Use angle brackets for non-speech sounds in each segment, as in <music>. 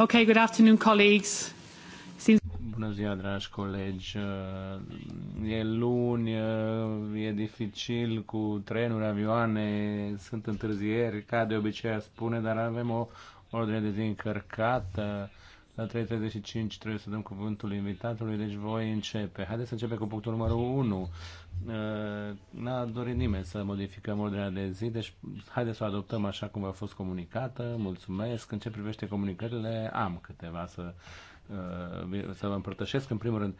Okay, good afternoon, colleagues. Bună ziua, dragi colegi. E luni, e dificil cu trenuri, avioane, sunt întârzieri, ca de obicei spune, dar avem o ordine de zi încărcată la 3.35 trebuie să dăm cuvântul invitatului, deci voi începe. Haideți să începem cu punctul numărul 1. Uh, n-a dorit nimeni să modificăm ordinea de zi, deci haideți să o adoptăm așa cum a fost comunicată. Mulțumesc. În ce privește comunicările, am câteva să, uh, să vă împărtășesc. În primul rând,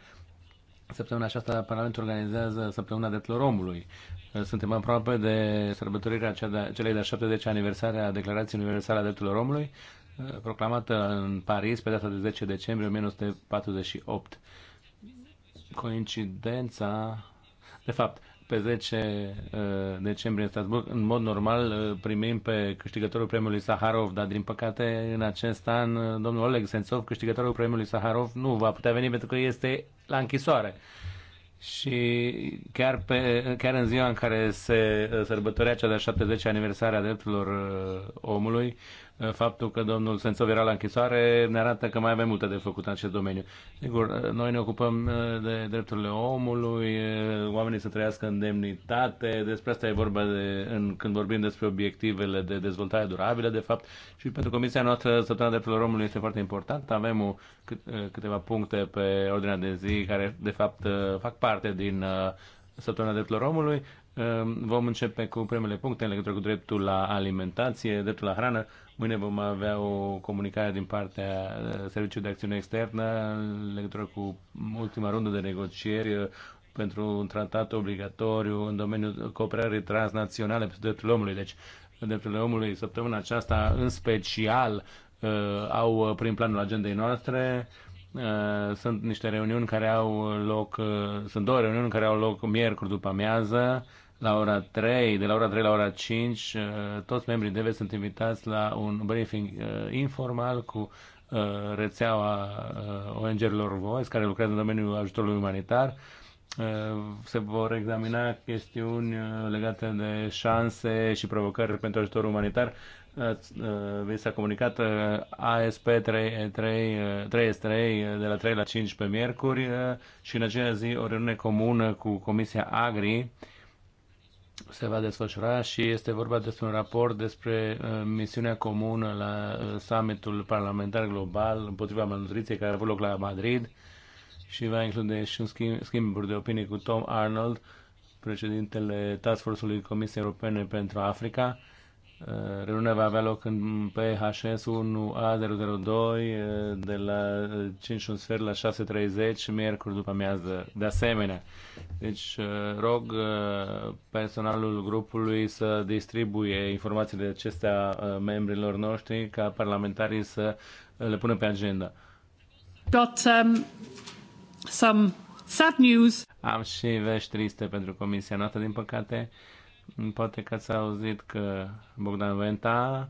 Săptămâna aceasta Parlamentul organizează Săptămâna Drepturilor Omului. Uh, suntem aproape de sărbătorirea celei de-a 70 aniversare a Declarației Universale a Drepturilor Omului proclamată în Paris pe data de 10 decembrie 1948. Coincidența, de fapt, pe 10 uh, decembrie în Strasburg, în mod normal uh, primim pe câștigătorul premiului Saharov, dar din păcate în acest an uh, domnul Oleg Sentsov, câștigătorul premiului Saharov, nu va putea veni pentru că este la închisoare. Și chiar, pe, chiar în ziua în care se sărbătorea cea de-a 70 aniversare a drepturilor omului, faptul că domnul Sențov era la închisoare ne arată că mai avem multe de făcut în acest domeniu. Sigur, noi ne ocupăm uh, de drepturile omului, uh, oamenii să trăiască în demnitate, despre asta e vorba de, în, când vorbim despre obiectivele de dezvoltare durabilă, de fapt, și pentru Comisia noastră Săptămâna Drepturilor Omului este foarte important. Avem o, uh, câteva puncte pe ordinea de zi care, de fapt, fac parte din Săptămâna Drepturilor Omului. Vom începe cu primele puncte în legătură cu dreptul la alimentație, dreptul la hrană. Mâine vom avea o comunicare din partea uh, Serviciului de Acțiune Externă în legătură cu ultima rundă de negocieri uh, pentru un tratat obligatoriu în domeniul cooperării transnaționale pentru drepturile omului. Deci, drepturile omului săptămâna aceasta, în special, uh, au prin planul agendei noastre sunt niște reuniuni care au loc, sunt două reuniuni care au loc miercuri după amiază la ora 3, de la ora 3 la ora 5, uh, toți membrii DV sunt invitați la un briefing uh, informal cu uh, rețeaua uh, ONG-urilor Voice, care lucrează în domeniul ajutorului umanitar. Uh, se vor examina chestiuni uh, legate de șanse și provocări pentru ajutor umanitar. Uh, vi s-a comunicat ASP 3, 3, 3 S3 de la 3 la 5 pe miercuri și în aceea zi o reuniune comună cu Comisia Agri se va desfășura și este vorba despre un raport despre uh, misiunea comună la uh, summitul parlamentar global împotriva malnutriției care a avut loc la Madrid și va include și un schimb, schimburi de opinie cu Tom Arnold, președintele Task Force-ului Comisiei Europene pentru Africa Eh, reuniunea va avea loc în PHS 1A002 eh, de la 5 eh, sfert la 6.30, miercuri după amiază. De asemenea, deci rog personalul grupului să distribuie informațiile acestea membrilor noștri ca parlamentarii să le pună pe agenda. Got um, some sad news. Am și vești triste pentru comisia noastră, din păcate. Uh, Poate că ați auzit că Bogdan Venta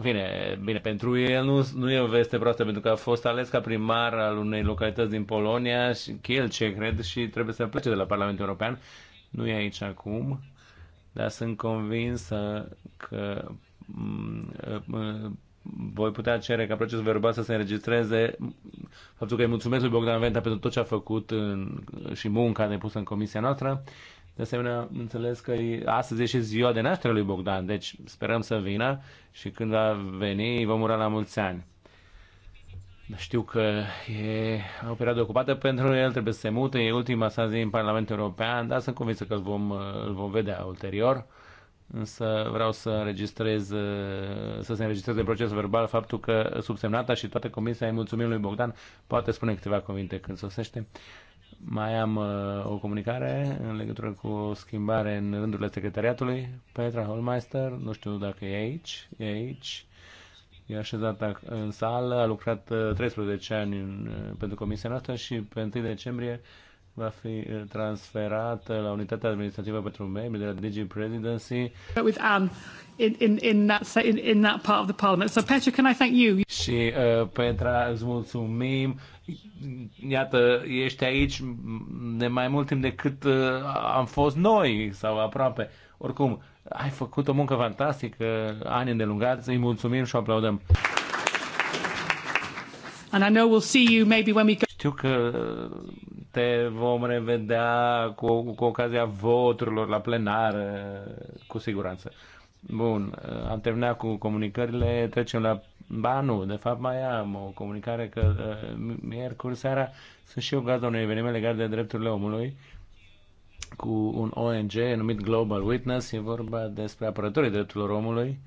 Bine, bine, pentru el nu, nu e o veste proastă, pentru că a fost ales ca primar al unei localități din Polonia și ce cred, și trebuie să plece de la Parlamentul European. Nu e aici acum, dar sunt convins că mm, mm, voi putea cere ca procesul verbal să se înregistreze faptul că îi mulțumesc lui Bogdan Venta pentru tot ce a făcut în, și munca depusă în comisia noastră de asemenea, înțeles că astăzi e și ziua de naștere lui Bogdan, deci sperăm să vină și când va veni vom ura la mulți ani. Știu că e o perioadă ocupată pentru el, trebuie să se mute, e ultima sa zi în Parlamentul European, dar sunt convins că îl vom, îl vom vedea ulterior. Însă vreau să înregistrez, să se înregistreze în procesul verbal faptul că subsemnata și toată comisia îi mulțumim lui Bogdan, poate spune câteva cuvinte când sosește. Mai am uh, o comunicare în legătură cu o schimbare în rândurile secretariatului. Petra Holmeister, nu știu dacă e aici, e aici. E așezat în sală, a lucrat 13 uh, ani în, uh, pentru comisia noastră și pe 1 decembrie va fi eh, transferată la unitatea administrativă pentru membri de la DG Presidency. With Anne in, in, in, that, in, in that part of the parliament. So Petra, can I thank you? Și uh, Petra, îți mulțumim. Iată, ești aici de mai mult timp decât uh, am fost noi sau aproape. Oricum, ai făcut o muncă fantastică, ani îndelungați, îi mulțumim și o aplaudăm. And I know we'll see you maybe when we go știu că te vom revedea cu, cu ocazia voturilor la plenar, cu siguranță. Bun, am terminat cu comunicările, trecem la... Ba nu, de fapt mai am o comunicare că uh, miercuri seara sunt și eu gazda unui eveniment legat de drepturile omului cu un ONG numit Global Witness. E vorba despre apărătorii drepturilor omului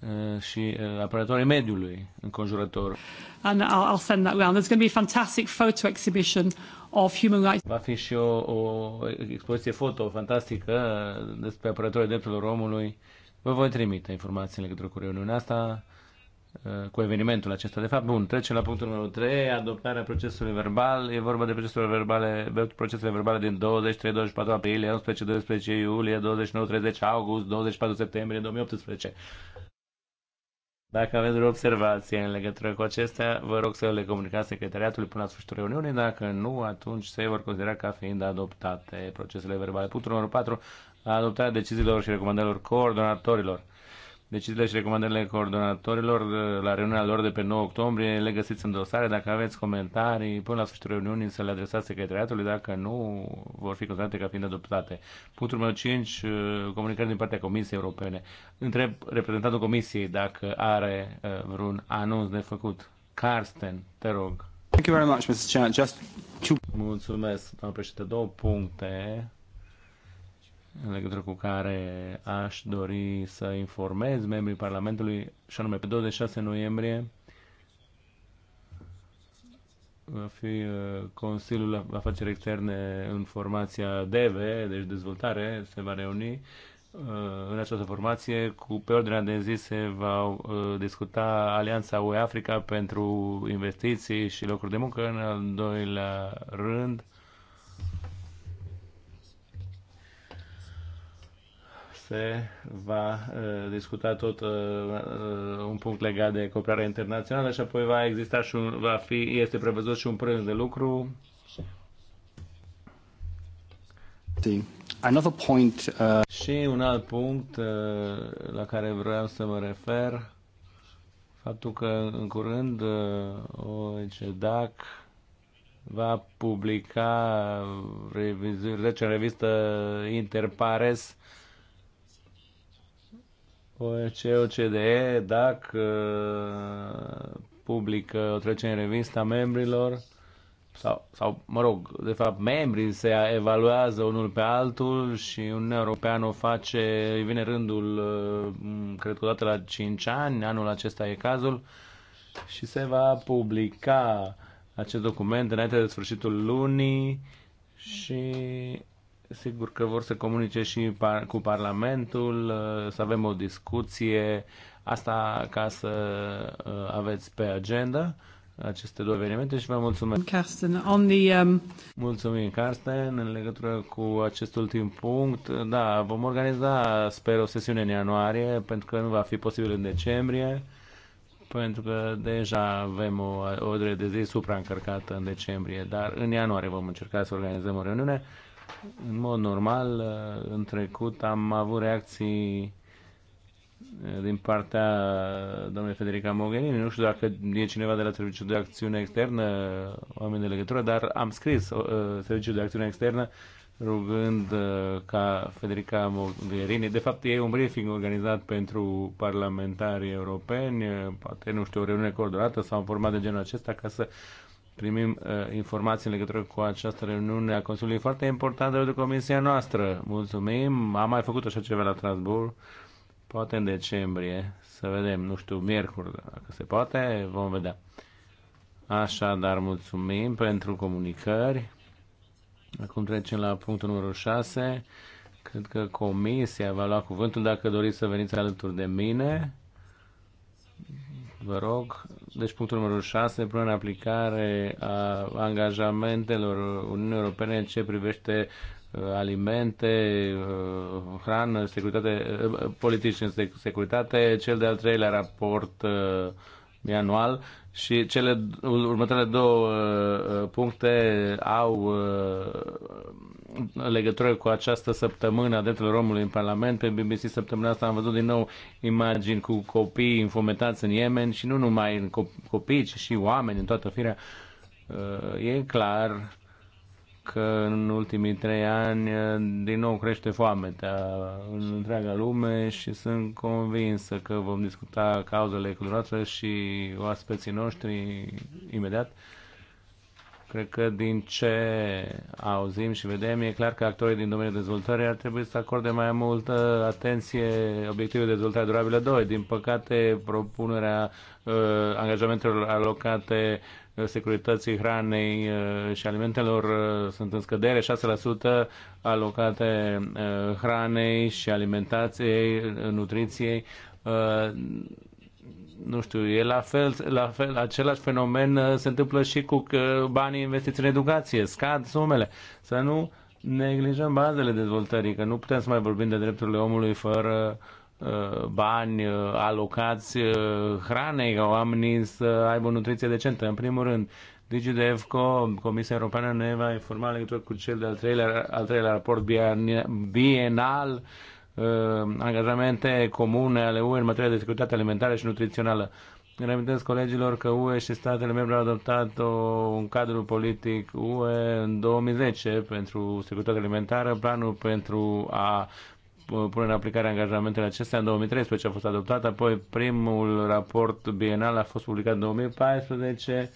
Uh, și uh, apărătorii mediului înconjurător. And I'll, I'll send that round. There's going to be a fantastic photo exhibition of human rights. Va fi și o, o expoziție foto fantastică uh, despre apărătorii drepturilor omului. Vă voi trimite informațiile către cu reuniunea asta, cu evenimentul acesta. De fapt, bun, trecem la punctul numărul 3, adoptarea procesului verbal. E vorba de procesul verbale, procesele verbale din 23, 24 aprilie, 11, 12 iulie, 29, 30 august, 24 septembrie 2018. Dacă aveți vreo observație în legătură cu acestea, vă rog să le comunicați secretariatului până la sfârșitul reuniunii. Dacă nu, atunci se vor considera ca fiind adoptate procesele verbale. Punctul numărul 4. Adoptarea deciziilor și recomandărilor coordonatorilor. Deciziile și recomandările coordonatorilor uh, la reuniunea lor de pe 9 octombrie le găsiți în dosare. Dacă aveți comentarii, până la sfârșitul reuniunii să le adresați secretariatului. Dacă nu, vor fi considerate ca fiind adoptate. Punctul meu 5, uh, comunicări din partea Comisiei Europene. Întreb reprezentantul Comisiei dacă are uh, vreun anunț de făcut. Carsten, te rog. Thank you very much, Mr. Chair. Just two... Mulțumesc, doamnă președinte. Două puncte în legătură cu care aș dori să informez membrii Parlamentului, și anume pe 26 noiembrie va fi uh, Consiliul Afaceri Externe în formația DEVE, deci dezvoltare, se va reuni uh, în această formație. Cu, pe ordinea de zi se va uh, discuta Alianța UE Africa pentru investiții și locuri de muncă. În al doilea rând, se va uh, discuta tot uh, uh, un punct legat de cooperare internațională și apoi va exista și un, va fi, este prevăzut și un prânz de lucru. another point, uh... Și un alt punct uh, la care vreau să mă refer, faptul că în curând uh, OECDAC va publica revizu- deci în revistă Interpares uh, OEC, OCDE, DAC uh, publică o trecere în revista membrilor sau, sau, mă rog, de fapt, membrii se evaluează unul pe altul și un european o face, îi vine rândul, uh, cred că odată la 5 ani, anul acesta e cazul, și se va publica acest document înainte de sfârșitul lunii și sigur că vor să comunice și par, cu Parlamentul, uh, să avem o discuție, asta ca să uh, aveți pe agenda aceste două evenimente și vă mulțumesc. Carsten, on the, um... Mulțumim, Carsten, în legătură cu acest ultim punct. Da, vom organiza, sper, o sesiune în ianuarie, pentru că nu va fi posibil în decembrie, pentru că deja avem o ordine de zi supraîncărcată în decembrie, dar în ianuarie vom încerca să organizăm o reuniune. În mod normal, uh, în trecut am avut reacții uh, din partea domnului Federica Mogherini. Nu știu dacă e cineva de la Serviciul de Acțiune Externă, uh, oameni de legătură, dar am scris uh, Serviciul de Acțiune Externă rugând uh, ca Federica Mogherini, de fapt e un briefing organizat pentru parlamentarii europeni, poate, nu știu, o reuniune coordonată sau un format de genul acesta ca să primim uh, informații în legătură cu această reuniune a Consiliului foarte importantă de comisia noastră. Mulțumim, am mai făcut așa ceva la Strasbourg, poate în decembrie, să vedem, nu știu, miercuri, dacă se poate, vom vedea. Așadar, mulțumim pentru comunicări. Acum trecem la punctul numărul 6. Cred că comisia va lua cuvântul dacă doriți să veniți alături de mine. Vă rog, deci punctul numărul 6, până în aplicare a angajamentelor Uniunii Europene în ce privește uh, alimente, uh, hrană, securitate, uh, politici în securitate, cel de-al treilea raport anual și cele următoarele două puncte au legătură cu această săptămână a drepturilor omului în Parlament. Pe BBC săptămâna asta am văzut din nou imagini cu copii infometați în Yemen și nu numai în copii, ci și oameni în toată firea. Uh, e clar că în ultimii trei ani uh, din nou crește foamea în întreaga lume și sunt convinsă că vom discuta cauzele cu și oaspeții noștri imediat. Cred că din ce auzim și vedem, e clar că actorii din domeniul dezvoltării ar trebui să acorde mai multă atenție obiectivul de dezvoltare durabilă 2. Din păcate, propunerea uh, angajamentelor alocate uh, securității hranei uh, și alimentelor uh, sunt în scădere, 6% alocate hranei și alimentației, nutriției nu știu, e la fel, la fel, același fenomen uh, se întâmplă și cu uh, banii investiți în educație, scad sumele. Să nu neglijăm bazele dezvoltării, că nu putem să mai vorbim de drepturile omului fără uh, bani alocați hranei ca oamenii să aibă o nutriție decentă. În primul rând, DGDFCO, Comisia Europeană ne va informa legătură cu cel de-al treilea, al treilea raport bienal Uh, angajamente comune ale UE în materie de securitate alimentară și nutrițională. Reamintesc colegilor că UE și statele membre au adoptat o, un cadru politic UE în 2010 pentru securitate alimentară, planul pentru a uh, pune în aplicare angajamentele acestea în 2013 a fost adoptat, apoi primul raport bienal a fost publicat în 2014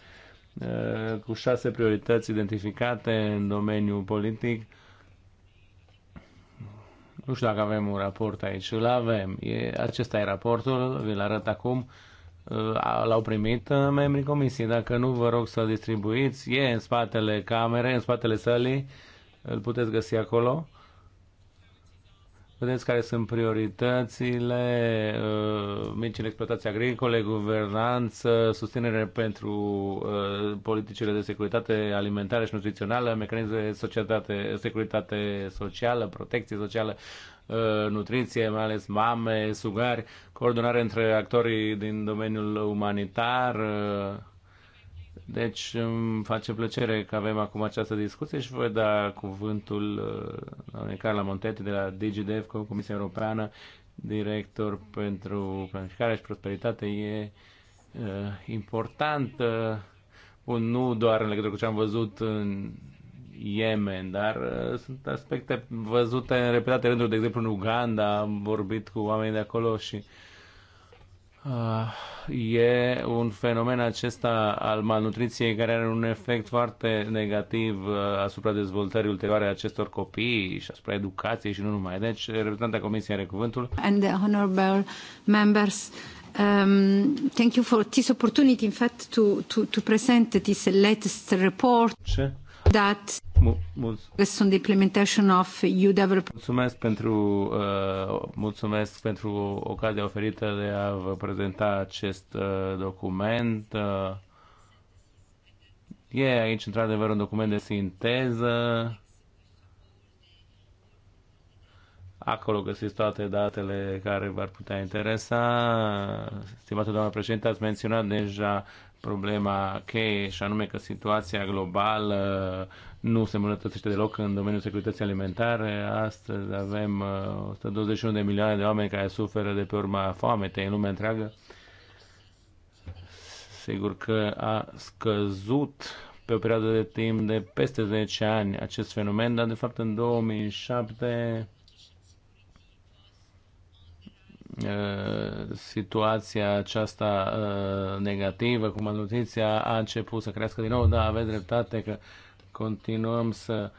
uh, cu șase priorități identificate în domeniul politic nu știu dacă avem un raport aici. Îl avem. E, acesta e raportul, vi-l arăt acum. L-au primit uh, membrii comisiei. Dacă nu, vă rog să distribuiți. E în spatele camerei, în spatele sălii. Îl puteți găsi acolo. Vedeți care sunt prioritățile, uh, micile exploatații agricole, guvernanță, susținere pentru uh, politicile de securitate alimentară și nutrițională, mecanisme de societate, securitate socială, protecție socială, uh, nutriție, mai ales mame, sugari, coordonare între actorii din domeniul umanitar, deci îmi face plăcere că avem acum această discuție și voi da cuvântul uh, doamnei Carla Montete de la DGDF, Comisia Europeană, director pentru planificarea și prosperitate. E uh, important, uh, nu doar în legătură cu ce am văzut în Yemen, dar uh, sunt aspecte văzute în repetate rânduri, de exemplu în Uganda, am vorbit cu oamenii de acolo și uh, Ah, e un fenomen acesta al malnutriției care are un efect foarte negativ uh, asupra dezvoltării ulterioare a acestor copii și asupra educației și nu numai. Deci, reprezentanta Comisiei are cuvântul. And the honorable members, um, thank you for this opportunity, in fact, to, to, to present this latest report. Ce? That sunt implementation of EU development. Mulțumesc pentru, uh, mulțumesc pentru ocazia oferită de a vă prezenta acest uh, document. Uh, e aici într-adevăr un document de sinteză. Acolo găsiți toate datele care v-ar putea interesa. Stimată doamnă președinte, ați menționat deja problema cheie și anume că situația globală nu se îmbunătățește deloc în domeniul securității alimentare. Astăzi avem 121 uh, de milioane de oameni care suferă de pe urma foametei în lumea întreagă. Sigur că a scăzut pe o perioadă de timp de peste 10 ani acest fenomen, dar de fapt în 2007 Eh, situația aceasta eh, negativă cum malnutriția a început să crească din nou, da, aveți dreptate că continuăm să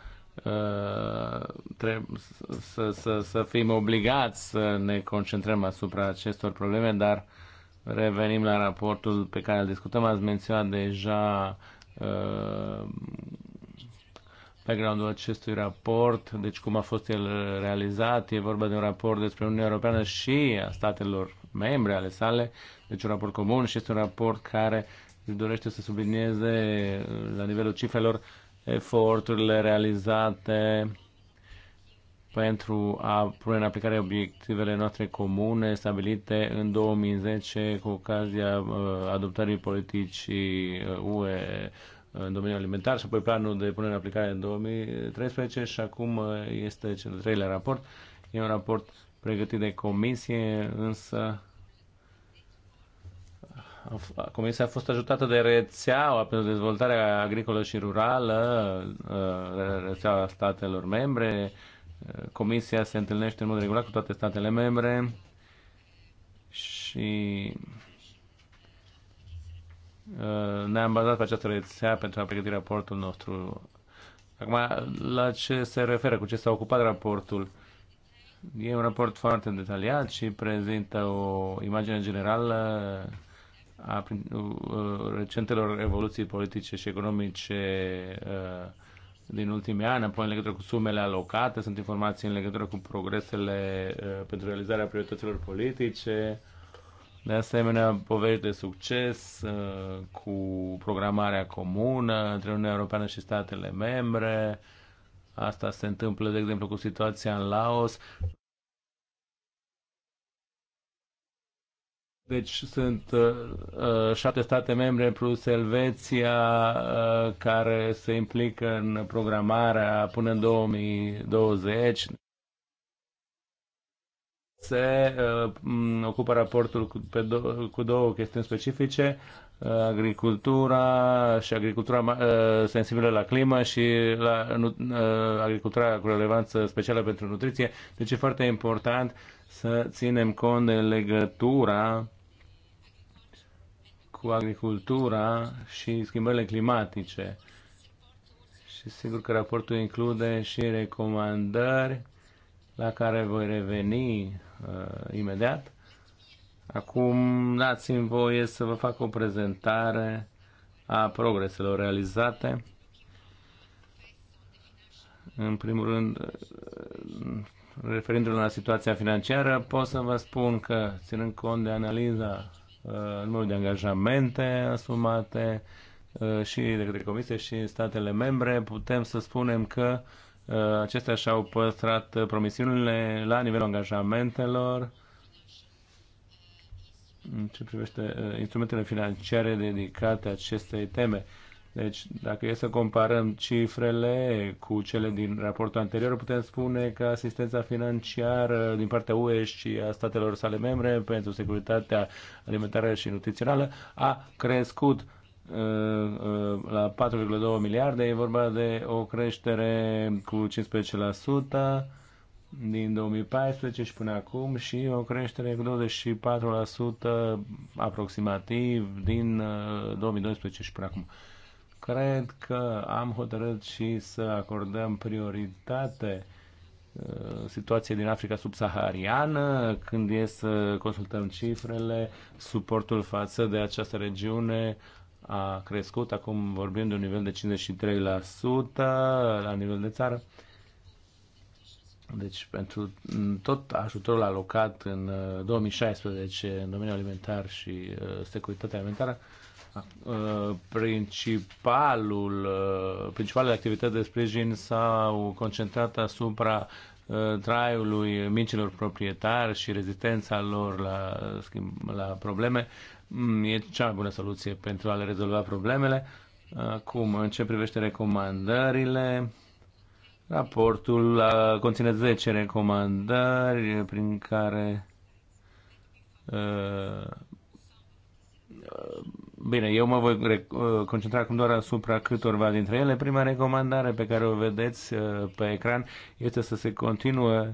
eh, trebuie să, să, să fim obligați să ne concentrăm asupra acestor probleme, dar revenim la raportul pe care îl discutăm. Ați menționat deja uh, background-ul acestui raport, deci cum a fost el realizat. E vorba de un raport despre Uniunea Europeană și a statelor membre ale sale, deci un raport comun și este un raport care își dorește să sublinieze la nivelul cifrelor eforturile realizate pentru a pune în aplicare obiectivele noastre comune stabilite în 2010 cu ocazia uh, adoptării politicii uh, UE în domeniul alimentar și apoi planul de punere în aplicare în 2013 și acum uh, este cel de treilea raport. E un raport pregătit de comisie, însă Comisia a fost ajutată de rețeaua pentru dezvoltarea agricolă și rurală, uh, rețeaua statelor membre. Uh, comisia se întâlnește în mod regulat cu toate statele membre și Uh, ne-am bazat pe această rețea pentru a pregăti raportul nostru. Acum, la ce se referă, cu ce s-a ocupat raportul? E un raport foarte detaliat și prezintă o imagine generală a uh, recentelor evoluții politice și economice uh, din ultimii ani, apoi în legătură cu sumele alocate, sunt informații în legătură cu progresele pentru realizarea priorităților politice, de asemenea, povești de succes uh, cu programarea comună între Uniunea Europeană și statele membre. Asta se întâmplă, de exemplu, cu situația în Laos. Deci sunt uh, uh șapte state membre plus Elveția uh, care se implică în programarea până în 2020 se uh, ocupă raportul cu, pe do- cu două chestiuni specifice, uh, agricultura și agricultura uh, sensibilă la climă și la uh, agricultura cu relevanță specială pentru nutriție. Deci e foarte important să ținem cont de legătura cu agricultura și schimbările climatice. Și sigur că raportul include și recomandări la care voi reveni uh, imediat. Acum dați-mi voie să vă fac o prezentare a progreselor realizate. În primul rând, uh, referindu-ne la situația financiară, pot să vă spun că, ținând cont de analiza uh, numărului de angajamente asumate uh, și de către Comisie și statele membre, putem să spunem că uh, Uh, acestea și-au păstrat promisiunile la nivelul angajamentelor în ce privește uh, instrumentele financiare dedicate acestei teme. Deci, dacă e să comparăm cifrele cu cele din raportul anterior, putem spune că asistența financiară din partea UE și a statelor sale membre pentru securitatea alimentară și nutrițională a crescut Uh, uh, la 4,2 miliarde, e vorba de o creștere cu 15% din 2014 și până acum și o creștere cu 24% aproximativ din 2012 uh, și până acum. Cred că am hotărât și să acordăm prioritate situație din Africa subsahariană, când e să consultăm cifrele, suportul față de această regiune a crescut, acum vorbim de un nivel de 53% la nivel de țară. Deci pentru tot ajutorul alocat în 2016 uh, în domeniul alimentar și uh, securitatea alimentară, uh, principalul, principalele activități de sprijin s-au concentrat asupra traiului micilor proprietari și rezistența lor la, la probleme Mm, e cea mai bună soluție pentru a le rezolva problemele. Acum, în ce privește recomandările, raportul conține 10 recomandări prin care Bine, eu mă voi concentra acum doar asupra câtorva dintre ele. Prima recomandare pe care o vedeți pe ecran este să se continuă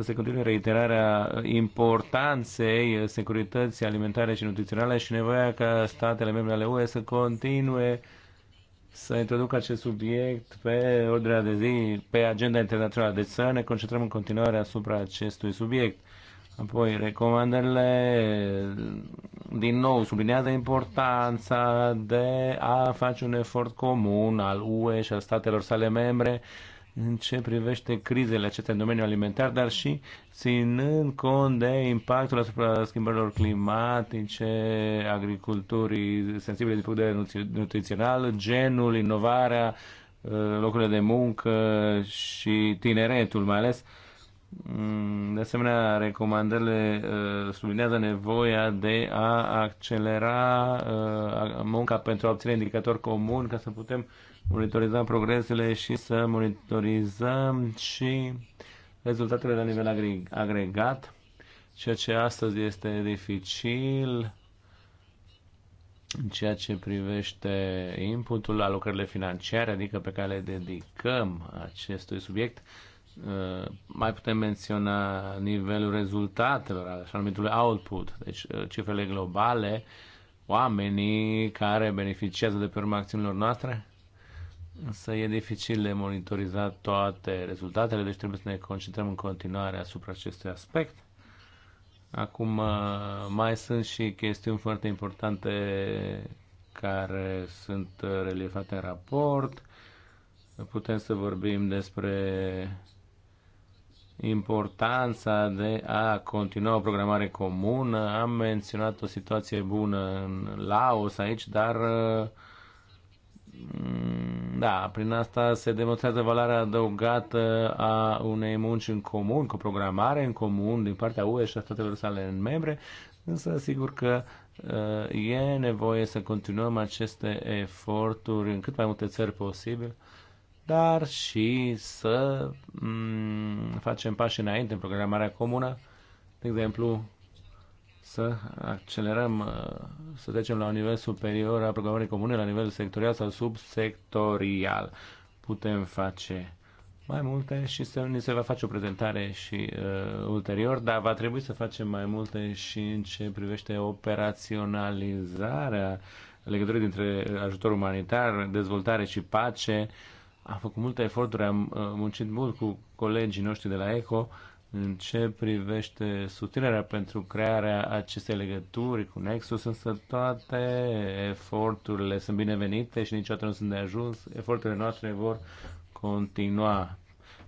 să se continue reiterarea importanței securității alimentare și nutriționale și nevoia ca statele membre ale UE să continue să introducă acest subiect pe ordinea de zi, pe agenda internațională. Deci să ne concentrăm în continuare asupra acestui subiect. Apoi, recomandările, din nou, sublinează importanța de a face un efort comun al UE și al statelor sale membre în ce privește crizele acestea în domeniul alimentar, dar și ținând cont de impactul asupra schimbărilor climatice, agriculturii sensibile din punct de vedere nutrițional, genul, inovarea, uh, locurile de muncă și tineretul mai ales. Mm, de asemenea, recomandările uh, sublinează nevoia de a accelera uh, munca pentru a obține indicatori comuni ca să putem monitoriza progresele și să monitorizăm și rezultatele la nivel agregat, ceea ce astăzi este dificil în ceea ce privește inputul la lucrările financiare, adică pe care le dedicăm acestui subiect Uh, mai putem menționa nivelul rezultatelor, așa numitul output, deci uh, cifrele globale, oamenii care beneficiază de pe urma acțiunilor noastre? Însă e dificil de monitorizat toate rezultatele, deci trebuie să ne concentrăm în continuare asupra acestui aspect. Acum uh, mai sunt și chestiuni foarte importante care sunt reliefate în raport. Putem să vorbim despre importanța de a continua o programare comună. Am menționat o situație bună în Laos aici, dar mm, da, prin asta se demonstrează valoarea adăugată a unei munci în comun, cu programare în comun din partea UE și a statelor sale în membre, însă sigur că uh, e nevoie să continuăm aceste eforturi în cât mai multe țări posibil dar și să mm, facem pași înainte în programarea comună, de exemplu, să accelerăm, uh, să trecem la un nivel superior a programării comune, la nivel sectorial sau subsectorial. Putem face mai multe și să, ni se va face o prezentare și uh, ulterior, dar va trebui să facem mai multe și în ce privește operaționalizarea legăturii dintre ajutor umanitar, dezvoltare și pace, uh, am făcut multe eforturi, am uh, muncit mult cu colegii noștri de la ECO în ce privește susținerea pentru crearea acestei legături cu Nexus, însă toate eforturile sunt binevenite și niciodată nu sunt de ajuns. Eforturile noastre vor continua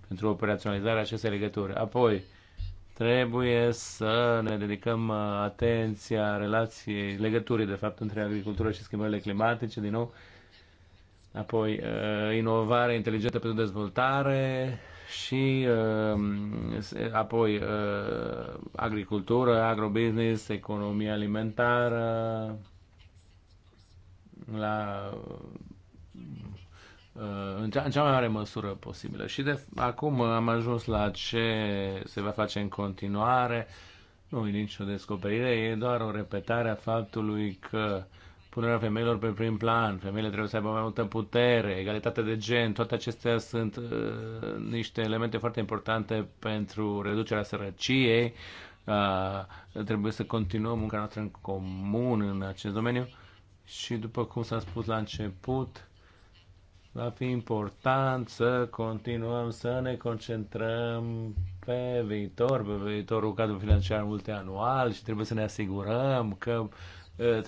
pentru operaționalizarea acestei legături. Apoi, trebuie să ne dedicăm uh, atenția relației, legăturii, de fapt, între agricultură și schimbările climatice, din nou, apoi uh, inovare inteligentă pentru dezvoltare și uh, apoi uh, agricultură, agrobusiness, economie alimentară, la în cea, în cea mai mare măsură posibilă. Și de acum am ajuns la ce se va face în continuare. Nu e nicio descoperire, e doar o repetare a faptului că uh, punerea femeilor pe prim plan, femeile trebuie să aibă mai multă putere, egalitate de gen, toate acestea sunt uh, niște elemente foarte importante pentru reducerea sărăciei. Uh, trebuie să continuăm munca noastră în comun în acest domeniu și, după cum s-a spus la început, va fi important să continuăm să ne concentrăm pe viitor, pe viitorul cadru financiar multianual și trebuie să ne asigurăm că uh, Eh,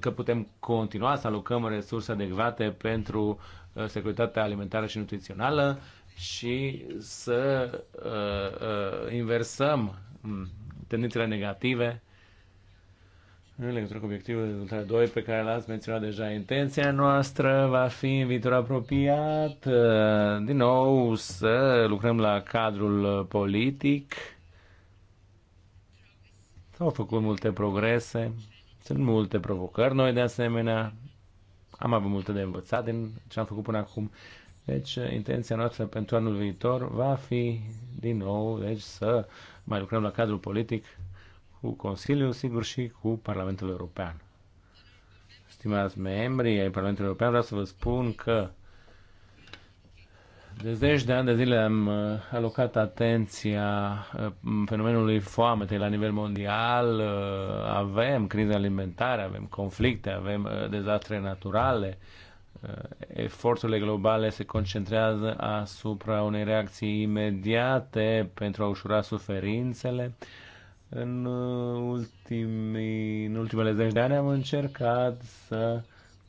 că putem continua să alocăm resurse adecvate pentru eh, securitatea alimentară și nutrițională și să eh, inversăm mm, tendințele negative în legătură cu obiectivul de dezvoltare 2 pe care l-ați menționat deja, intenția noastră va fi în viitor apropiat, din nou, să lucrăm la cadrul politic. S-au făcut multe progrese sunt multe provocări noi, de asemenea, am avut multe de învățat din ce am făcut până acum. Deci, uh, intenția noastră pentru anul viitor va fi, din nou, deci să mai lucrăm la cadrul politic cu Consiliul, sigur, și cu Parlamentul European. Stimați membri ai Parlamentului European, vreau să vă spun că de zeci de ani de zile am uh, alocat atenția uh, fenomenului foametei la nivel mondial. Uh, avem crize alimentare, avem conflicte, avem dezastre naturale. Eforturile globale se concentrează asupra unei reacții imediate pentru a ușura suferințele. În, ultimii, în ultimele zeci de ani am încercat să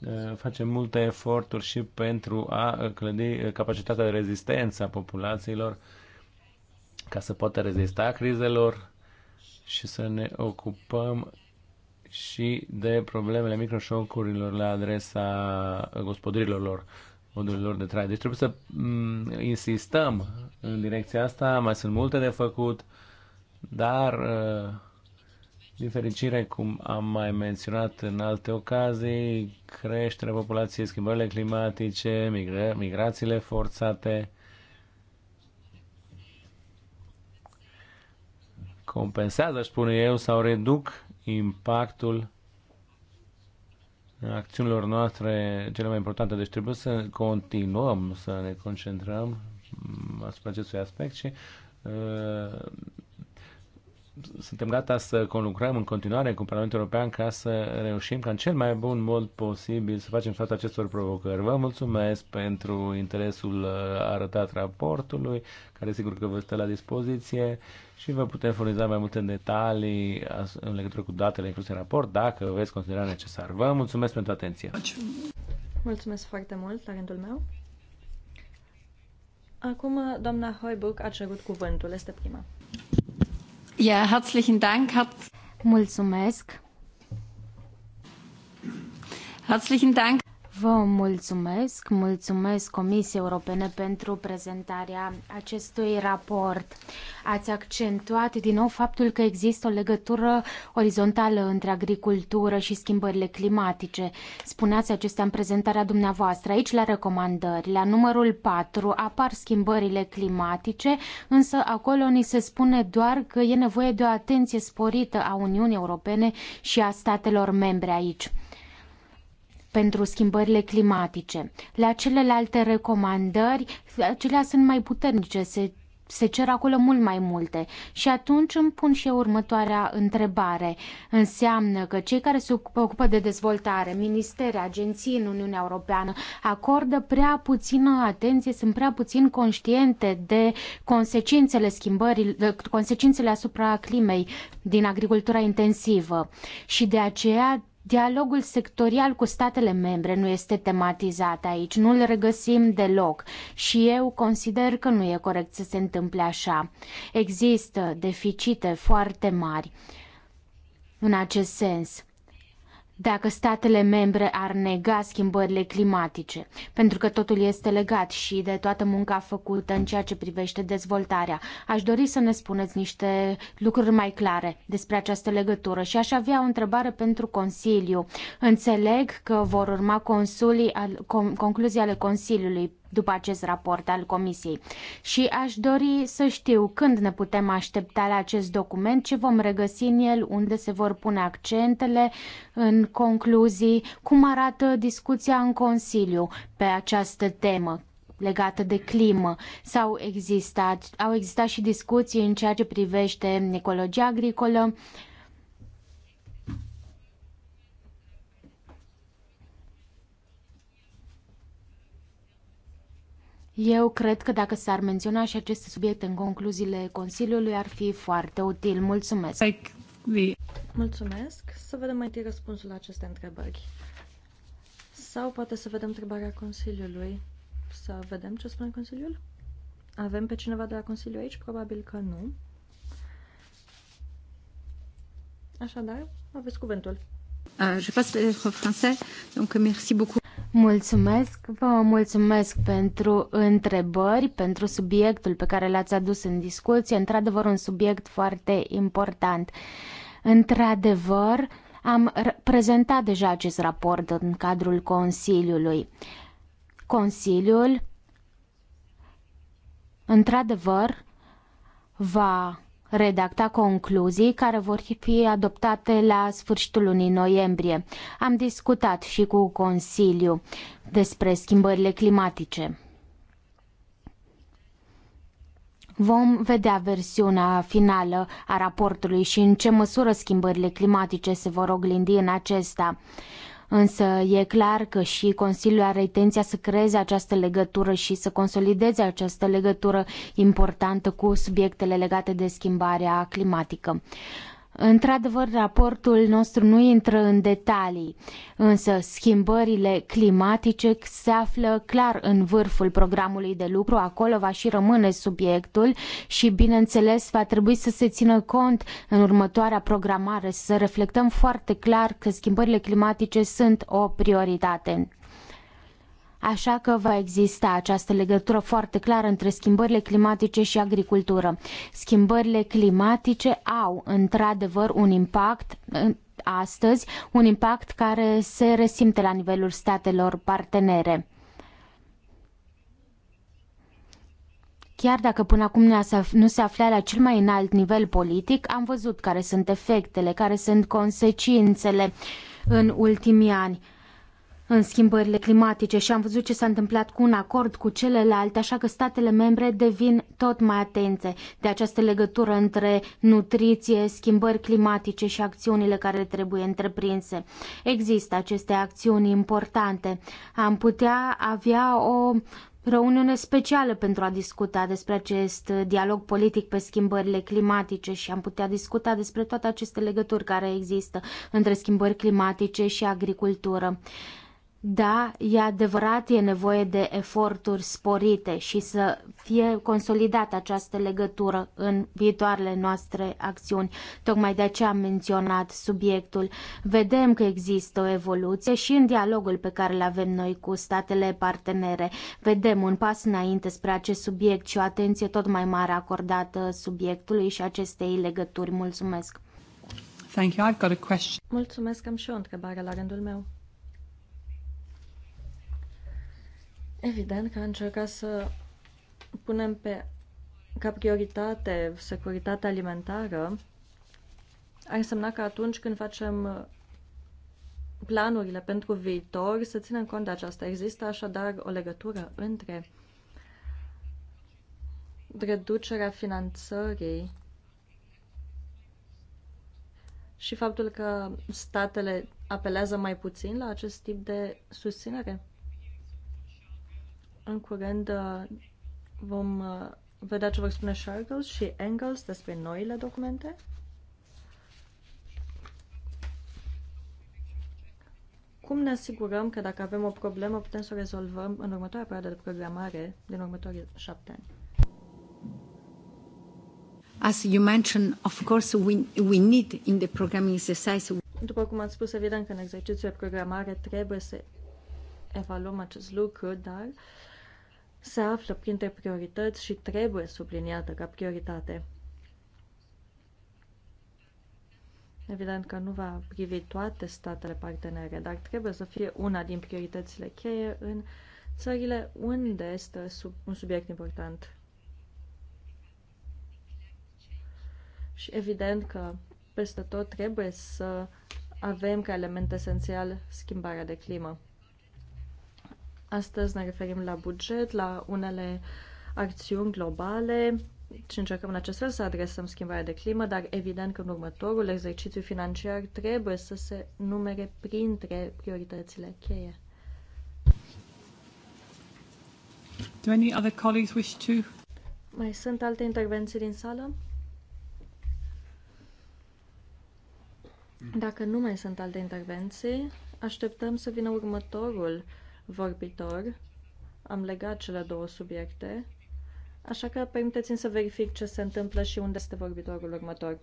Eh, facem multe eforturi și pentru a eh, clădi eh, capacitatea de rezistență a populațiilor ca să poată rezista crizelor și să ne ocupăm și de problemele microșocurilor la adresa gospodărilor lor, modurilor lor de trai. Deci trebuie să mm, insistăm în direcția asta, mai sunt multe de făcut, dar din fericire, cum am mai menționat în alte ocazii, creșterea populației, schimbările climatice, migra- migrațiile forțate, compensează, spun eu, sau reduc impactul acțiunilor noastre cele mai importante. Deci trebuie să continuăm să ne concentrăm asupra acestui aspect și uh, suntem gata să conlucrăm în continuare cu Parlamentul European ca să reușim ca în cel mai bun mod posibil să facem față acestor provocări. Vă mulțumesc pentru interesul uh, arătat raportului, care sigur că vă stă la dispoziție și vă putem furniza mai multe detalii în legătură cu datele incluse în raport, dacă veți considera necesar. Vă mulțumesc pentru atenție. Mulțumesc foarte mult la rândul meu. Acum, doamna Hoibuc a cerut cuvântul. Este prima. Ja, herzlichen Dank. Mulțumesc. Herzlichen Dank Vă mulțumesc, mulțumesc Comisiei Europene pentru prezentarea acestui raport. Ați accentuat din nou faptul că există o legătură orizontală între agricultură și schimbările climatice. Spuneați acestea în prezentarea dumneavoastră. Aici, la recomandări, la numărul 4, apar schimbările climatice, însă acolo ni se spune doar că e nevoie de o atenție sporită a Uniunii Europene și a statelor membre aici pentru schimbările climatice. La celelalte recomandări, acelea sunt mai puternice, se se cer acolo mult mai multe. Și atunci îmi pun și eu următoarea întrebare. Înseamnă că cei care se ocupă de dezvoltare, ministere, agenții în Uniunea Europeană, acordă prea puțină atenție, sunt prea puțin conștiente de consecințele schimbării, de consecințele asupra climei din agricultura intensivă. Și de aceea Dialogul sectorial cu statele membre nu este tematizat aici, nu îl regăsim deloc și eu consider că nu e corect să se întâmple așa. Există deficite foarte mari în acest sens dacă statele membre ar nega schimbările climatice, pentru că totul este legat și de toată munca făcută în ceea ce privește dezvoltarea. Aș dori să ne spuneți niște lucruri mai clare despre această legătură și aș avea o întrebare pentru Consiliu. Înțeleg că vor urma consulii al, con, concluzii ale Consiliului după acest raport al Comisiei. Și aș dori să știu când ne putem aștepta la acest document, ce vom regăsi în el, unde se vor pune accentele în concluzii, cum arată discuția în Consiliu pe această temă legată de climă. Sau existat, au existat și discuții în ceea ce privește ecologia agricolă. Uh, Eu cred că dacă s-ar menționa și aceste subiecte în concluziile Consiliului, ar fi foarte util. Mulțumesc! Mulțumesc! Să vedem mai întâi răspunsul la aceste întrebări. Sau poate să vedem întrebarea Consiliului. Să vedem ce spune Consiliul? Avem pe cineva de la Consiliu aici? Probabil că nu. Așadar, aveți cuvântul. Uh, je passe français, donc merci beaucoup. Mulțumesc, vă mulțumesc pentru întrebări, pentru subiectul pe care l-ați adus în discuție. Într-adevăr, un subiect foarte important. Într-adevăr, am prezentat deja acest raport în cadrul Consiliului. Consiliul, într-adevăr, va redacta concluzii care vor fi adoptate la sfârșitul lunii noiembrie. Am discutat și cu Consiliu despre schimbările climatice. Vom vedea versiunea finală a raportului și în ce măsură schimbările climatice se vor oglindi în acesta. Însă e clar că și Consiliul are intenția să creeze această legătură și să consolideze această legătură importantă cu subiectele legate de schimbarea climatică. Într-adevăr, raportul nostru nu intră în detalii, însă schimbările climatice se află clar în vârful programului de lucru, acolo va și rămâne subiectul și, bineînțeles, va trebui să se țină cont în următoarea programare, să reflectăm foarte clar că schimbările climatice sunt o prioritate Așa că va exista această legătură foarte clară între schimbările climatice și agricultură. Schimbările climatice au într-adevăr un impact astăzi, un impact care se resimte la nivelul statelor partenere. Chiar dacă până acum nu se afla la cel mai înalt nivel politic, am văzut care sunt efectele, care sunt consecințele în ultimii ani în schimbările climatice și am văzut ce s-a întâmplat cu un acord cu celelalte, așa că statele membre devin tot mai atențe de această legătură între nutriție, schimbări climatice și acțiunile care trebuie întreprinse. Există aceste acțiuni importante. Am putea avea o reuniune specială pentru a discuta despre acest dialog politic pe schimbările climatice și am putea discuta despre toate aceste legături care există între schimbări climatice și agricultură. Da, e adevărat, e nevoie de eforturi sporite și să fie consolidată această legătură în viitoarele noastre acțiuni. Tocmai de aceea am menționat subiectul. Vedem că există o evoluție și în dialogul pe care îl avem noi cu statele partenere. Vedem un pas înainte spre acest subiect și o atenție tot mai mare acordată subiectului și acestei legături. Mulțumesc! Thank you. I've got a question. Mulțumesc, am și o întrebare la rândul meu. Evident că a încercat să punem pe, ca prioritate securitatea alimentară ar însemna că atunci când facem planurile pentru viitor să ținem cont de aceasta. Există așadar o legătură între reducerea finanțării și faptul că statele apelează mai puțin la acest tip de susținere? În curând uh, vom uh, vedea ce vor spune Shargles și Engels despre noile documente. Cum ne asigurăm că dacă avem o problemă putem să o rezolvăm în următoarea perioadă de programare din următorii șapte ani? As you mentioned, of course, we, we need in the programming exercise. După cum ați spus, evident că în exercițiul de programare trebuie să evaluăm acest lucru, dar uh, se află printre priorități și trebuie subliniată ca prioritate. Evident că nu va privi toate statele partenere, dar trebuie să fie una din prioritățile cheie în țările unde este sub, un subiect important. Și evident că peste tot trebuie să avem ca element esențial schimbarea de climă. Astăzi ne referim la buget, la unele acțiuni globale și încercăm în acest fel să adresăm schimbarea de climă, dar evident că în următorul exercițiu financiar trebuie să se numere printre prioritățile cheie. Do any other colleagues wish to? Mai sunt alte intervenții din sală? Dacă nu mai sunt alte intervenții, așteptăm să vină următorul vorbitor. Am legat cele două subiecte, așa că permiteți-mi să verific ce se întâmplă și unde este vorbitorul următor.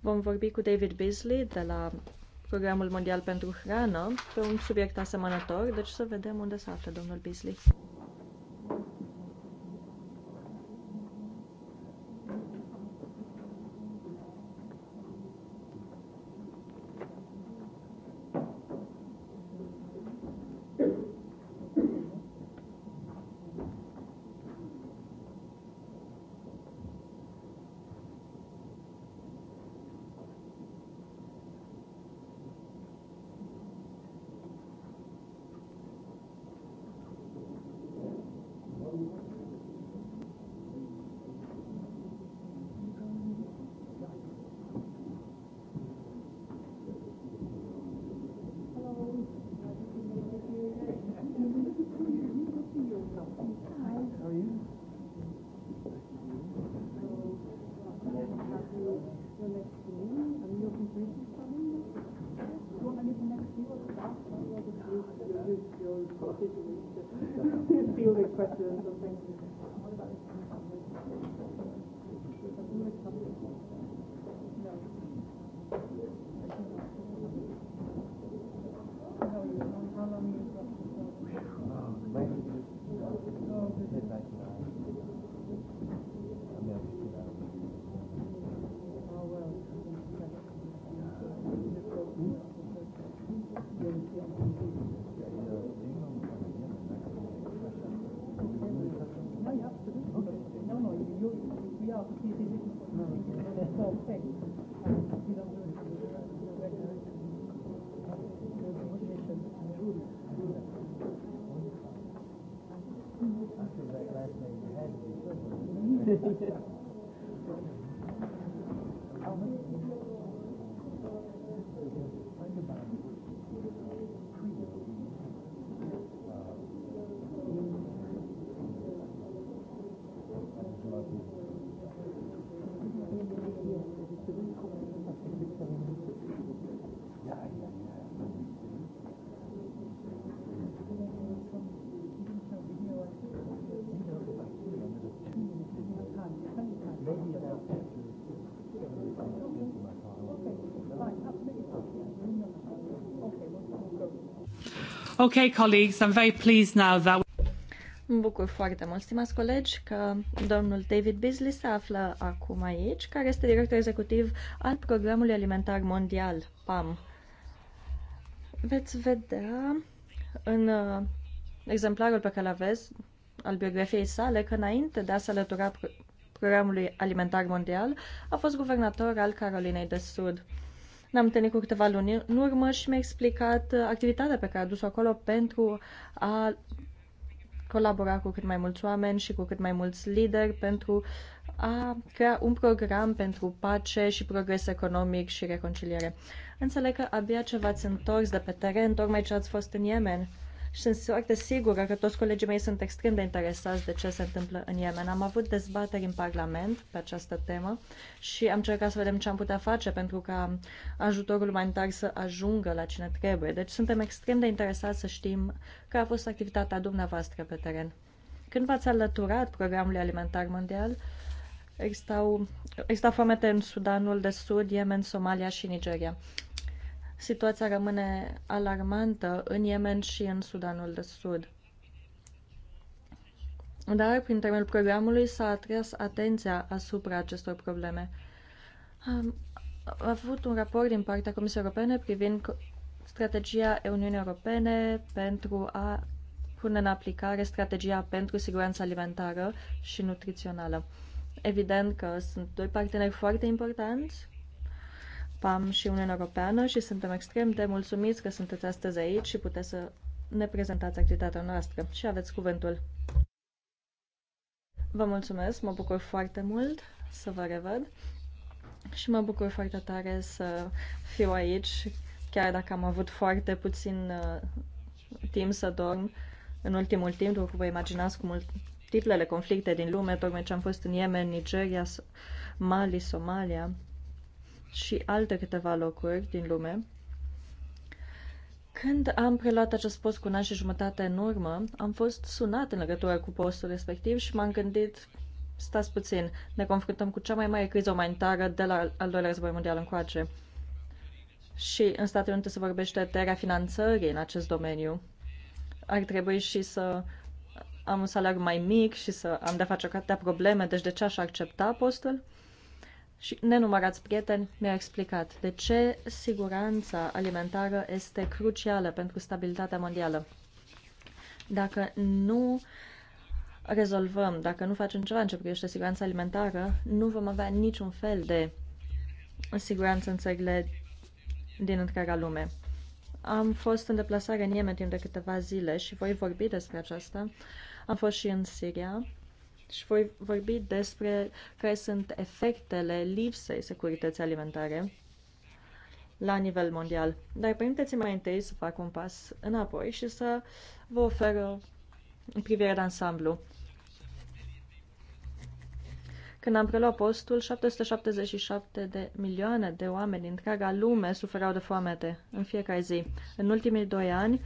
Vom vorbi cu David Beasley de la Programul Mondial pentru Hrană pe un subiect asemănător, deci să vedem unde se află domnul Beasley. Okay, colleagues, I'm very pleased now that Mă bucur foarte mult, stimați colegi, că domnul David Beasley se află acum aici, care este director executiv al Programului Alimentar Mondial, PAM. Veți vedea în uh, exemplarul pe care l aveți al biografiei sale că înainte de a se alătura programului alimentar mondial a fost guvernator al Carolinei de Sud. Ne-am întâlnit cu câteva luni în urmă și mi-a explicat uh, activitatea pe care a dus-o acolo pentru a colabora cu cât mai mulți oameni și cu cât mai mulți lideri pentru a crea un program pentru pace și progres economic și reconciliere. Înțeleg că abia ce v-ați întors de pe teren, tocmai ce ați fost în Yemen și sunt foarte sigură că toți colegii mei sunt extrem de interesați de ce se întâmplă în Yemen. Am avut dezbateri în Parlament pe această temă și am încercat să vedem ce am putea face pentru ca ajutorul umanitar să ajungă la cine trebuie. Deci suntem extrem de interesați să știm care a fost activitatea dumneavoastră pe teren. Când v-ați alăturat programului alimentar mondial, existau, existau foamete în Sudanul de Sud, Yemen, Somalia și Nigeria situația rămâne alarmantă în Yemen și în Sudanul de Sud. Dar, prin termenul programului, s-a atras atenția asupra acestor probleme. Am avut un raport din partea Comisiei Europene privind strategia Uniunii Europene pentru a pune în aplicare strategia pentru siguranța alimentară și nutrițională. Evident că sunt doi parteneri foarte importanți PAM și Uniunea Europeană și suntem extrem de mulțumiți că sunteți astăzi aici și puteți să ne prezentați activitatea noastră și aveți cuvântul. Vă mulțumesc, mă bucur foarte mult să vă revăd și mă bucur foarte tare să fiu aici, chiar dacă am avut foarte puțin uh, timp să dorm în ultimul timp, după cum vă imaginați cu multiplele conflicte din lume, tocmai ce am fost în Yemen, Nigeria, Mali, Somalia și alte câteva locuri din lume. Când am preluat acest post cu un an și jumătate în urmă, am fost sunat în legătură cu postul respectiv și m-am gândit, stați puțin, ne confruntăm cu cea mai mare criză umanitară de la al doilea război mondial încoace. Și în Statele Unite se vorbește de finanțării în acest domeniu. Ar trebui și să am un salariu mai mic și să am de-a face o de probleme, deci de ce aș accepta postul? și nenumărați prieteni mi-au explicat de ce siguranța alimentară este crucială pentru stabilitatea mondială. Dacă nu rezolvăm, dacă nu facem ceva în ce privește siguranța alimentară, nu vom avea niciun fel de siguranță în țările din întreaga lume. Am fost în deplasare în Yemen timp de câteva zile și voi vorbi despre aceasta. Am fost și în Siria și voi vorbi despre care sunt efectele lipsei securității alimentare la nivel mondial. Dar permiteți-mi mai întâi să fac un pas înapoi și să vă ofer o privire de ansamblu. Când am preluat postul, 777 de milioane de oameni din întreaga lume suferau de foamete în fiecare zi. În ultimii doi ani,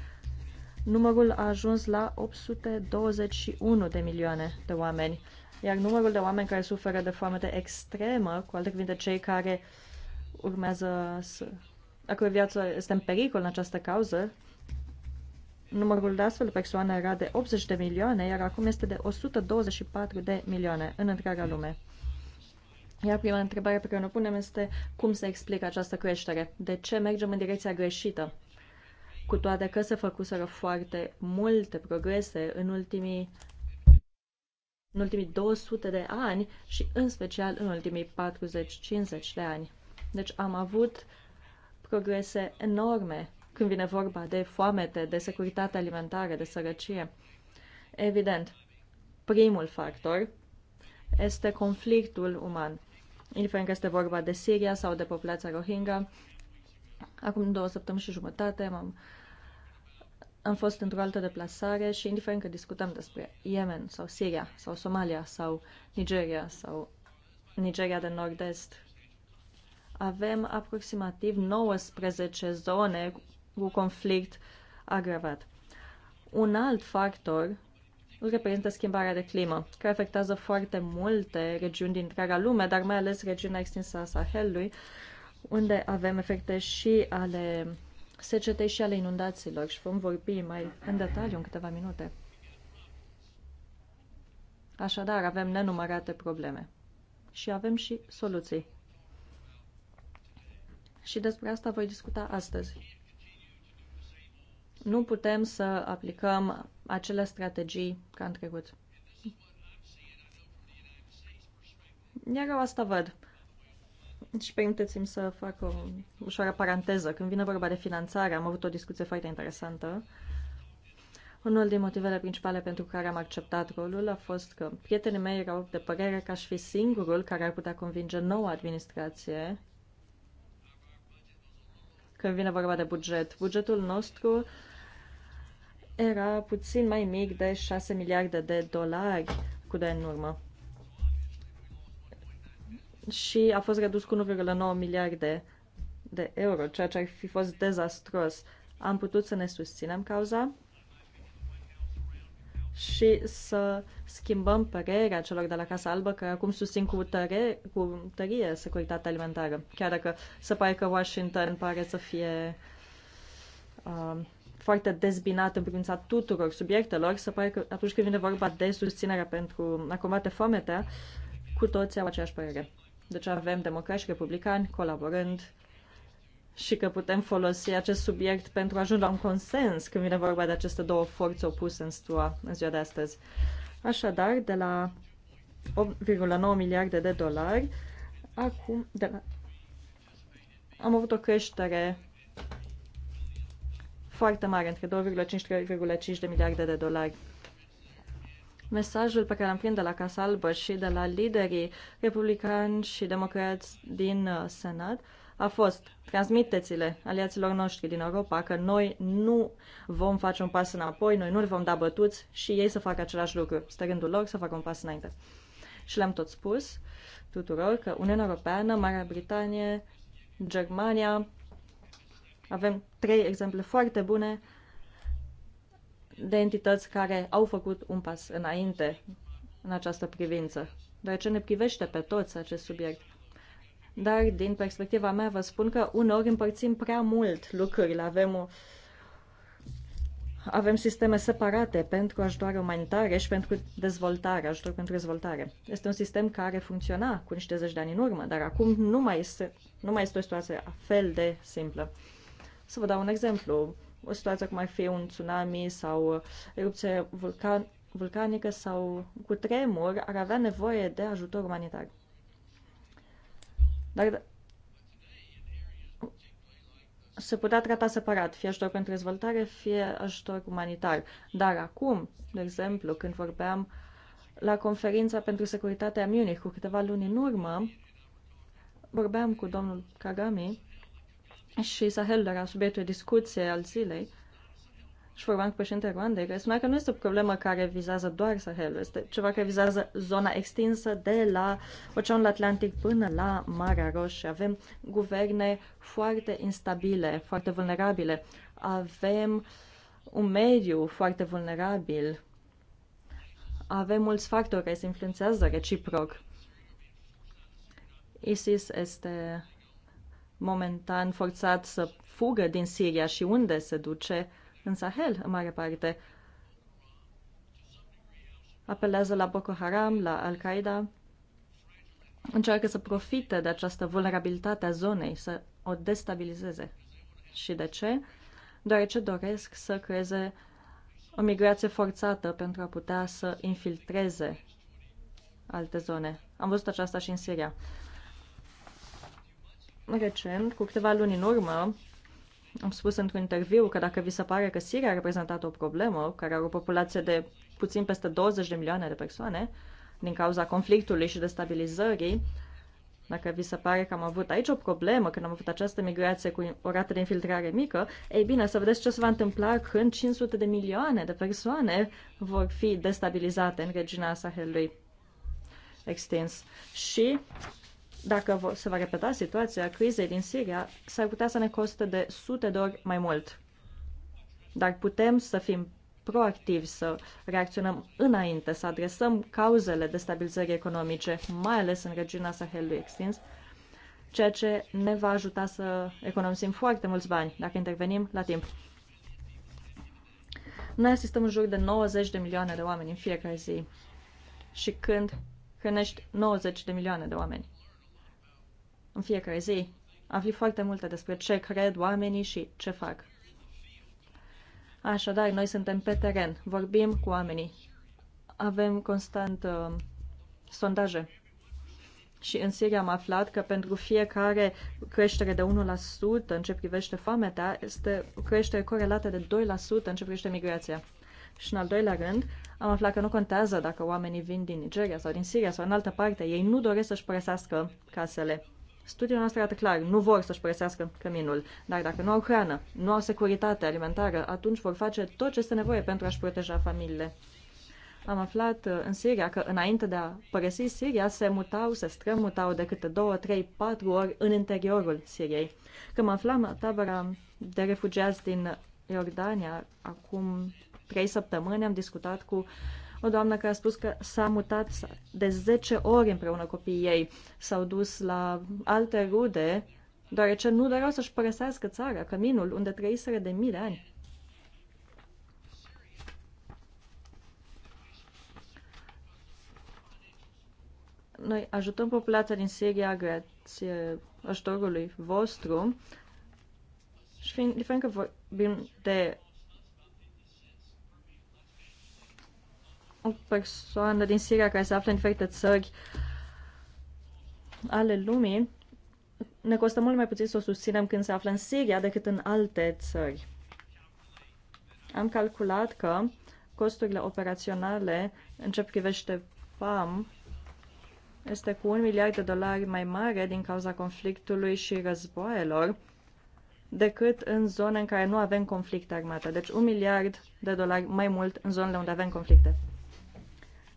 numărul a ajuns la 821 de milioane de oameni, iar numărul de oameni care suferă de foamete extremă, cu alte cuvinte cei care urmează să, a cărui viață este în pericol în această cauză, numărul de astfel de persoane era de 80 de milioane, iar acum este de 124 de milioane în întreaga lume. Iar prima întrebare pe care o punem este cum se explică această creștere? De ce mergem în direcția greșită? cu toate că se făcuseră foarte multe progrese în ultimii în ultimii 200 de ani și în special în ultimii 40-50 de ani. Deci am avut progrese enorme când vine vorba de foamete, de securitate alimentară, de sărăcie. Evident, primul factor este conflictul uman. Indiferent că este vorba de Siria sau de populația Rohingya, acum două săptămâni și jumătate m-am am fost într-o altă deplasare și indiferent că discutăm despre Yemen sau Siria sau Somalia sau Nigeria sau Nigeria de Nord-Est, avem aproximativ 19 zone cu conflict agravat. Un alt factor reprezintă schimbarea de climă, care afectează foarte multe regiuni din întreaga lume, dar mai ales regiunea extinsă a Sahelului, unde avem efecte și ale secetei și ale inundațiilor și vom vorbi mai în detaliu în câteva minute. Așadar, avem nenumărate probleme și avem și soluții. Și despre asta voi discuta astăzi. Nu putem să aplicăm acele strategii ca în trecut. Iar eu asta văd. Și permiteți-mi să fac o ușoară paranteză. Când vine vorba de finanțare, am avut o discuție foarte interesantă. Unul din motivele principale pentru care am acceptat rolul a fost că prietenii mei erau de părere că aș fi singurul care ar putea convinge noua administrație când vine vorba de buget. Bugetul nostru era puțin mai mic de 6 miliarde de dolari cu de în urmă și a fost redus cu 1,9 miliarde de euro, ceea ce ar fi fost dezastros. Am putut să ne susținem cauza și să schimbăm părerea celor de la Casa Albă care acum susțin cu, tăre, cu tărie securitatea alimentară. Chiar dacă se pare că Washington pare să fie uh, foarte dezbinat în privința tuturor subiectelor, se pare că atunci când vine vorba de susținere pentru a combate foametea, cu toții au aceeași părere. Deci avem democrați și republicani colaborând și că putem folosi acest subiect pentru a ajunge la un consens când vine vorba de aceste două forțe opuse în, stua, în ziua de astăzi. Așadar, de la 8,9 miliarde de dolari, acum de la, am avut o creștere foarte mare, între 2,5 și 3,5 de miliarde de dolari. Mesajul pe care l-am primit de la Casa Albă și de la liderii republicani și democrați din uh, Senat a fost transmiteți-le aliaților noștri din Europa că noi nu vom face un pas înapoi, noi nu le vom da bătuți și ei să facă același lucru. Este rândul lor să facă un pas înainte. Și le-am tot spus tuturor că Uniunea Europeană, Marea Britanie, Germania, avem trei exemple foarte bune de entități care au făcut un pas înainte în această privință, ce ne privește pe toți acest subiect. Dar, din perspectiva mea, vă spun că uneori împărțim prea mult lucrurile. Avem, o... Avem sisteme separate pentru ajutoare umanitare și pentru dezvoltare, ajutor pentru dezvoltare. Este un sistem care funcționa cu niște zeci de ani în urmă, dar acum nu mai este, nu mai este o situație fel de simplă. Să vă dau un exemplu o situație cum ar fi un tsunami sau erupție vulcan, vulcanică sau cu tremur, ar avea nevoie de ajutor umanitar. Dar se putea trata separat, fie ajutor pentru dezvoltare, fie ajutor umanitar. Dar acum, de exemplu, când vorbeam la conferința pentru securitatea Munich cu câteva luni în urmă, vorbeam cu domnul Kagami și Sahel, era subiectul discuției al zilei, și vorbeam cu președintele Rwandei, care spunea că nu este o problemă care vizează doar Sahelul, este ceva care vizează zona extinsă de la Oceanul Atlantic până la Marea Roșie. Avem guverne foarte instabile, foarte vulnerabile. Avem un mediu foarte vulnerabil. Avem mulți factori care se influențează reciproc. ISIS este momentan forțat să fugă din Siria și unde se duce în Sahel, în mare parte. Apelează la Boko Haram, la Al-Qaeda, încearcă să profite de această vulnerabilitate a zonei, să o destabilizeze. Și de ce? Deoarece doresc să creeze o migrație forțată pentru a putea să infiltreze alte zone. Am văzut aceasta și în Siria recent, cu câteva luni în urmă, am spus într-un interviu că dacă vi se pare că Siria a reprezentat o problemă, care are o populație de puțin peste 20 de milioane de persoane, din cauza conflictului și destabilizării, dacă vi se pare că am avut aici o problemă când am avut această migrație cu o rată de infiltrare mică, ei bine, să vedeți ce se va întâmpla când 500 de milioane de persoane vor fi destabilizate în regiunea Sahelului extins. Și dacă se va repeta situația crizei din Siria, s-ar putea să ne coste de sute de ori mai mult. Dar putem să fim proactivi, să reacționăm înainte, să adresăm cauzele destabilizării economice, mai ales în regiunea Sahelului extins, ceea ce ne va ajuta să economisim foarte mulți bani dacă intervenim la timp. Noi asistăm în jur de 90 de milioane de oameni în fiecare zi. Și când hrănești 90 de milioane de oameni în fiecare zi, afli foarte multe despre ce cred oamenii și ce fac. Așadar, noi suntem pe teren, vorbim cu oamenii, avem constant uh, sondaje. Și în Siria am aflat că pentru fiecare creștere de 1% în ce privește foamea, este o creștere corelată de 2% în ce privește migrația. Și în al doilea rând, am aflat că nu contează dacă oamenii vin din Nigeria sau din Siria sau în altă parte, ei nu doresc să-și părăsească casele studiile noastre arată clar, nu vor să-și părăsească căminul, dar dacă nu au hrană, nu au securitate alimentară, atunci vor face tot ce este nevoie pentru a-și proteja familiile. Am aflat uh, în Siria că înainte de a părăsi Siria se mutau, se strămutau de câte două, trei, patru ori în interiorul Siriei. Când mă aflam la tabăra de refugiați din Iordania, acum trei săptămâni am discutat cu o doamnă care a spus că s-a mutat de 10 ori împreună copiii ei, s-au dus la alte rude, deoarece nu doreau să-și părăsească țara, căminul unde trăiseră de mii de ani. Noi ajutăm populația din Siria grație ajutorului vostru și fiind, diferent că vorbim de o persoană din Siria care se află în diferite țări ale lumii, ne costă mult mai puțin să o susținem când se află în Siria decât în alte țări. Am calculat că costurile operaționale în ce privește PAM este cu un miliard de dolari mai mare din cauza conflictului și războaielor decât în zone în care nu avem conflicte armate. Deci un miliard de dolari mai mult în zonele unde avem conflicte.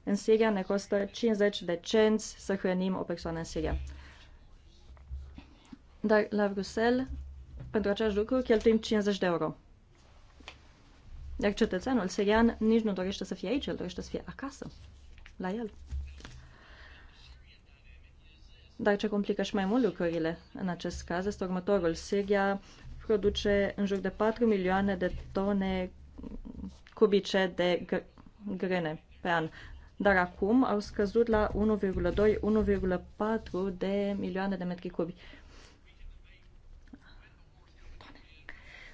În Siria ne costă 50 de cenți să hrănim o persoană în Siria. Dar la Bruxelles, pentru același lucru, cheltuim 50 de euro. Iar cetățeanul sirian nici nu dorește să fie aici, el dorește să fie acasă, la el. Dar ce complică și mai mult lucrurile în acest caz este următorul. Siria produce în jur de 4 milioane de tone cubice de gr- grâne pe an dar acum au scăzut la 1,2-1,4 de milioane de metri cubi.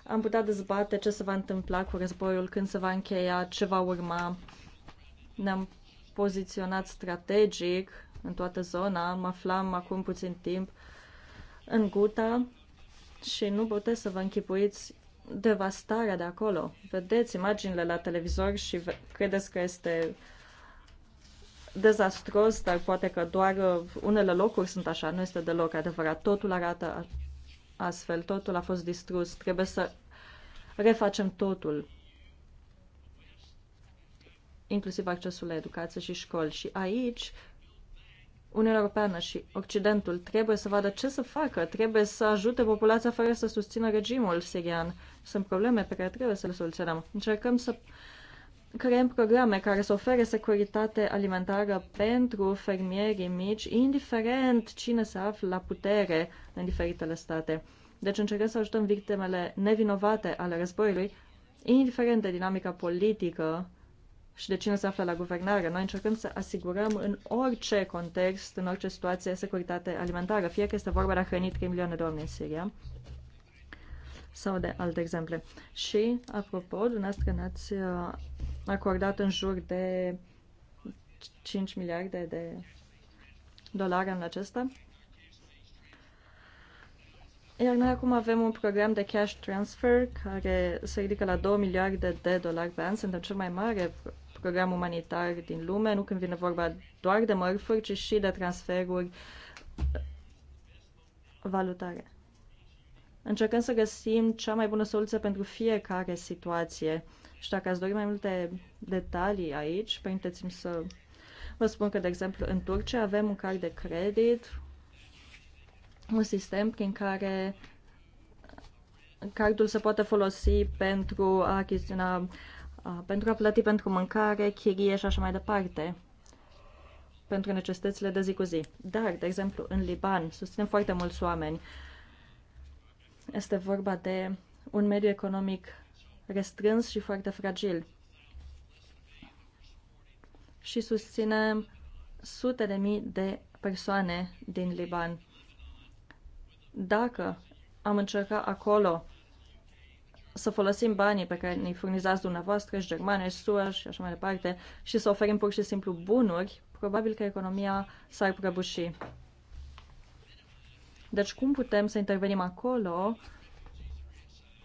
Am putea dezbate ce se va întâmpla cu războiul, când se va încheia, ce va urma. Ne-am poziționat strategic în toată zona. Mă aflam acum puțin timp în Guta și nu puteți să vă închipuiți devastarea de acolo. Vedeți imaginile la televizor și credeți că este uh, dezastros, dar poate că doar uh, unele locuri sunt așa, nu este deloc adevărat. Totul arată astfel, totul a fost distrus, trebuie să refacem totul, inclusiv accesul la educație și școli. Și aici Uniunea Europeană și Occidentul trebuie să vadă ce să facă, trebuie să ajute populația fără să susțină regimul sirian. Sunt probleme pe care trebuie să le soluționăm. Încercăm să creăm programe care să ofere securitate alimentară pentru fermierii mici, indiferent cine se află la putere în diferitele state. Deci încercăm să ajutăm victimele nevinovate ale războiului, indiferent de dinamica politică și de cine se află la guvernare. Noi încercăm să asigurăm în orice context, în orice situație, securitate alimentară, fie că este vorba de a hrăni 3 milioane de oameni în Siria sau de alte exemple. Și, apropo, dumneavoastră ne-ați uh, acordat în jur de 5 miliarde de dolari în acesta. Iar noi acum avem un program de cash transfer care se ridică la 2 miliarde de dolari pe an. Suntem cel mai mare program umanitar din lume, nu când vine vorba doar de mărfuri, ci și de transferuri valutare. Încercăm să găsim cea mai bună soluție pentru fiecare situație și dacă ați dori mai multe detalii aici, permiteți-mi să vă spun că, de exemplu, în Turcia avem un card de credit, un sistem prin care cardul se poate folosi pentru a achiziționa, pentru a plăti pentru mâncare, chirie și așa mai departe pentru necesitățile de zi cu zi. Dar, de exemplu, în Liban susținem foarte mulți oameni. Este vorba de un mediu economic restrâns și foarte fragil. Și susținem sute de mii de persoane din Liban. Dacă am încercat acolo să folosim banii pe care ne-i furnizați dumneavoastră și germane, și SUA și așa mai departe și să oferim pur și simplu bunuri, probabil că economia s-ar prăbuși. Deci cum putem să intervenim acolo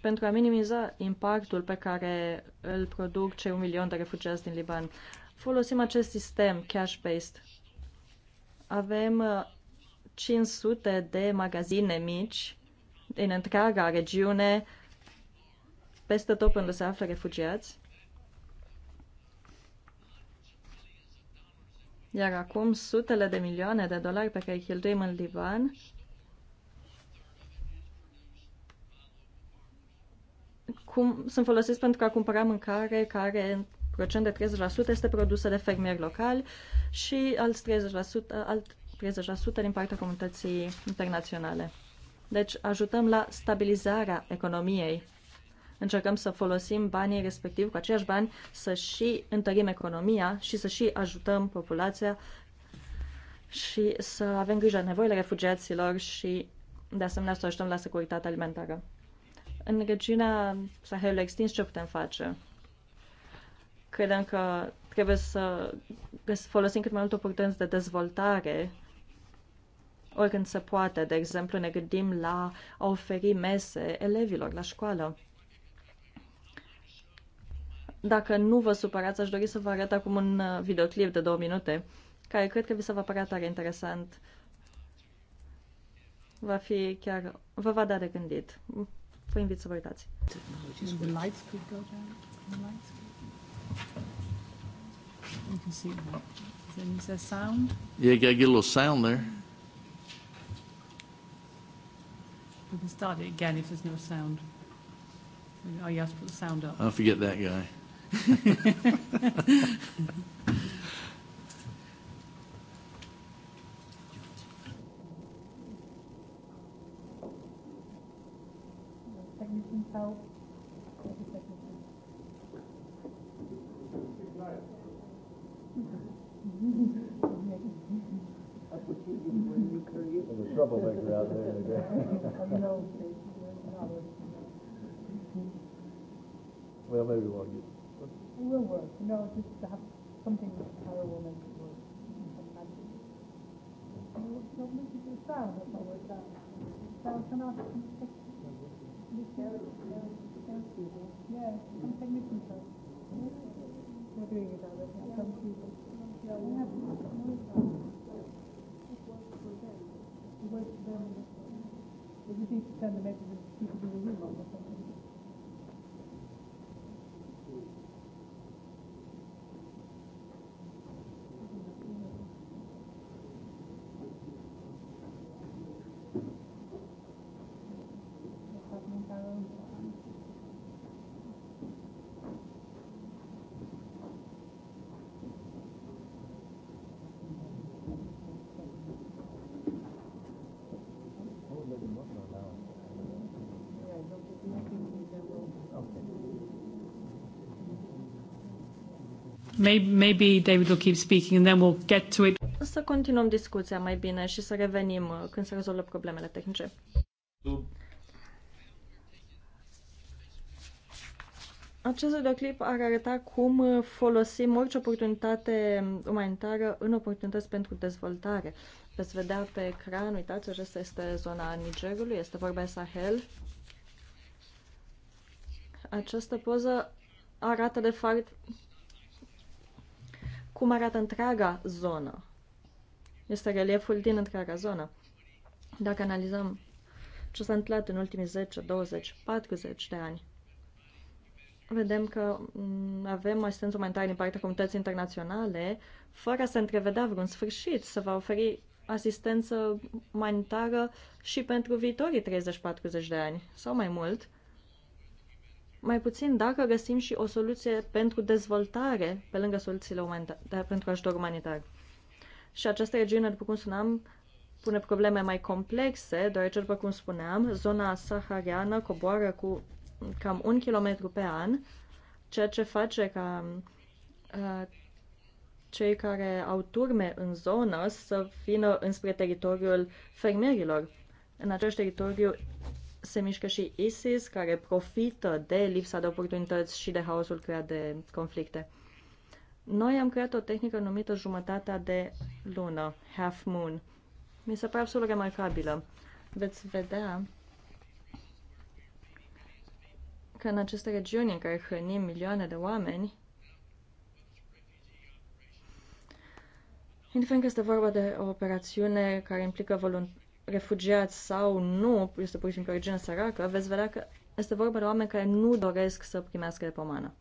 pentru a minimiza impactul pe care îl produc cei un milion de refugiați din Liban. Folosim acest sistem cash-based. Avem 500 uh, de magazine mici din întreaga regiune, peste tot unde se află refugiați. Iar acum sutele de milioane de dolari pe care îi cheltuim în Liban cum sunt folosiți pentru a cumpăra mâncare care în procent de 30% este produsă de fermieri locali și alt 30%, alt 30% din partea comunității internaționale. Deci ajutăm la stabilizarea economiei. Încercăm să folosim banii respectiv, cu aceiași bani, să și întărim economia și să și ajutăm populația și să avem grijă de nevoile refugiaților și de asemenea să ajutăm la securitatea alimentară. În regiunea Sahelului extins ce putem face? Credem că trebuie să, folosim cât mai multe oportunități de dezvoltare oricând se poate. De exemplu, ne gândim la a oferi mese elevilor la școală. Dacă nu vă supărați, aș dori să vă arăt acum un uh, videoclip de două minute, care cred că vi se va părea tare interesant. Va fi chiar... vă va da de gândit. Vă invit să vă uitați. The lights could go down. The lights could... You can see that. Then is there sound? Yeah, gotta get a little sound there. We can start it again if there's no sound. Oh, you have to put the sound up. I'll forget that guy. <laughs> sau There's out there today. well, maybe we'll get. It will work. You know, just to have something that power will make it work. Don't make it sound, that's not worked out. Sound Yeah, I'm technically sure. We're Yeah. Yeah. Yeah. Yeah. Yeah. Yeah. Yeah, Yeah. Yeah. Yeah. Yeah. Yeah. Yeah. Yeah. Yeah. Yeah. Yeah. Yeah. Yeah. Yeah. Yeah. Yeah. Yeah. Yeah. Yeah. room, Maybe, David will keep speaking and then we'll get to it. Să continuăm discuția mai bine și să revenim uh, când se rezolvă problemele tehnice. Acest videoclip ar arăta cum uh, folosim orice oportunitate umanitară în oportunități pentru dezvoltare. Veți vedea pe ecran, uitați, acesta este zona Nigerului, este vorba de Sahel. Această poză arată de fapt cum arată întreaga zonă. Este relieful din întreaga zonă. Dacă analizăm ce s-a întâmplat în ultimii 10, 20, 40 de ani, vedem că mm, avem asistență umanitară din partea comunității internaționale, fără să întrevedea vreun sfârșit, să va oferi asistență umanitară și pentru viitorii 30-40 de ani sau mai mult, mai puțin dacă găsim și o soluție pentru dezvoltare, pe lângă soluțiile umanitare, pentru ajutor umanitar. Și această regiune, după cum spuneam, pune probleme mai complexe, deoarece, după cum spuneam, zona sahariană coboară cu cam un kilometru pe an, ceea ce face ca uh, cei care au turme în zonă să vină înspre teritoriul fermierilor. În acest teritoriu se mișcă și ISIS, care profită de lipsa de oportunități și de haosul creat de conflicte. Noi am creat o tehnică numită jumătatea de lună, half moon. Mi se pare absolut remarcabilă. Veți vedea că în aceste regiuni în care hrănim milioane de oameni, indiferent că este vorba de o operațiune care implică volunt refugiați sau nu, este pur și simplu origine săracă, veți vedea că este vorba de oameni care nu doresc să primească repomană.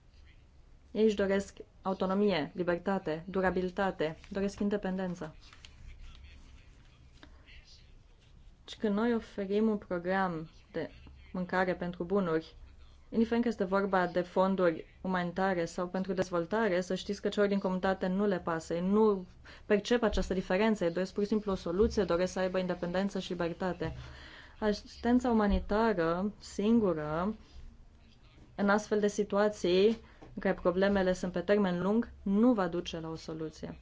Ei își doresc autonomie, libertate, durabilitate, doresc independență. Și când noi oferim un program de mâncare pentru bunuri indiferent că este vorba de fonduri umanitare sau pentru dezvoltare, să știți că celor din comunitate nu le pasă, ei nu percep această diferență, ei doresc pur și simplu o soluție, doresc să aibă independență și libertate. Asistența umanitară singură, în astfel de situații în care problemele sunt pe termen lung, nu va duce la o soluție.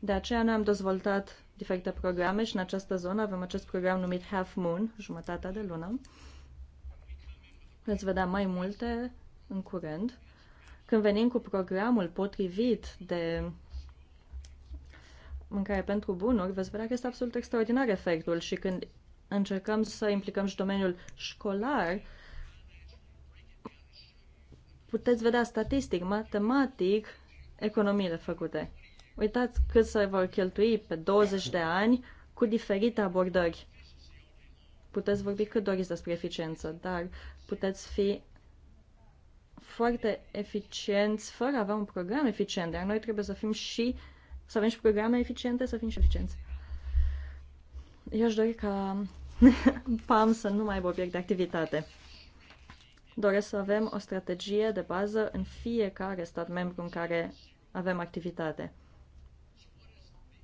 De aceea noi am dezvoltat diferite programe și în această zonă avem acest program numit Half Moon, jumătatea de lună, Veți vedea mai multe în curând. Când venim cu programul potrivit de mâncare pentru bunuri, veți vedea că este absolut extraordinar efectul și când încercăm să implicăm și domeniul școlar, puteți vedea statistic, matematic, economiile făcute. Uitați cât se vor cheltui pe 20 de ani cu diferite abordări puteți vorbi cât doriți despre eficiență, dar puteți fi foarte eficienți fără a avea un program eficient, dar noi trebuie să fim și să avem și programe eficiente, să fim și eficienți. Eu aș dori ca <laughs> PAM să nu mai aibă obiect de activitate. Doresc să avem o strategie de bază în fiecare stat membru în care avem activitate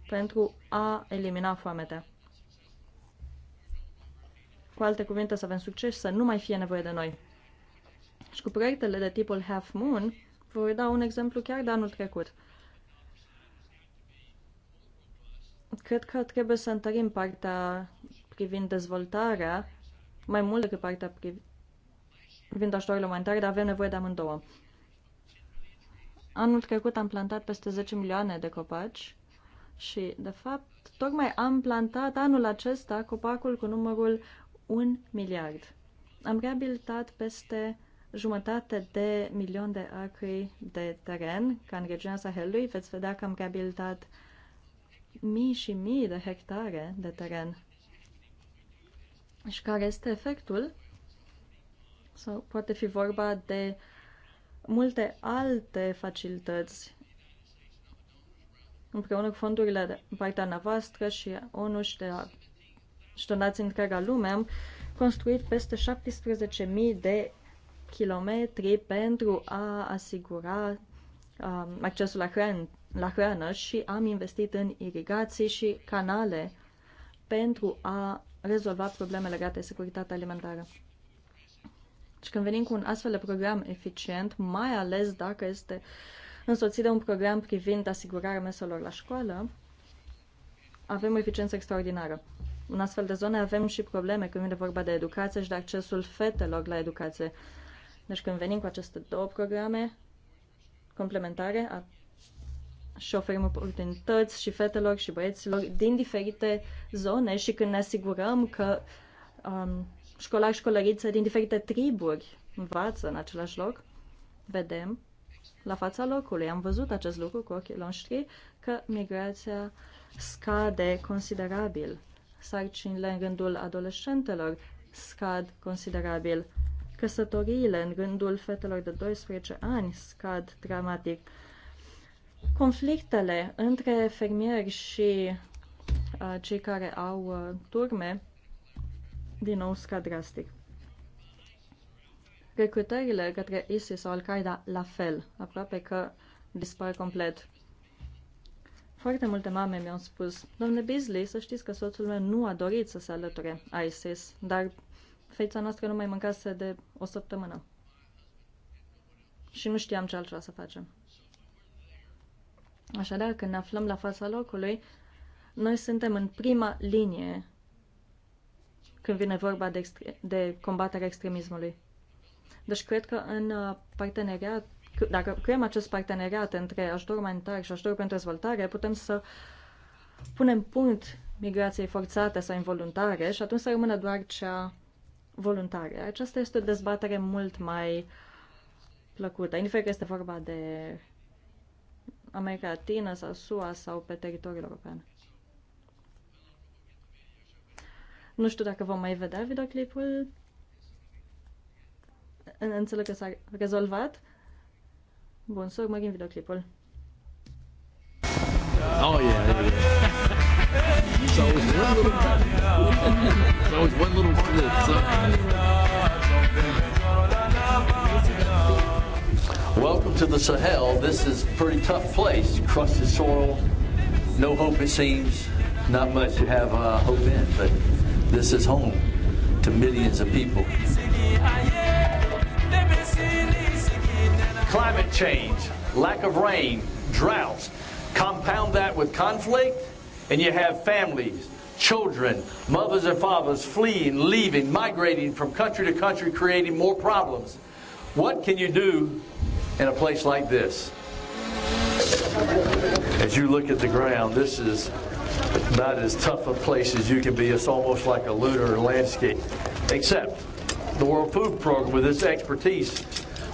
pentru a elimina foametea. Cu alte cuvinte, să avem succes, să nu mai fie nevoie de noi. Și cu proiectele de tipul Half Moon, vă voi da un exemplu chiar de anul trecut. Cred că trebuie să întărim partea privind dezvoltarea mai mult decât partea privind ajutorul umanitar, dar avem nevoie de amândouă. Anul trecut am plantat peste 10 milioane de copaci și, de fapt, tocmai am plantat anul acesta copacul cu numărul un miliard. Am reabilitat peste jumătate de milion de acri de teren, ca în regiunea Sahelului. Veți vedea că am reabilitat mii și mii de hectare de teren. Și care este efectul? Sau poate fi vorba de multe alte facilități împreună cu fondurile de partea noastră și ONU și de și donații în întreaga lume, am construit peste 17.000 de kilometri pentru a asigura um, accesul la, hrân, la hrană și am investit în irigații și canale pentru a rezolva probleme legate de securitatea alimentară. Și deci când venim cu un astfel de program eficient, mai ales dacă este însoțit de un program privind asigurarea meselor la școală, avem o eficiență extraordinară în astfel de zone avem și probleme când vine vorba de educație și de accesul fetelor la educație. Deci când venim cu aceste două programe complementare a, și oferim oportunități și fetelor și băieților din diferite zone și când ne asigurăm că um, școlari și școlărițe din diferite triburi învață în același loc, vedem la fața locului. Am văzut acest lucru cu ochii noștri că migrația scade considerabil sarcinile în rândul adolescentelor scad considerabil. Căsătoriile în rândul fetelor de 12 ani scad dramatic. Conflictele între fermieri și uh, cei care au uh, turme, din nou, scad drastic. Recrutările către ISIS sau Al-Qaeda, la fel, aproape că dispar complet. Foarte multe mame mi-au spus, domnule Beasley, să știți că soțul meu nu a dorit să se alăture ISIS, dar feța noastră nu mai mâncase de o săptămână. Și nu știam ce altceva să facem. Așadar, când ne aflăm la fața locului, noi suntem în prima linie când vine vorba de, extre- de combaterea extremismului. Deci cred că în uh, parteneriat dacă creăm acest parteneriat între ajutor umanitar și ajutor pentru dezvoltare, putem să punem punct migrației forțate sau involuntare și atunci să rămână doar cea voluntară. Aceasta este o dezbatere mult mai plăcută, indiferent că este vorba de America Latină sau SUA sau pe teritoriul european. Nu știu dacă vom mai vedea videoclipul. Înțeleg că s-a rezolvat. Bun, să urmărim videoclipul. Oh yeah, yeah, yeah. So one little So one little So Welcome to the Sahel. This is a pretty tough place. Crusted soil, no hope it seems. Not much to have uh, hope in, but this is home to millions of people. climate change, lack of rain, droughts. Compound that with conflict, and you have families, children, mothers and fathers fleeing, leaving, migrating from country to country, creating more problems. What can you do in a place like this? As you look at the ground, this is about as tough a place as you can be. It's almost like a lunar landscape, except the World Food Program, with its expertise,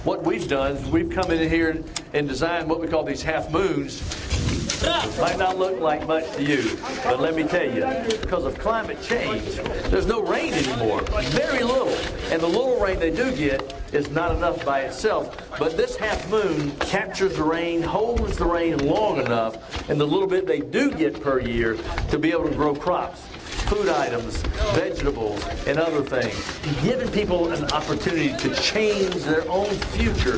What we've done is we've come in here and, and designed what we call these half moons. Might not look like much to you, but let me tell you, because of climate change, there's no rain anymore, very little. And the little rain they do get is not enough by itself, but this half moon captures the rain, holds the rain long enough, and the little bit they do get per year to be able to grow crops food items, vegetables, and other things, giving people an opportunity to change their own future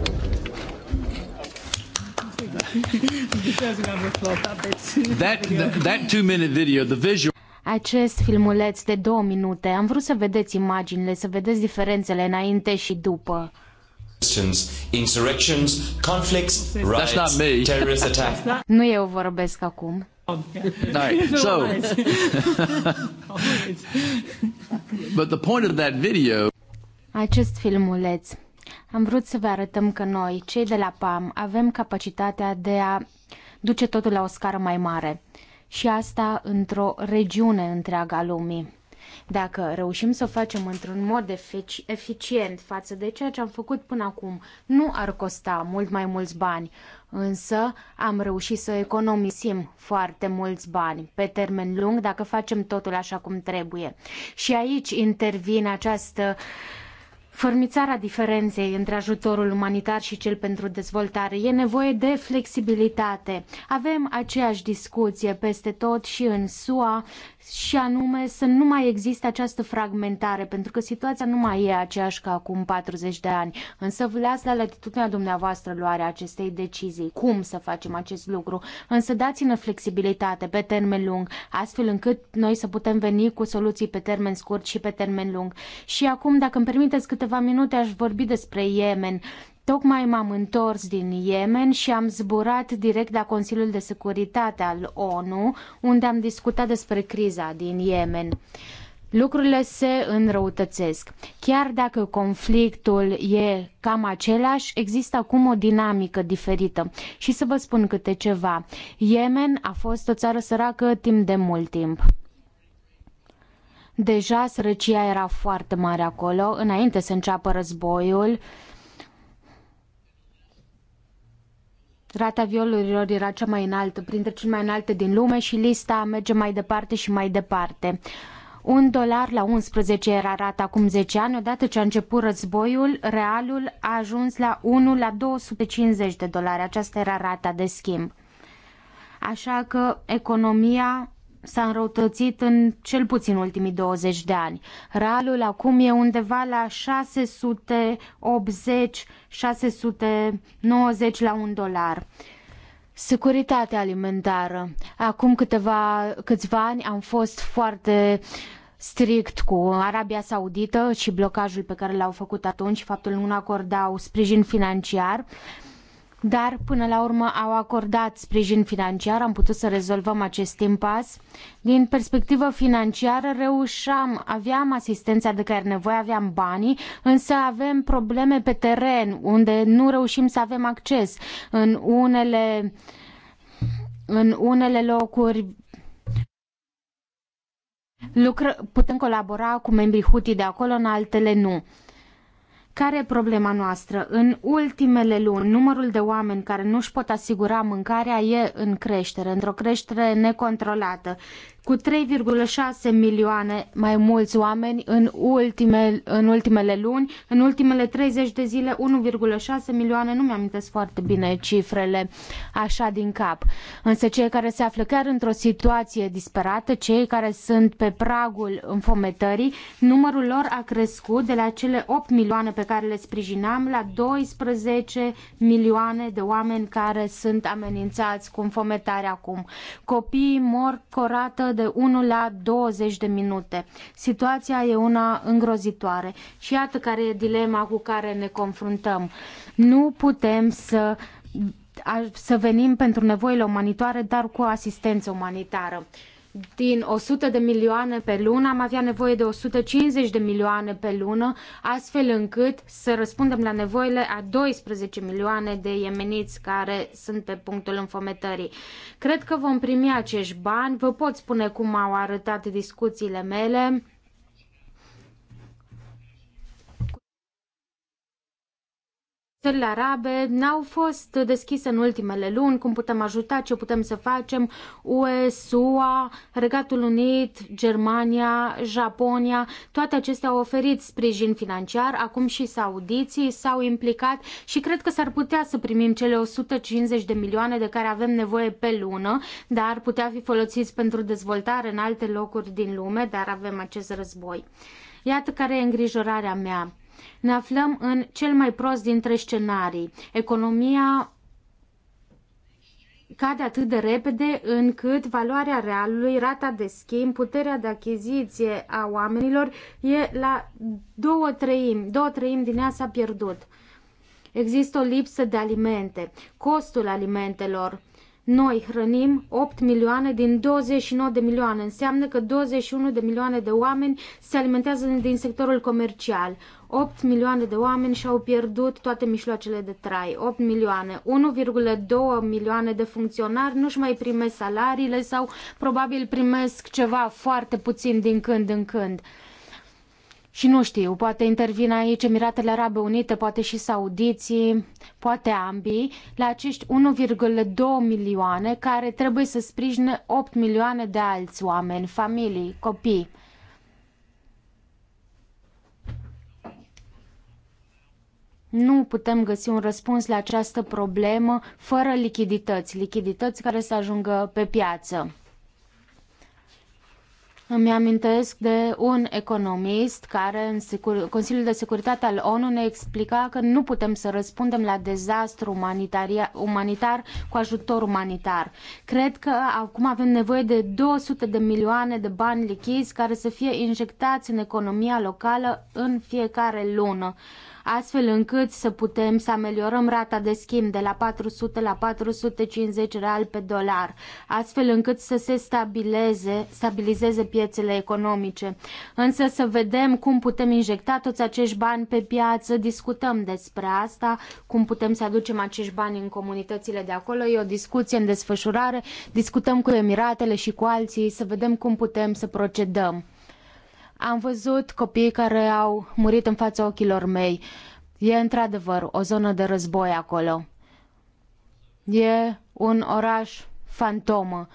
That, two minute video, the visual... Acest filmuleț de două minute, am vrut să vedeți imaginile, să vedeți diferențele înainte și după. Insurrections, conflicts, riots, terrorist <laughs> attacks. Nu eu vorbesc acum. Right. <laughs> So, <laughs> but the point of that video. Acest filmuleț am vrut să vă arătăm că noi, cei de la PAM, avem capacitatea de a duce totul la o scară mai mare și asta într-o regiune întreaga a lumii. Dacă reușim să o facem într-un mod efic- eficient față de ceea ce am făcut până acum, nu ar costa mult mai mulți bani, însă am reușit să economisim foarte mulți bani pe termen lung dacă facem totul așa cum trebuie. Și aici intervine această uh, fărnițarea diferenței între ajutorul umanitar și cel pentru dezvoltare. E nevoie de flexibilitate. Avem aceeași discuție peste tot și în SUA și anume să nu mai existe această fragmentare, pentru că situația nu mai e aceeași ca acum 40 de ani. Însă vă las la latitudinea dumneavoastră luarea acestei decizii, cum să facem acest lucru, însă dați-ne flexibilitate pe termen lung, astfel încât noi să putem veni cu soluții pe termen scurt și pe termen lung. Și acum, dacă îmi permiteți câteva minute, aș vorbi despre Yemen. Tocmai m-am întors din Yemen și am zburat direct la Consiliul de Securitate al ONU, unde am discutat despre criza din Yemen. Lucrurile se înrăutățesc. Chiar dacă conflictul e cam același, există acum o dinamică diferită. Și să vă spun câte ceva. Yemen a fost o țară săracă timp de mult timp. Deja sărăcia era foarte mare acolo, înainte să înceapă războiul. Uh, Rata violurilor era cea mai înaltă, printre cele mai înalte din lume și lista merge mai departe și mai departe. Un dolar la 11 era rata acum 10 ani, odată ce a început războiul, realul a ajuns la 1 la 250 de dolari. Aceasta era rata de schimb. Așa că economia s-a înrăutățit în cel puțin ultimii 20 de ani. Realul acum e undeva la 680-690 la un dolar. Securitatea alimentară. Acum câteva, câțiva ani am fost foarte strict cu Arabia Saudită și blocajul pe care l-au făcut atunci, faptul că nu acordau sprijin financiar. Uh, dar până la urmă au acordat sprijin financiar, am putut să rezolvăm acest impas. Din perspectivă financiară reușeam, aveam asistența de care nevoie, aveam banii, însă avem probleme pe teren unde nu reușim să avem acces. În unele, în unele locuri putem colabora cu membrii Huti de acolo, în altele nu. Care e problema noastră? În ultimele luni, numărul de oameni care nu își pot asigura mâncarea e în creștere, într-o creștere necontrolată cu 3,6 milioane mai mulți oameni în, ultime, în ultimele luni, în ultimele 30 de zile 1,6 milioane, nu mi am foarte bine cifrele așa din cap. Însă cei care se află chiar într-o situație disperată, cei care sunt pe pragul înfometării, numărul lor a crescut de la cele 8 milioane pe care le sprijinam la 12 milioane de oameni care sunt amenințați cu înfometare acum. Copiii mor corată de 1 la 20 de minute. Situația e una îngrozitoare și iată care e dilema cu care ne confruntăm. Nu putem să să venim pentru nevoile umanitare, dar cu asistență umanitară din 100 de milioane pe lună am avea nevoie de 150 de milioane pe lună, astfel încât să răspundem la nevoile a 12 milioane de iemeniți care sunt pe punctul înfometării. Cred că vom primi acești bani, vă pot spune cum au arătat discuțiile mele. Țările arabe n-au fost deschise în ultimele luni, cum putem ajuta, ce putem să facem, UE, SUA, Regatul Unit, Germania, Japonia, toate acestea au oferit sprijin financiar, acum și saudiții s-au implicat și cred că s-ar putea să primim cele 150 de milioane de care avem nevoie pe lună, dar putea fi folosiți pentru dezvoltare în alte locuri din lume, dar avem acest război. Iată care e îngrijorarea mea ne aflăm în cel mai prost dintre scenarii. Economia cade atât de repede încât valoarea realului, rata de schimb, puterea de achiziție a oamenilor e la două treimi, două treimi din ea s-a pierdut. Există o lipsă de alimente, costul alimentelor. Noi hrănim 8 milioane din 29 de milioane, înseamnă că 21 de milioane de oameni se alimentează din sectorul comercial. 8 milioane de oameni și-au pierdut toate mijloacele de trai. 8 milioane. 1,2 milioane de funcționari nu-și mai primesc salariile sau probabil primesc ceva foarte puțin din când în când. Și nu știu, poate intervin aici Emiratele Arabe Unite, poate și saudiții, poate ambii, la acești 1,2 milioane care trebuie să sprijine 8 milioane de alți oameni, familii, copii. Nu putem găsi un răspuns la această problemă fără lichidități, lichidități care să ajungă pe piață. Îmi amintesc de un economist care în Consiliul de Securitate al ONU ne explica că nu putem să răspundem la dezastru umanitar cu ajutor umanitar. Cred că acum avem nevoie de 200 de milioane de bani lichizi care să fie injectați în economia locală în fiecare lună astfel încât să putem să ameliorăm rata de schimb de la 400 la 450 real pe dolar, astfel încât să se stabileze, stabilizeze piețele economice. Însă să vedem cum putem injecta toți acești bani pe piață, discutăm despre asta, cum putem să aducem acești bani în comunitățile de acolo. E o discuție în desfășurare, discutăm cu Emiratele și cu alții să vedem cum putem să procedăm. Am văzut copii care au murit în fața ochilor mei. E într-adevăr o zonă de război acolo. E un oraș fantomă.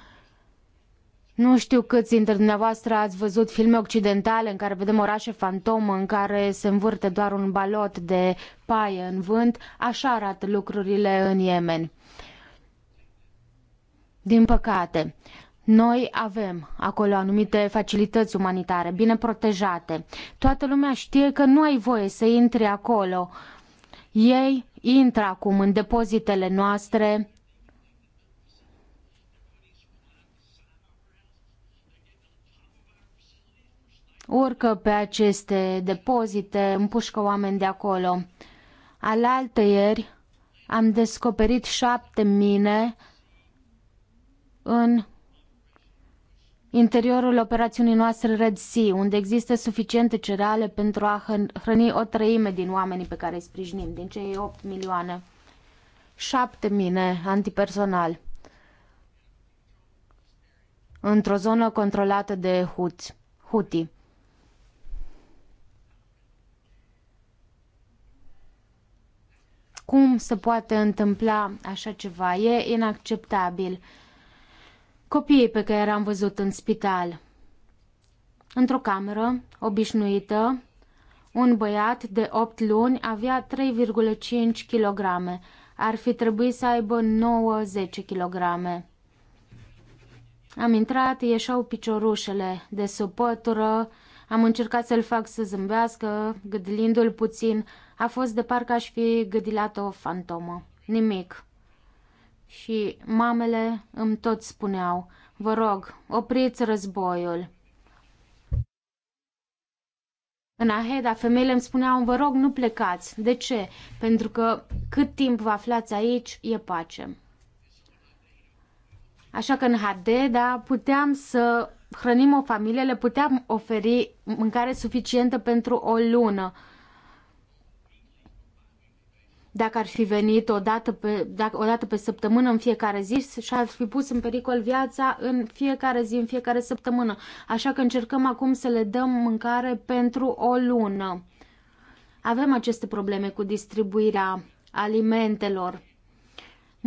Nu știu câți dintre dumneavoastră ați văzut filme occidentale în care vedem orașe fantomă, în care se învârte doar un balot de paie în vânt. Așa arată lucrurile în Yemen. Din păcate, noi avem acolo anumite facilități umanitare, bine protejate. Toată lumea știe că nu ai voie să intri acolo. Ei intră acum în depozitele noastre, urcă pe aceste depozite, împușcă oameni de acolo. Alaltă ieri am descoperit șapte mine în interiorul operațiunii noastre Red Sea, unde există suficiente cereale pentru a hrăni o treime din oamenii pe care îi sprijinim, din cei 8 milioane. 7 mine antipersonal într-o zonă controlată de Huți, Huti. Cum se poate întâmpla așa ceva? E inacceptabil copiii pe care am văzut în spital. Într-o cameră obișnuită, un băiat de 8 luni avea 3,5 kg. Ar fi trebuit să aibă 9-10 kg. Am intrat, ieșau piciorușele de sub pătură, am încercat să-l fac să zâmbească, gâdilindu-l puțin. A fost de parcă aș fi gâdilat o fantomă. Nimic și mamele îmi tot spuneau, vă rog, opriți războiul. În Aheda, femeile îmi spuneau, vă rog, nu plecați. De ce? Pentru că cât timp vă aflați aici, e pace. Așa că în Hadeda puteam să hrănim o familie, le puteam oferi mâncare suficientă pentru o lună. Dacă ar fi venit o dată pe, dacă, o dată pe săptămână în fiecare zi și ar fi pus în pericol viața în fiecare zi, în fiecare săptămână. Așa că încercăm acum să le dăm mâncare pentru o lună. Avem aceste probleme cu distribuirea alimentelor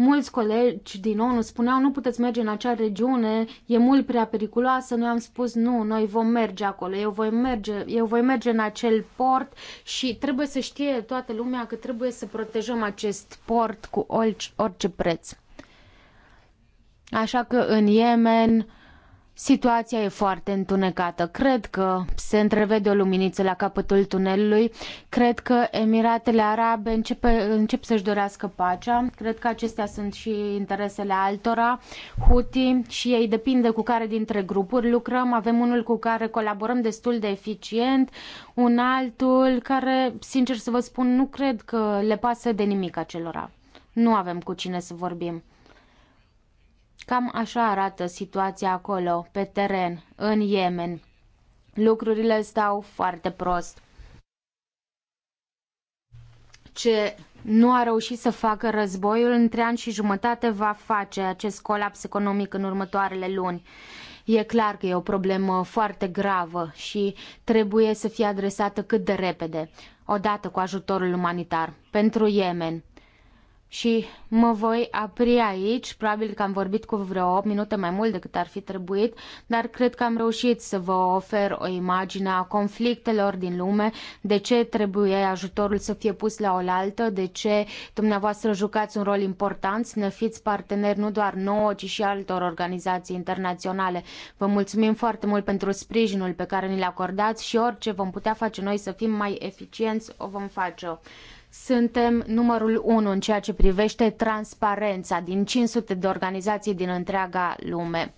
Mulți colegi din ONU spuneau nu puteți merge în acea regiune, e mult prea periculoasă. Noi am spus nu, noi vom merge acolo, eu voi merge, eu voi merge în acel port și trebuie să știe toată lumea că trebuie să protejăm acest port cu orice, orice preț. Așa că în Yemen Situația e foarte întunecată. Cred că se întrevede o luminiță la capătul tunelului. Cred că Emiratele Arabe începe, încep să-și dorească pacea. Cred că acestea sunt și interesele altora. Houthi și ei depinde cu care dintre grupuri lucrăm. Avem unul cu care colaborăm destul de eficient, un altul care, sincer să vă spun, nu cred că le pasă de nimic acelora. Nu avem cu cine să vorbim. Cam așa arată situația acolo, pe teren, în Yemen. Lucrurile stau foarte prost. Ce nu a reușit să facă războiul, între ani și jumătate va face acest colaps economic în următoarele luni. E clar că e o problemă foarte gravă și trebuie să fie adresată cât de repede, odată cu ajutorul umanitar, pentru Yemen și mă voi apri aici. Probabil că am vorbit cu vreo 8 minute mai mult decât ar fi trebuit, dar cred că am reușit să vă ofer o imagine a conflictelor din lume, de ce trebuie ajutorul să fie pus la oaltă, de ce dumneavoastră jucați un rol important, să ne fiți parteneri nu doar nouă, ci și altor organizații internaționale. Vă mulțumim foarte mult pentru sprijinul pe care ni l acordați și orice vom putea face noi să fim mai eficienți, o vom face. -o. Suntem numărul unu în ceea ce privește transparența din 500 de organizații din întreaga lume.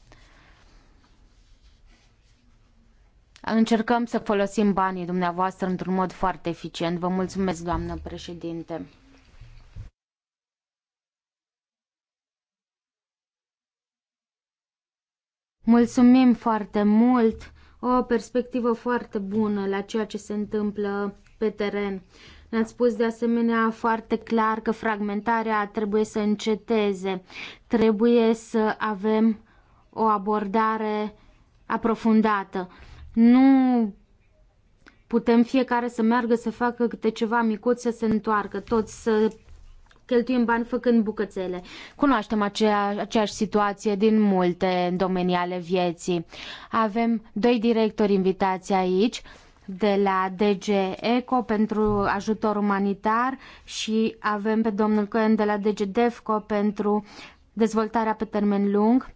Încercăm să folosim banii dumneavoastră într-un mod foarte eficient. Vă mulțumesc, doamnă președinte. Mulțumim foarte mult, o perspectivă foarte bună la ceea ce se întâmplă pe teren. Ne-ați spus de asemenea foarte clar că fragmentarea trebuie să înceteze. Trebuie să avem o abordare aprofundată. Nu putem fiecare să meargă să facă câte ceva micuț să se întoarcă, toți să cheltuim bani făcând bucățele. Cunoaștem aceea, aceeași situație din multe domenii ale vieții. Avem doi directori invitați aici de la DG ECO pentru ajutor umanitar și avem pe domnul Cohen de la DG DEFCO pentru dezvoltarea pe termen lung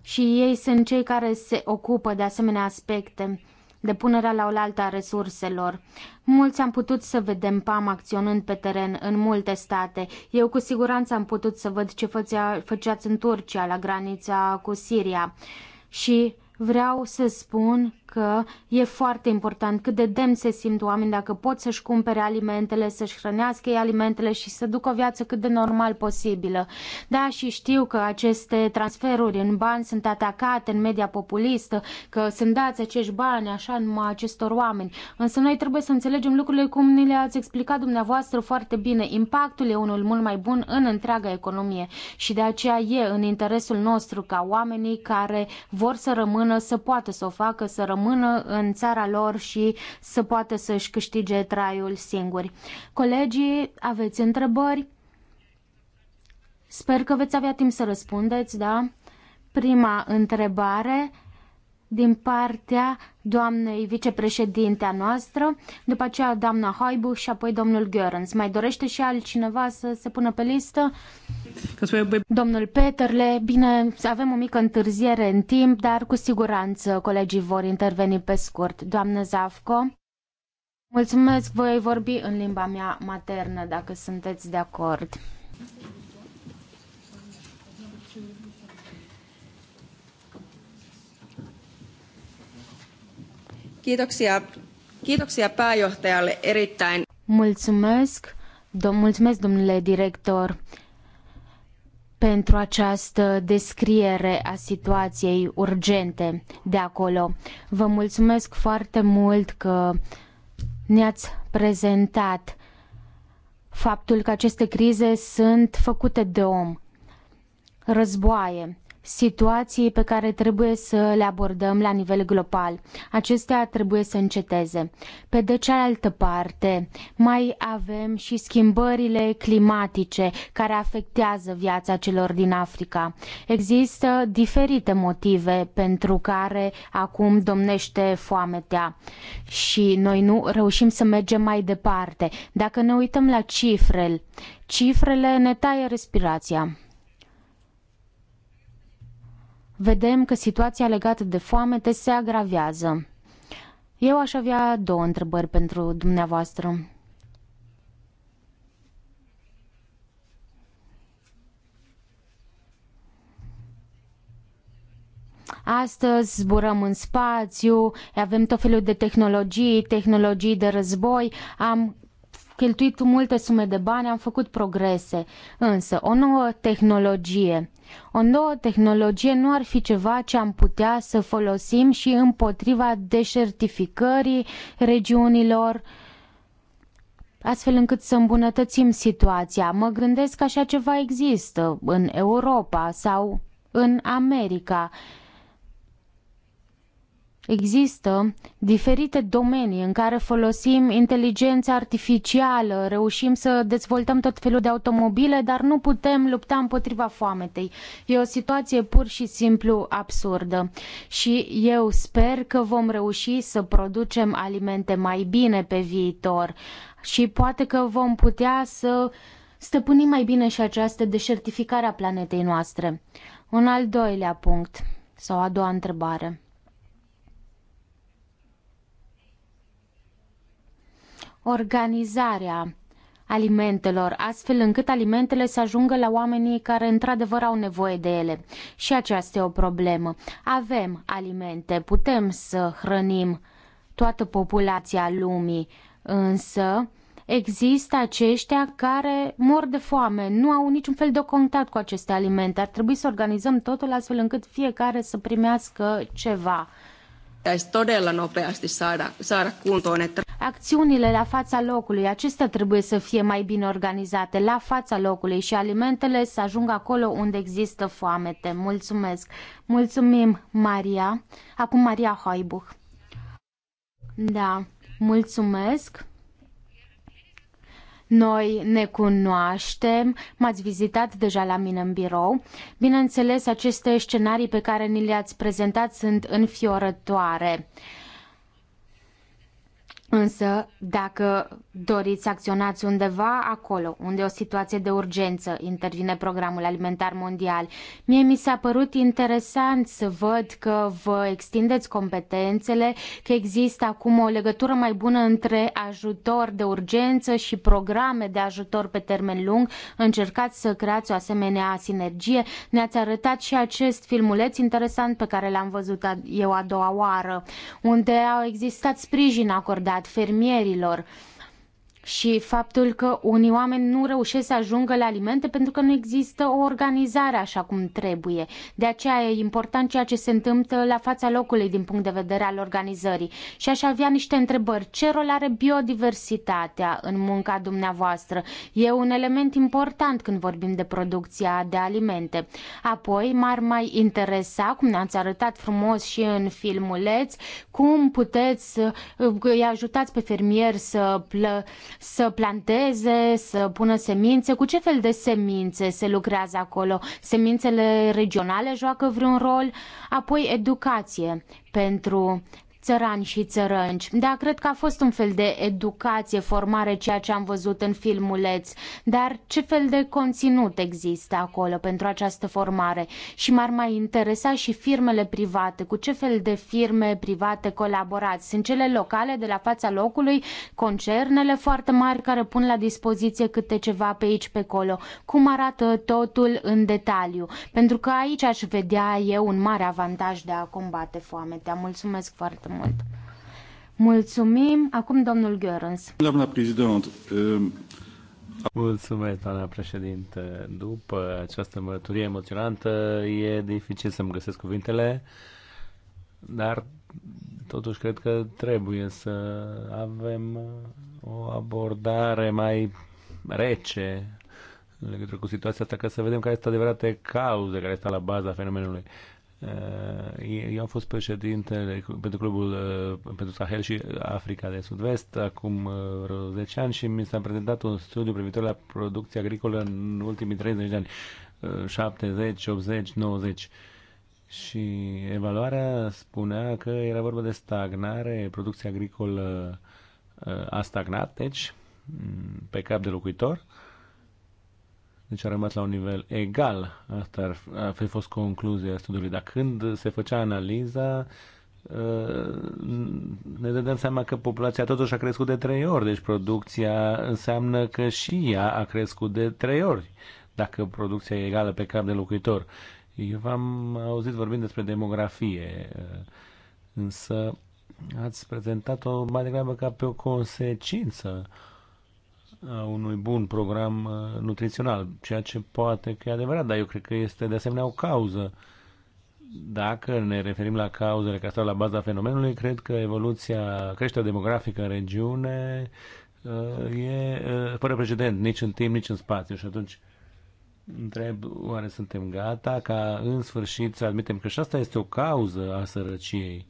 și ei sunt cei care se ocupă de asemenea aspecte de punerea la oaltă a resurselor. Mulți am putut să vedem PAM acționând pe teren în multe state. Eu cu siguranță am putut să văd ce făcea, făceați în Turcia, la granița cu Siria. Și vreau să spun că e foarte important cât de demn se simt oamenii dacă pot să-și cumpere alimentele, să-și hrănească ei alimentele și să ducă o viață cât de normal posibilă. Da, și știu că aceste transferuri în bani sunt atacate în media populistă, că sunt dați acești bani așa numai acestor oameni. Însă noi trebuie să înțelegem lucrurile cum ni le-ați explicat dumneavoastră foarte bine. Impactul e unul mult mai bun în întreaga economie și de aceea e în interesul nostru ca oamenii care vor să rămână să poată să o facă, să rămână rămână în țara lor și să poată să-și câștige traiul singuri. Colegii, aveți întrebări? Sper că veți avea timp să răspundeți, da? Prima întrebare din partea doamnei vicepreședintea noastră, după aceea doamna Hoibuch și apoi domnul Görens. Mai dorește și altcineva să se pună pe listă? Domnul Peterle, bine, avem o mică întârziere în timp, dar cu siguranță colegii vor interveni pe scurt. Doamnă Zavco, mulțumesc, voi vorbi în limba mea maternă, dacă sunteți de acord. Kiitoksia, kiitoksia pääjohtajalle erittäin. Mulțumesc, mulțumesc domnule director pentru această descriere a situației urgente de acolo. Vă mulțumesc foarte mult că ne-ați prezentat faptul că aceste crize sunt făcute de om. Războaie, situații pe care trebuie să le abordăm la nivel global. Acestea trebuie să înceteze. Pe de cealaltă parte, mai avem și schimbările climatice care afectează viața celor din Africa. Există diferite motive pentru care acum domnește foametea și noi nu reușim să mergem mai departe. Dacă ne uităm la cifrele, cifrele ne taie respirația vedem că situația legată de foamete se agravează. Eu aș avea două întrebări pentru dumneavoastră. Astăzi zburăm în spațiu, avem tot felul de tehnologii, tehnologii de război, am cheltuit multe sume de bani, am făcut progrese, însă o nouă tehnologie, o nouă tehnologie nu ar fi ceva ce am putea să folosim și împotriva deșertificării regiunilor, astfel încât să îmbunătățim situația. Mă gândesc că așa ceva există în Europa sau în America. Există diferite domenii în care folosim inteligența artificială, reușim să dezvoltăm tot felul de automobile, dar nu putem lupta împotriva foametei. E o situație pur și simplu absurdă. Și eu sper că vom reuși să producem alimente mai bine pe viitor și poate că vom putea să stăpânim mai bine și această deșertificare a planetei noastre. Un al doilea punct sau a doua întrebare. organizarea alimentelor, astfel încât alimentele să ajungă la oamenii care într-adevăr au nevoie de ele. Și aceasta e o problemă. Avem alimente, putem să hrănim toată populația lumii, însă există aceștia care mor de foame, nu au niciun fel de contact cu aceste alimente. Ar trebui să organizăm totul astfel încât fiecare să primească ceva pitäisi todella nopeasti saada, saada kuntoon. Että... Acțiunile la fața locului, acestea trebuie să fie mai bine organizate la fața locului și alimentele să ajungă acolo unde există foamete. Mulțumesc! Mulțumim, Maria! Acum Maria Hoibuch. Da, mulțumesc! Noi ne cunoaștem, m-ați vizitat deja la mine în birou. Bineînțeles, aceste scenarii pe care ni le-ați prezentat sunt înfiorătoare. Însă, dacă doriți să acționați undeva, acolo, unde o situație de urgență intervine programul alimentar mondial, mie mi s-a părut interesant să văd că vă extindeți competențele, că există acum o legătură mai bună între ajutor de urgență și programe de ajutor pe termen lung. Încercați să creați o asemenea sinergie. Ne-ați arătat și acest filmuleț interesant pe care l-am văzut eu a doua oară, unde au existat sprijin acordat dat fermierilor și faptul că unii oameni nu reușesc să ajungă la alimente pentru că nu există o organizare așa cum trebuie. De aceea e important ceea ce se întâmplă la fața locului din punct de vedere al organizării. Și aș avea niște întrebări. Ce rol are biodiversitatea în munca dumneavoastră? E un element important când vorbim de producția de alimente. Apoi m-ar mai interesa, cum ne-ați arătat frumos și în filmuleț, cum puteți îi ajutați pe fermieri să plă, să planteze, să pună semințe. Cu ce fel de semințe se lucrează acolo? Semințele regionale joacă vreun rol? Apoi educație pentru țărani și țărănci. Da, cred că a fost un fel de educație, formare, ceea ce am văzut în filmuleț, dar ce fel de conținut există acolo pentru această formare? Și m-ar mai interesa și firmele private, cu ce fel de firme private colaborați? Sunt cele locale de la fața locului, concernele foarte mari care pun la dispoziție câte ceva pe aici, pe acolo. Cum arată totul în detaliu? Pentru că aici aș vedea eu un mare avantaj de a combate foamea. Mulțumesc foarte foarte mult. Mulțumim. Acum domnul Görens. Doamna președinte, um, Mulțumesc, doamna președinte. După această mărturie emoționantă, e dificil să-mi găsesc cuvintele, dar totuși cred că trebuie să avem o abordare mai rece în legătură cu situația asta, ca să vedem care sunt adevărate cauze care stau la baza fenomenului. Eh, eu am fost președinte pentru clubul eh, pentru Sahel și Africa de Sud-Vest acum eh, vreo 10 ani și mi s-a prezentat un studiu privitor la producția agricolă în ultimii 30 de ani, 70, 80, 90. Și evaluarea spunea că era vorba de stagnare, producția agricolă a stagnat, deci, mm, pe cap de locuitor deci a rămas la un nivel egal. Asta ar, fi fost concluzia studiului. Dar când se făcea analiza, ă, ne dăm seama că populația totuși a crescut de trei ori, deci producția înseamnă că și ea a crescut de trei ori, dacă producția e egală pe cap de locuitor. Eu v-am auzit vorbind despre demografie, ă, însă ați prezentat-o mai degrabă ca pe o consecință a unui bun program uh, nutrițional, ceea ce poate că e adevărat, dar eu cred că este de asemenea o cauză. Dacă ne referim la cauzele care stau la baza fenomenului, cred că evoluția, creșterea demografică în regiune uh, e uh, fără precedent, nici în timp, nici în spațiu și atunci întreb oare suntem gata ca în sfârșit să admitem că și asta este o cauză a sărăciei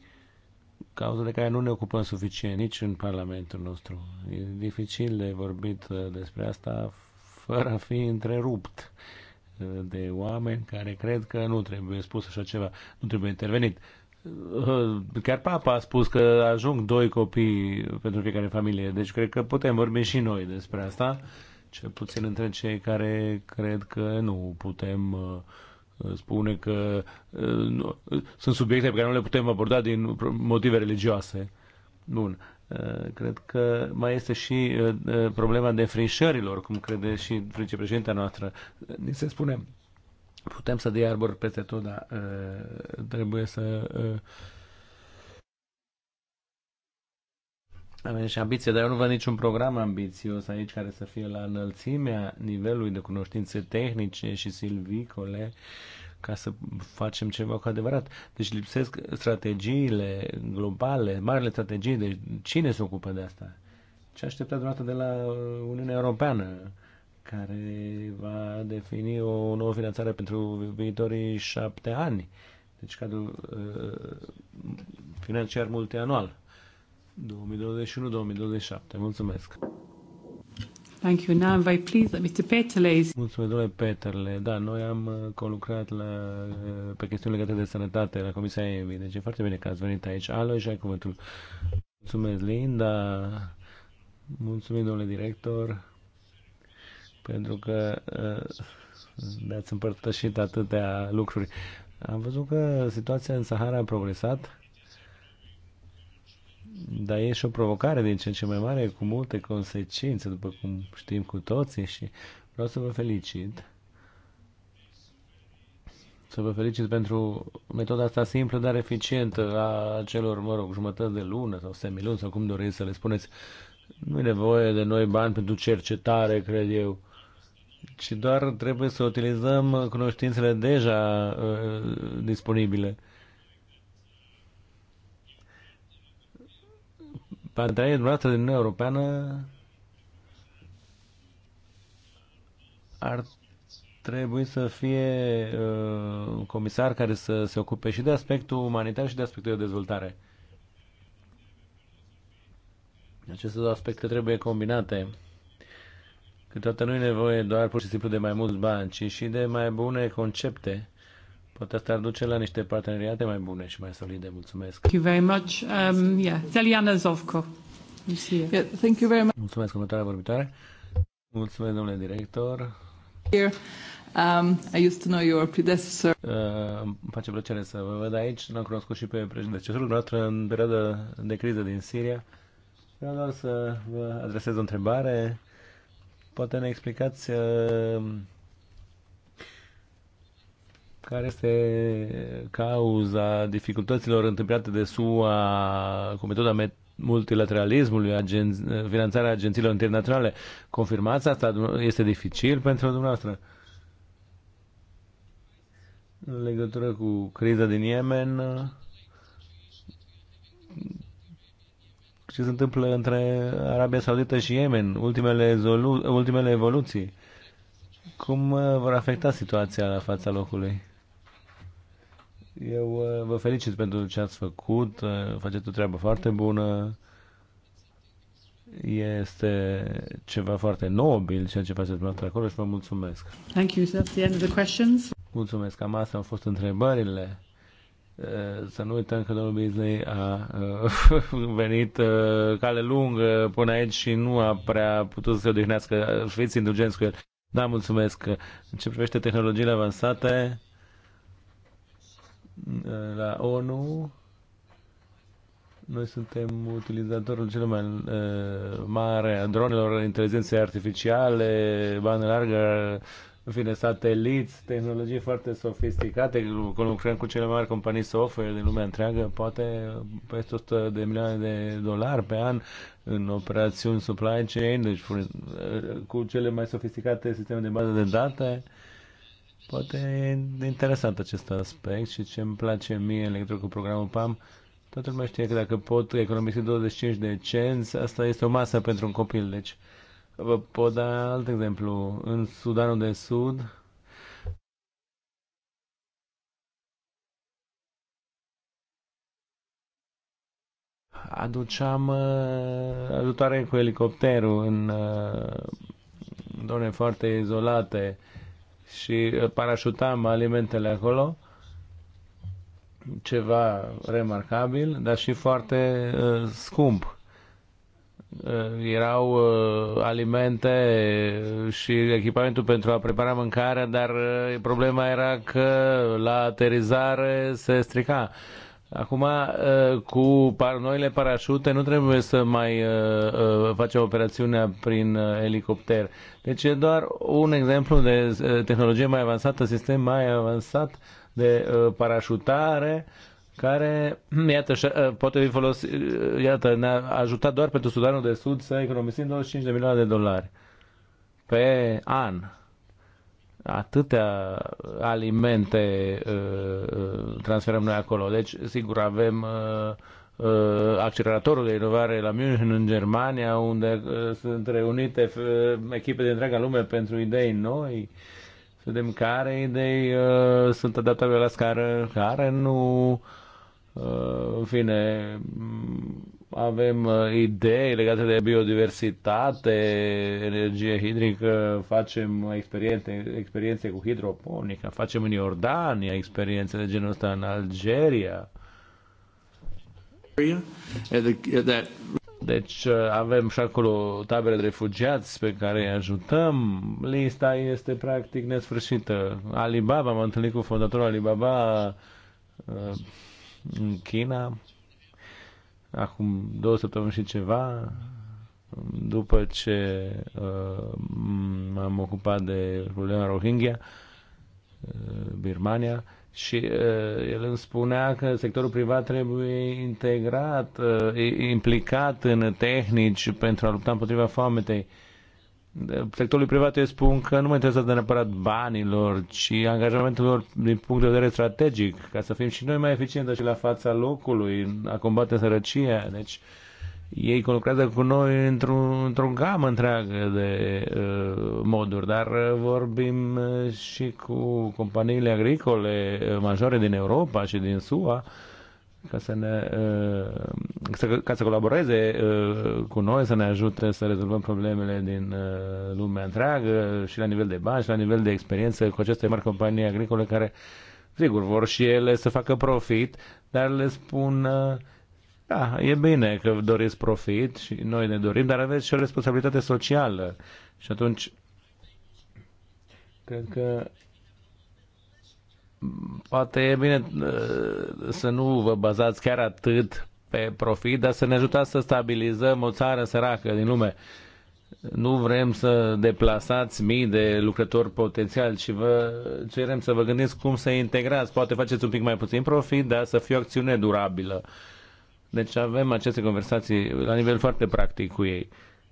cauză de care nu ne ocupăm suficient nici în Parlamentul nostru. E dificil de vorbit uh, despre asta fără a fi întrerupt uh, de oameni care cred că nu trebuie spus așa ceva, nu trebuie intervenit. Uh, chiar papa a spus că ajung doi copii pentru fiecare familie, deci cred că putem vorbi și noi despre asta, cel puțin între cei care cred că nu putem uh, spune că nu, sunt subiecte pe care nu le putem aborda din motive religioase. Bun. Cred că mai este și problema defrișărilor, cum crede și vicepreședintea noastră. Ni se spune, putem să dea arbor peste tot, dar trebuie să avem și ambiție, dar eu nu văd niciun program ambițios aici care să fie la înălțimea nivelului de cunoștințe tehnice și silvicole ca să facem ceva cu adevărat. Deci lipsesc strategiile globale, marile strategii, deci cine se ocupă de asta? Ce aștepta deodată de la Uniunea Europeană, care va defini o nouă finanțare pentru viitorii șapte ani, deci cadrul uh, financiar multianual 2021-2027. Mulțumesc! Thank you. Now I'm very pleased that Mr. Peterle is... Mulțumesc, domnule Peterle. Da, noi am uh, conlucrat la, uh, pe chestiuni legate de sănătate la Comisia EMI, deci e foarte bine că ați venit aici. Alo și ai cuvântul. Mulțumesc, Linda. Mulțumim, domnule director, pentru că uh, ne-ați împărtășit atâtea lucruri. Am văzut că situația în Sahara a progresat dar e și o provocare din ce în ce mai mare, cu multe consecințe, după cum știm cu toții și vreau să vă felicit. Să vă felicit pentru metoda asta simplă, dar eficientă a celor, mă rog, jumătăți de lună sau semiluni sau cum doriți să le spuneți. Nu e nevoie de noi bani pentru cercetare, cred eu, ci doar trebuie să utilizăm cunoștințele deja uh, disponibile Pentru partenerii dumneavoastră din Uniunea Europeană ar trebui să fie uh, un comisar care să se ocupe și de aspectul umanitar și de aspectul de dezvoltare. Aceste două aspecte trebuie combinate. Câteodată nu e nevoie doar pur și simplu de mai mulți bani, ci și de mai bune concepte Poate asta ar duce la niște parteneriate mai bune și mai solide. Mulțumesc. Thank you very much. Um, yeah. Zeliana Zovko. Yeah, thank you very much. Mulțumesc, următoarea vorbitoare. Mulțumesc, domnule director. Here. Um, I used to know your predecessor. Uh, îmi face plăcere să vă văd aici. L-am cunoscut și pe președintele noastră în perioada de criză din Siria. Vreau doar să vă adresez o întrebare. Poate ne explicați uh, care este cauza dificultăților întâmplate de SUA cu metoda multilateralismului, agen, finanțarea agențiilor internaționale. Confirmați asta? Este dificil pentru dumneavoastră? În legătură cu criza din Yemen, ce se întâmplă între Arabia Saudită și Yemen, ultimele, ultimele evoluții? Cum uh, vor afecta situația la fața locului? Eu uh, vă felicit pentru ce ați făcut, uh, faceți o treabă foarte bună, este ceva foarte nobil ceea ce faceți dumneavoastră acolo și vă mulțumesc. Thank you. That's the end of the questions. Mulțumesc, cam astea au fost întrebările. Uh, să nu uităm că domnul Beasley a <laughs> venit cale lungă până aici și nu a prea putut să se odihnească. Fiți indulgenți cu el. Da, mulțumesc. În ce privește tehnologiile avansate, la ONU noi suntem utilizatorul cel mai uh, mare a dronelor, inteligențe artificiale, bani largă, în fine, sateliți, tehnologii foarte sofisticate, lucrăm cu cele mai mari companii software din lumea întreagă, poate peste 100 de milioane de dolari pe an în operațiuni supply chain, deci uh, cu cele mai sofisticate sisteme de bază de date Poate e interesant acest aspect și ce îmi place mie în legătură cu programul PAM, toată lumea știe că dacă pot economisi 25 de cenți, asta este o masă pentru un copil. Deci, vă pot da alt exemplu. În Sudanul de Sud, aduceam uh, ajutoare cu elicopterul în uh, zone foarte izolate și uh, parașutam alimentele acolo, ceva remarcabil, dar și foarte uh, scump. Uh, erau uh, alimente și echipamentul pentru a prepara mâncarea, dar uh, problema era că la aterizare se strica. Uh, Acum, uh, cu noile parașute, nu trebuie să mai uh, uh, facem operațiunea prin elicopter. Deci e doar un exemplu de tehnologie mai avansată, sistem mai avansat de parașutare, care, <clears throat> iată, poate fi folosit, iată, ne-a ajutat doar pentru Sudanul de Sud să economisim 25 de milioane de dolari pe an atâtea alimente uh, uh, transferăm noi acolo. Deci, sigur, avem uh, acceleratorul de inovare la München, în Germania, unde sunt reunite echipe de întreaga lume pentru idei noi. Să vedem care idei sunt adaptabile la scară, care nu Uh, în fine, mm, avem uh, idei legate de biodiversitate, energie hidrică, facem experiențe, experiențe cu hidroponica, facem în Iordania experiențe de genul ăsta în Algeria. Deci uh, avem și acolo tabere de refugiați pe care îi ajutăm. Lista este practic nesfârșită. Alibaba, m-am întâlnit cu fondatorul Alibaba în China, acum două săptămâni și ceva, după ce uh, m-am ocupat de problema Rohingya, uh, Birmania, și uh, el îmi spunea că sectorul privat trebuie integrat, uh, implicat în tehnici pentru a lupta împotriva foametei. Uh, sectorului privat eu spun că nu mă interesează neapărat banilor, ci angajamentelor din punct de vedere strategic, ca să fim și noi mai eficienți și la fața locului, a combate sărăcia. Deci ei lucrează cu noi într-o, într gamă întreagă de uh, moduri, dar uh, vorbim uh, și cu companiile agricole uh, majore din Europa și din SUA, uh, ca să, ne, uh, să, ca să colaboreze uh, cu noi, să ne ajute să rezolvăm problemele din uh, lumea întreagă și la nivel de bani și la nivel de experiență cu aceste mari companii agricole care, sigur, vor și ele să facă profit, dar le spun da, e bine că doriți profit și noi ne dorim, dar aveți și o responsabilitate socială. Și atunci, cred că poate e bine uh, să nu vă bazați chiar atât pe profit, dar să ne ajutați să stabilizăm o țară săracă din lume. Nu vrem să deplasați mii de lucrători potențiali ci vă cerem să vă gândiți cum să integrați. Poate faceți un pic mai puțin profit, dar să fie o acțiune durabilă. Deci avem aceste conversații la nivel foarte practic cu ei.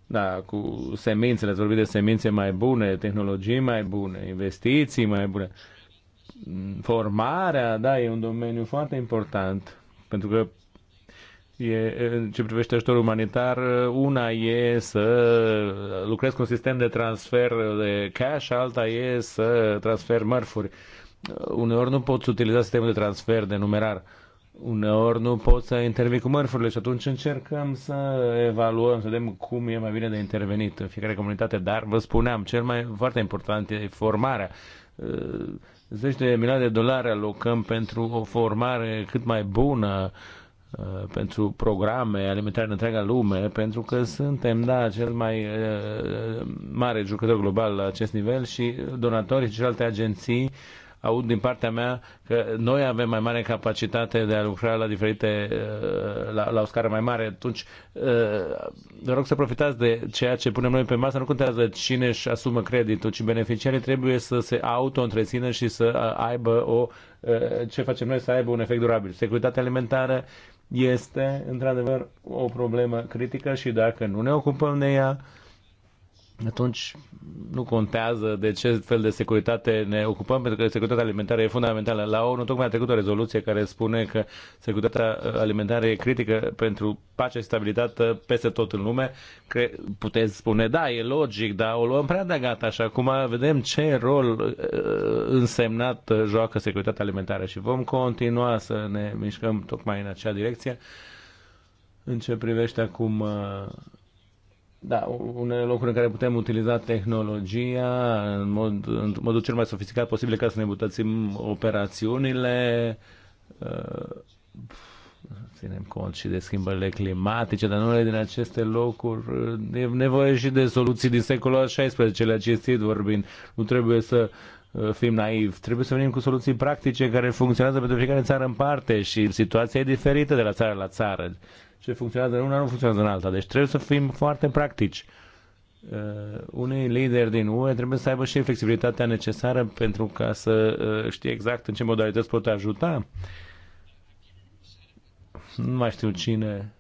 Da, cu semințele, ați vorbit de semințe mai bune, tehnologii mai bune, investiții mai bune. Uh, formarea, da, e un domeniu foarte important, pentru că E, în ce privește ajutorul umanitar, una e să lucrez cu un sistem de transfer de cash, alta e să transfer mărfuri. Uneori nu poți utiliza sistemul de transfer de numerar. Uneori nu poți să intervii cu mărfurile și atunci încercăm să evaluăm, să vedem cum e mai bine de intervenit în fiecare comunitate. Dar, vă spuneam, cel mai foarte important e formarea zeci de milioane de dolari alocăm pentru o formare cât mai bună uh, pentru programe alimentare în întreaga lume, pentru că suntem, da, cel mai uh, mare jucător global la acest nivel și donatorii și alte agenții aud din partea mea că noi avem mai mare capacitate de a lucra la diferite, uh, la, la o scară mai mare. Atunci, uh, vă rog să profitați de ceea ce punem noi pe masă. Nu contează cine își asumă creditul, ci beneficiarii trebuie să se auto-întrețină și să uh, aibă o, ce facem noi, să aibă un efect durabil. Securitatea alimentară este, într-adevăr, o problemă critică și dacă nu ne ocupăm de ea, atunci nu contează de ce fel de securitate ne ocupăm, pentru că securitatea alimentară e fundamentală. La ONU tocmai a trecut o rezoluție care spune că securitatea alimentară e critică pentru pace și stabilitate peste tot în lume. Cre- puteți spune, da, e logic, dar o luăm prea de gata și acum vedem ce rol uh, însemnat uh, joacă securitatea alimentară și vom continua să ne mișcăm tocmai în acea direcție. În ce privește acum uh, da, unele locuri în care putem utiliza tehnologia în, mod, în modul cel mai sofisticat posibil ca să ne îmbutățim operațiunile, uh, ținem cont și de schimbările climatice, dar nu unele din aceste locuri uh, e nevoie și de soluții din secolul al XVI-lea, cinstit vorbind. Nu trebuie să uh, fim naivi. Trebuie să venim cu soluții practice care funcționează pentru fiecare țară în parte și situația e diferită de la țară la țară ce funcționează în una nu funcționează în alta. Deci trebuie să fim foarte practici. Uh, unei lideri din UE trebuie să aibă și flexibilitatea necesară pentru ca să uh, știe exact în ce modalități pot ajuta. Nu mai știu cine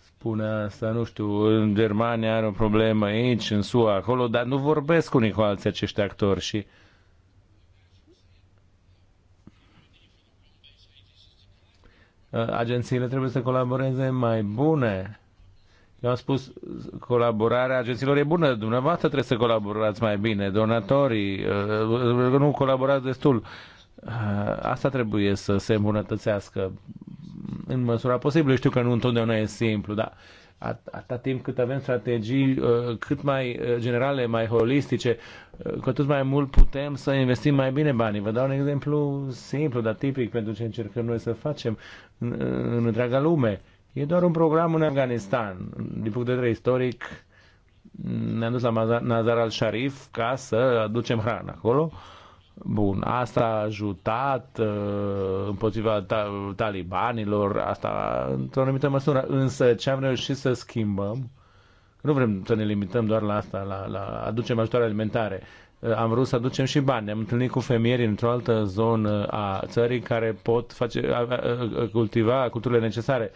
spune asta, nu știu, în Germania are o problemă aici, în SUA, acolo, dar nu vorbesc unii cu alții acești actori și uh, Uh, agențiile trebuie să colaboreze mai bune. Eu am spus, colaborarea agențiilor e bună, dumneavoastră trebuie să colaborați mai bine, donatorii, uh, nu colaborați destul. Uh, asta trebuie să se îmbunătățească în măsura posibilă. Știu că nu întotdeauna e simplu, dar at- atâta timp cât avem strategii uh, cât mai uh, generale, mai holistice, uh, cu atât mai mult putem să investim mai bine banii. Vă dau un exemplu simplu, dar tipic pentru ce încercăm noi să facem în, întreaga lume. E doar un program în Afganistan. Din punct de vedere istoric, ne-am dus la Nazar al-Sharif ca să aducem hrană acolo. Uh, Bun, asta a ajutat uh, împotriva ta- talibanilor, asta într-o anumită măsură, însă ce am reușit să schimbăm, nu vrem să ne limităm doar la asta, la, la aducem ajutoare alimentare, uh, am vrut să aducem și bani. Ne-am întâlnit cu fermieri într-o altă zonă a țării care pot face, cultiva culturile necesare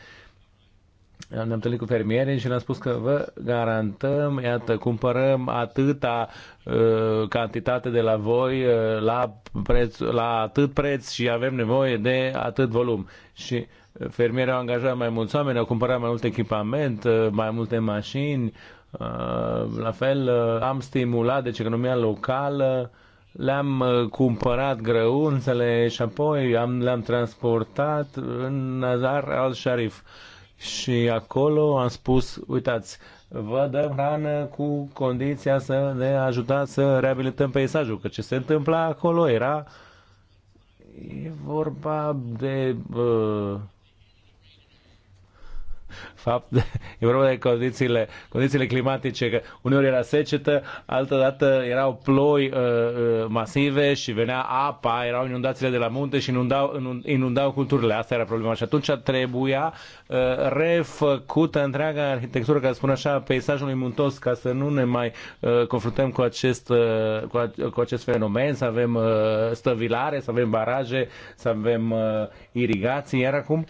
ne-am întâlnit cu fermierii și le-am spus că vă garantăm, iată, cumpărăm atâta uh, cantitate de la voi uh, la, preț, la atât preț și avem nevoie de atât volum. Și fermierii au angajat mai mulți oameni, au cumpărat mai mult echipament, uh, mai multe mașini, uh, la fel uh, am stimulat deci economia locală, le-am uh, cumpărat grăunțele și apoi am, le-am transportat în Nazar al-Sharif și acolo am spus, uitați, vă dăm hrană cu condiția să ne ajutați să reabilităm peisajul, că ce se întâmpla acolo era e vorba de uh, fapt, <laughs> e vorba de condițiile, condițiile climatice, că uneori era secetă, altă dată erau ploi uh, uh, masive și venea apa, erau inundațiile de la munte și inundau, inundau culturile. Asta era problema și atunci trebuia uh, refăcută întreaga arhitectură, ca să spun așa, peisajului muntos, ca să nu ne mai uh, confruntăm cu acest, uh, cu, a, cu acest fenomen, să avem uh, stăvilare, să avem baraje, să avem uh, irigații, iar acum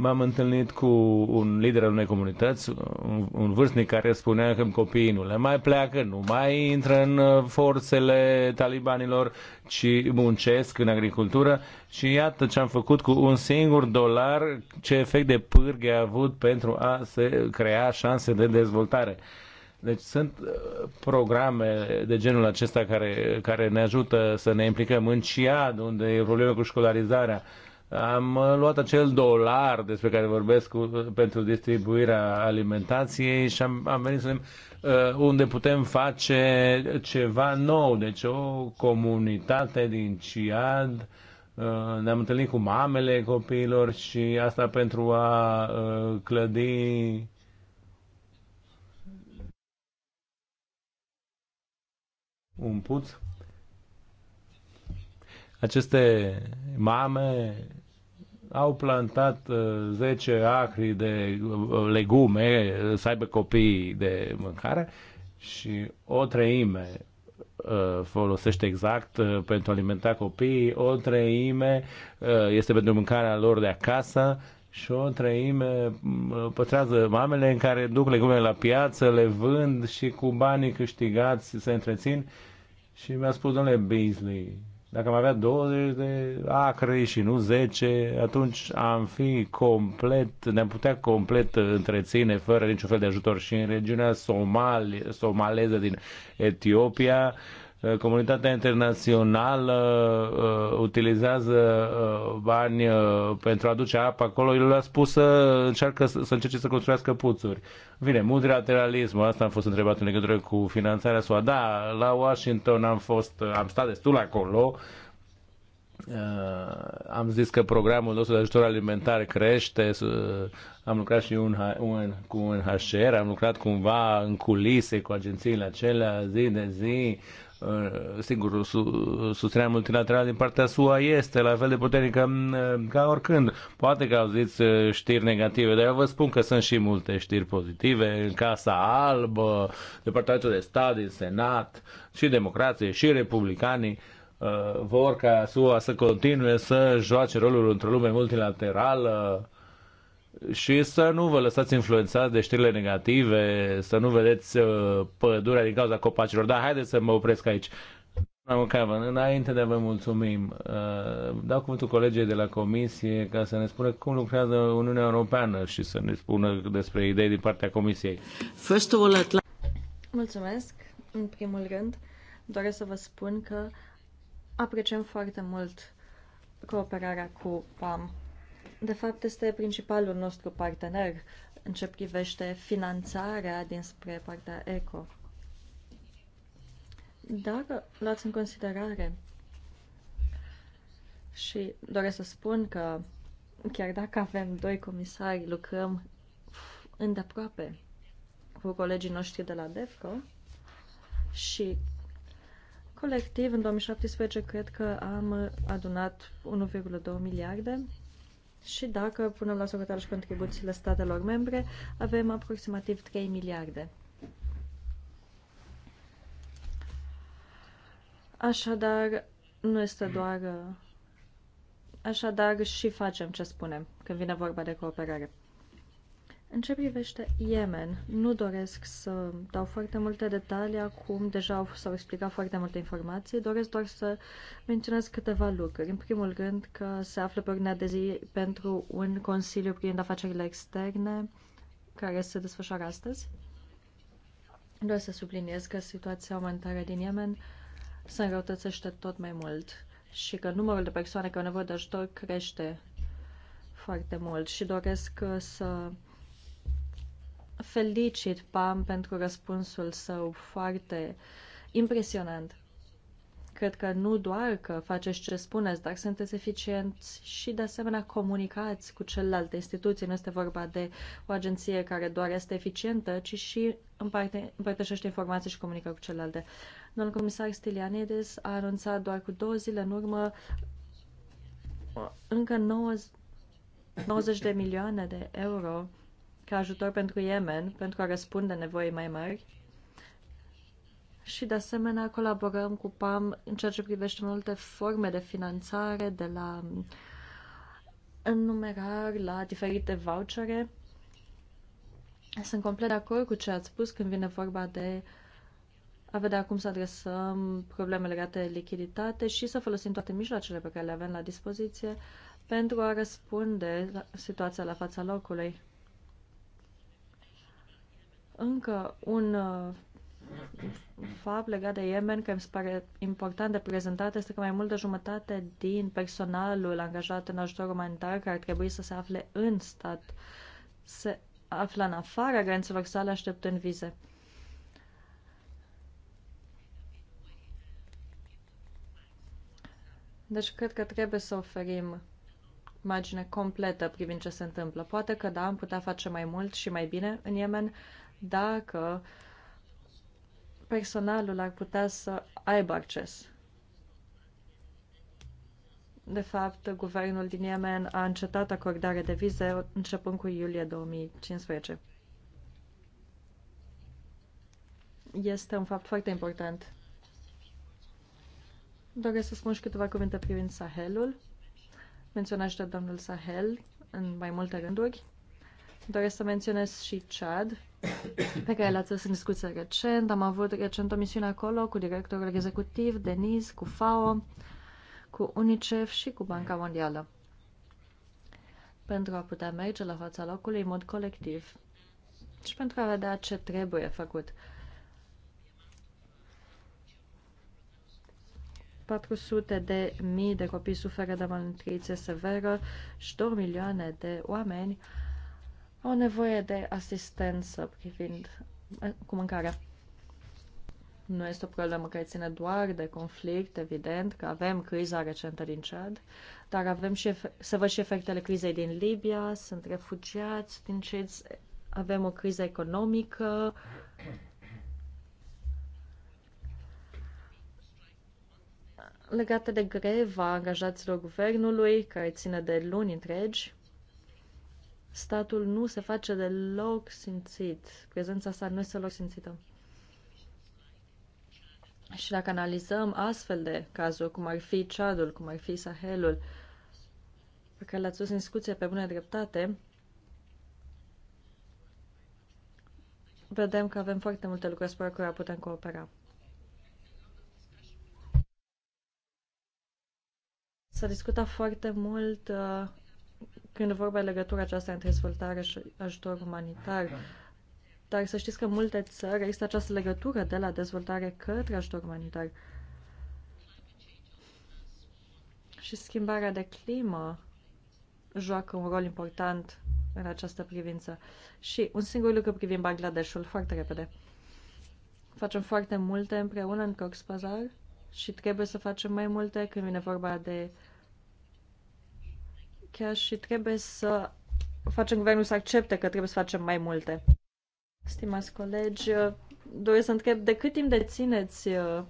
m-am întâlnit cu un lider al unei comunități, un, un vârstnic care spunea că copiii nu le mai pleacă, nu mai intră în uh, forțele talibanilor, ci muncesc în agricultură. Și iată ce am făcut cu un singur dolar, ce efect de pârghe a avut pentru a se crea șanse de dezvoltare. Deci sunt uh, programe de genul acesta care, care ne ajută să ne implicăm în CIAD, unde e problema cu școlarizarea am luat acel dolar despre care vorbesc cu, uh, pentru distribuirea alimentației și am, am venit să vedem uh, unde putem face ceva nou. Deci o comunitate din Ciad uh, ne-am întâlnit cu mamele copiilor și asta pentru a uh, clădi un puț. Aceste mame au plantat 10 uh, acri de uh, legume uh, să aibă copii de mâncare și o treime folosește exact pentru a alimenta copiii, o treime este pentru mâncarea lor de acasă și o treime pătrează mamele în care duc legumele la piață, le vând și cu banii câștigați se întrețin. Și mi-a spus, domnule Beasley, dacă am avea 20 de acre și nu 10, atunci am fi complet, ne-am putea complet întreține fără niciun fel de ajutor. Și în regiunea Somali, somaleză din Etiopia, uh, Uh, comunitatea internațională uh, utilizează uh, bani uh, pentru a aduce apă acolo, el a spus să, încearcă, să încerce să construiască puțuri. Bine, multilateralismul, asta am fost întrebat în legătură cu finanțarea SUA. Da, la Washington am fost, am stat destul acolo, Uh, am zis că programul nostru de ajutor alimentar crește, uh, am lucrat și un, un, cu un HR, am lucrat cumva în culise cu agențiile acelea zi de zi, Eh, Sigur, susținerea multilaterală din partea SUA este la fel de puternică eh, ca oricând. Poate că auziți eh, știri negative, dar eu vă spun că sunt și multe știri pozitive în Casa Albă, Departamentul de Stat, din Senat, și democrație, și republicanii vor ca SUA să continue să joace rolul într-o lume multilaterală și să nu vă lăsați influențați de știrile negative, să nu vedeți uh, pădurea din cauza copacilor. Dar haideți să mă opresc aici. înainte de a vă mulțumim, uh, dau cuvântul colegii de la Comisie ca să ne spună cum lucrează Uniunea Europeană și să ne spună despre idei din partea Comisiei. First of all, Mulțumesc, în primul rând. Doresc să vă spun că apreciem foarte mult cooperarea cu PAM de fapt, este principalul nostru partener în ce privește finanțarea dinspre partea ECO. Dacă luați în considerare și doresc să spun că chiar dacă avem doi comisari, lucrăm îndeaproape cu colegii noștri de la DEFCO și colectiv în 2017 cred că am adunat 1,2 miliarde și dacă punem la socoteală și contribuțiile statelor membre, avem aproximativ 3 miliarde. Așadar, nu este doar... Așadar, și facem ce spunem când vine vorba de cooperare. În ce privește Yemen, nu doresc să dau foarte multe detalii acum, deja s-au explicat foarte multe informații, doresc doar să menționez câteva lucruri. În primul rând că se află pe ordinea de zi pentru un consiliu privind afacerile externe care se desfășoară astăzi. Doresc să subliniez că situația umanitară din Yemen se înrăutățește tot mai mult și că numărul de persoane care au nevoie de ajutor crește foarte mult și doresc să felicit PAM pentru răspunsul său foarte impresionant. Cred că nu doar că faceți ce spuneți, dar sunteți eficienți și de asemenea comunicați cu celelalte instituții. Nu este vorba de o agenție care doar este eficientă, ci și împarte, împărtășește informații și comunică cu celelalte. Domnul comisar Stilianides a anunțat doar cu două zile în urmă încă 90 de milioane de euro ca ajutor pentru Yemen, pentru a răspunde nevoii mai mari. Și, de asemenea, colaborăm cu PAM în ceea ce privește multe forme de finanțare, de la înumerari la diferite vouchere. Sunt complet de acord cu ce ați spus când vine vorba de a vedea cum să adresăm probleme legate de lichiditate și să folosim toate mijloacele pe care le avem la dispoziție pentru a răspunde situația la fața locului. Încă un uh, fapt legat de Yemen, care îmi se pare important de prezentat, este că mai mult de jumătate din personalul angajat în ajutor umanitar, care ar trebui să se afle în stat, se află în afara granițelor sale așteptând vize. Deci cred că trebuie să oferim imagine completă privind ce se întâmplă. Poate că da, am putea face mai mult și mai bine în Yemen, dacă personalul ar putea să aibă acces. De fapt, guvernul din Yemen a încetat acordarea de vize începând cu iulie 2015. Este un fapt foarte important. Doresc să spun și câteva cuvinte privind Sahelul, Menționați domnul Sahel în mai multe rânduri. Doresc să menționez și Chad, pe care l-ați adus în discuție recent. Am avut recent o misiune acolo cu directorul executiv, Denis, cu FAO, cu UNICEF și cu Banca Mondială pentru a putea merge la fața locului în mod colectiv și pentru a vedea ce trebuie făcut. 400 de mii de copii suferă de malnutriție severă și 2 milioane de oameni uh, au nevoie de asistență privind eh, cu mâncarea. Nu este o problemă care ține doar de conflict, evident, că avem criza recentă din Chad, dar avem și să văd și efectele crizei din Libia, sunt refugiați din Chad, avem o criză economică. legată de greva angajaților guvernului, care ține de luni întregi, statul nu se face deloc simțit. Prezența sa nu este deloc simțită. Și dacă analizăm astfel de cazuri, cum ar fi Chadul, cum ar fi Sahelul, pe care l-ați dus în discuție pe bună dreptate, vedem că avem foarte multe lucruri asupra care putem coopera. S-a discutat foarte mult uh, când vorba legătura aceasta între dezvoltare și ajutor umanitar. Dar să știți că în multe țări există această legătură de la dezvoltare către ajutor umanitar. Și schimbarea de climă joacă un rol important în această privință. Și un singur lucru privind Bangladeshul, foarte repede. Facem foarte multe împreună în Cox's Bazar și trebuie să facem mai multe când vine vorba de uh, chiar și trebuie să facem guvernul să accepte că trebuie să facem mai multe. Stimați colegi, doresc să întreb de cât timp dețineți uh,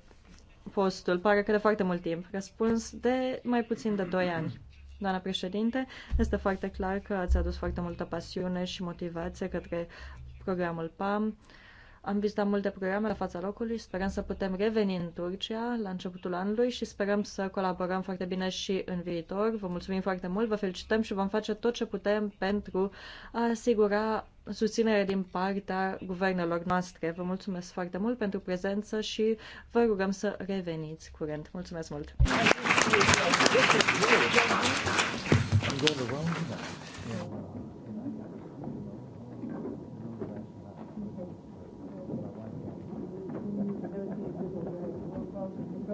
postul? Pare că de foarte mult timp. Răspuns de mai puțin de 2 ani. Doamna președinte, este foarte clar că ați adus foarte multă pasiune și motivație către programul PAM am vizitat multe programe la fața locului, sperăm să putem reveni în Turcia la începutul anului și sperăm să colaborăm foarte bine și în viitor. Vă mulțumim foarte mult, vă felicităm și vom face tot ce putem pentru a asigura susținere din partea guvernelor noastre. Vă mulțumesc foarte mult pentru prezență și vă rugăm să reveniți curent. Mulțumesc mult!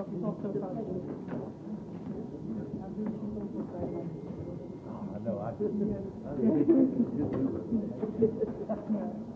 Thank you.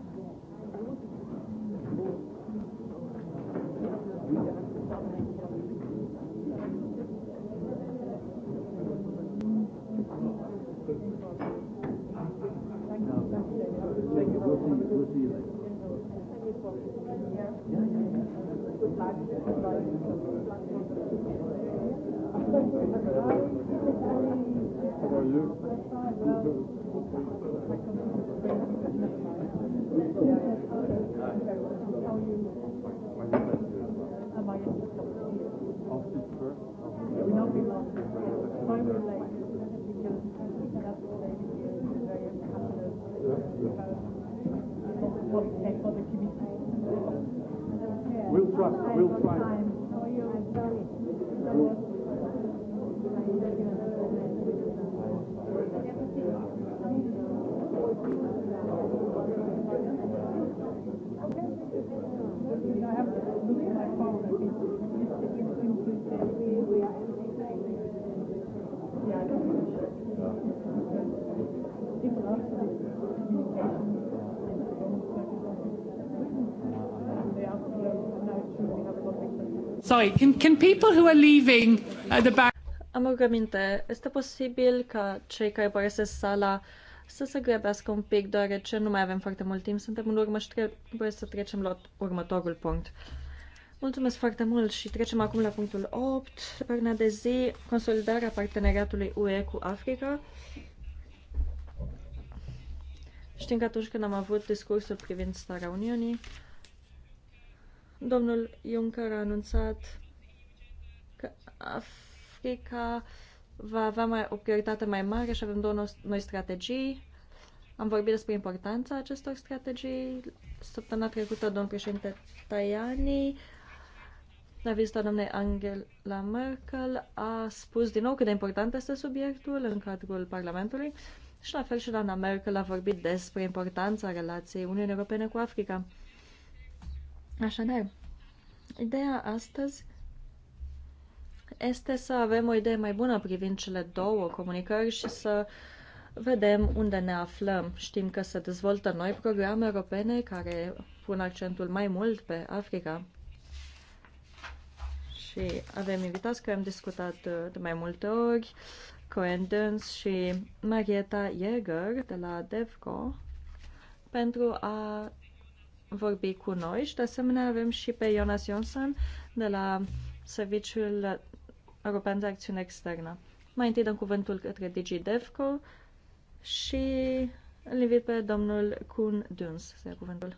Sorry, can, can people who are leaving at uh, the back... Am o rugăminte. Este posibil ca cei care părăsesc sala să se grăbească un pic, deoarece nu mai avem foarte mult timp, suntem în urmă și trebuie să trecem la următorul punct. Mulțumesc foarte mult și trecem acum la punctul 8, pagina de zi, consolidarea parteneriatului UE cu Africa. Știm că atunci când am avut discursul privind starea Uniunii, Domnul Juncker a anunțat că Africa va avea mai, o prioritate mai mare și avem două noi strategii. Am vorbit despre importanța acestor strategii. Săptămâna trecută, domnul președinte Tajani, la vizita domnei Angela Merkel, a spus din nou cât de important este subiectul în cadrul Parlamentului și la fel și doamna Merkel a vorbit despre importanța relației Uniunii Europene cu Africa. Așadar, ideea astăzi este să avem o idee mai bună privind cele două comunicări și să vedem unde ne aflăm. Știm că se dezvoltă noi programe europene care pun accentul mai mult pe Africa și avem invitați care am discutat uh, de mai multe ori, Coen Dance și Marieta Jäger de la DEVCO pentru a vorbi cu noi și de asemenea avem și pe Jonas Jonsson de la Serviciul European de Acțiune Externă. Mai întâi dăm cuvântul către DigiDevco și îl invit pe domnul Kun Duns să ia cuvântul.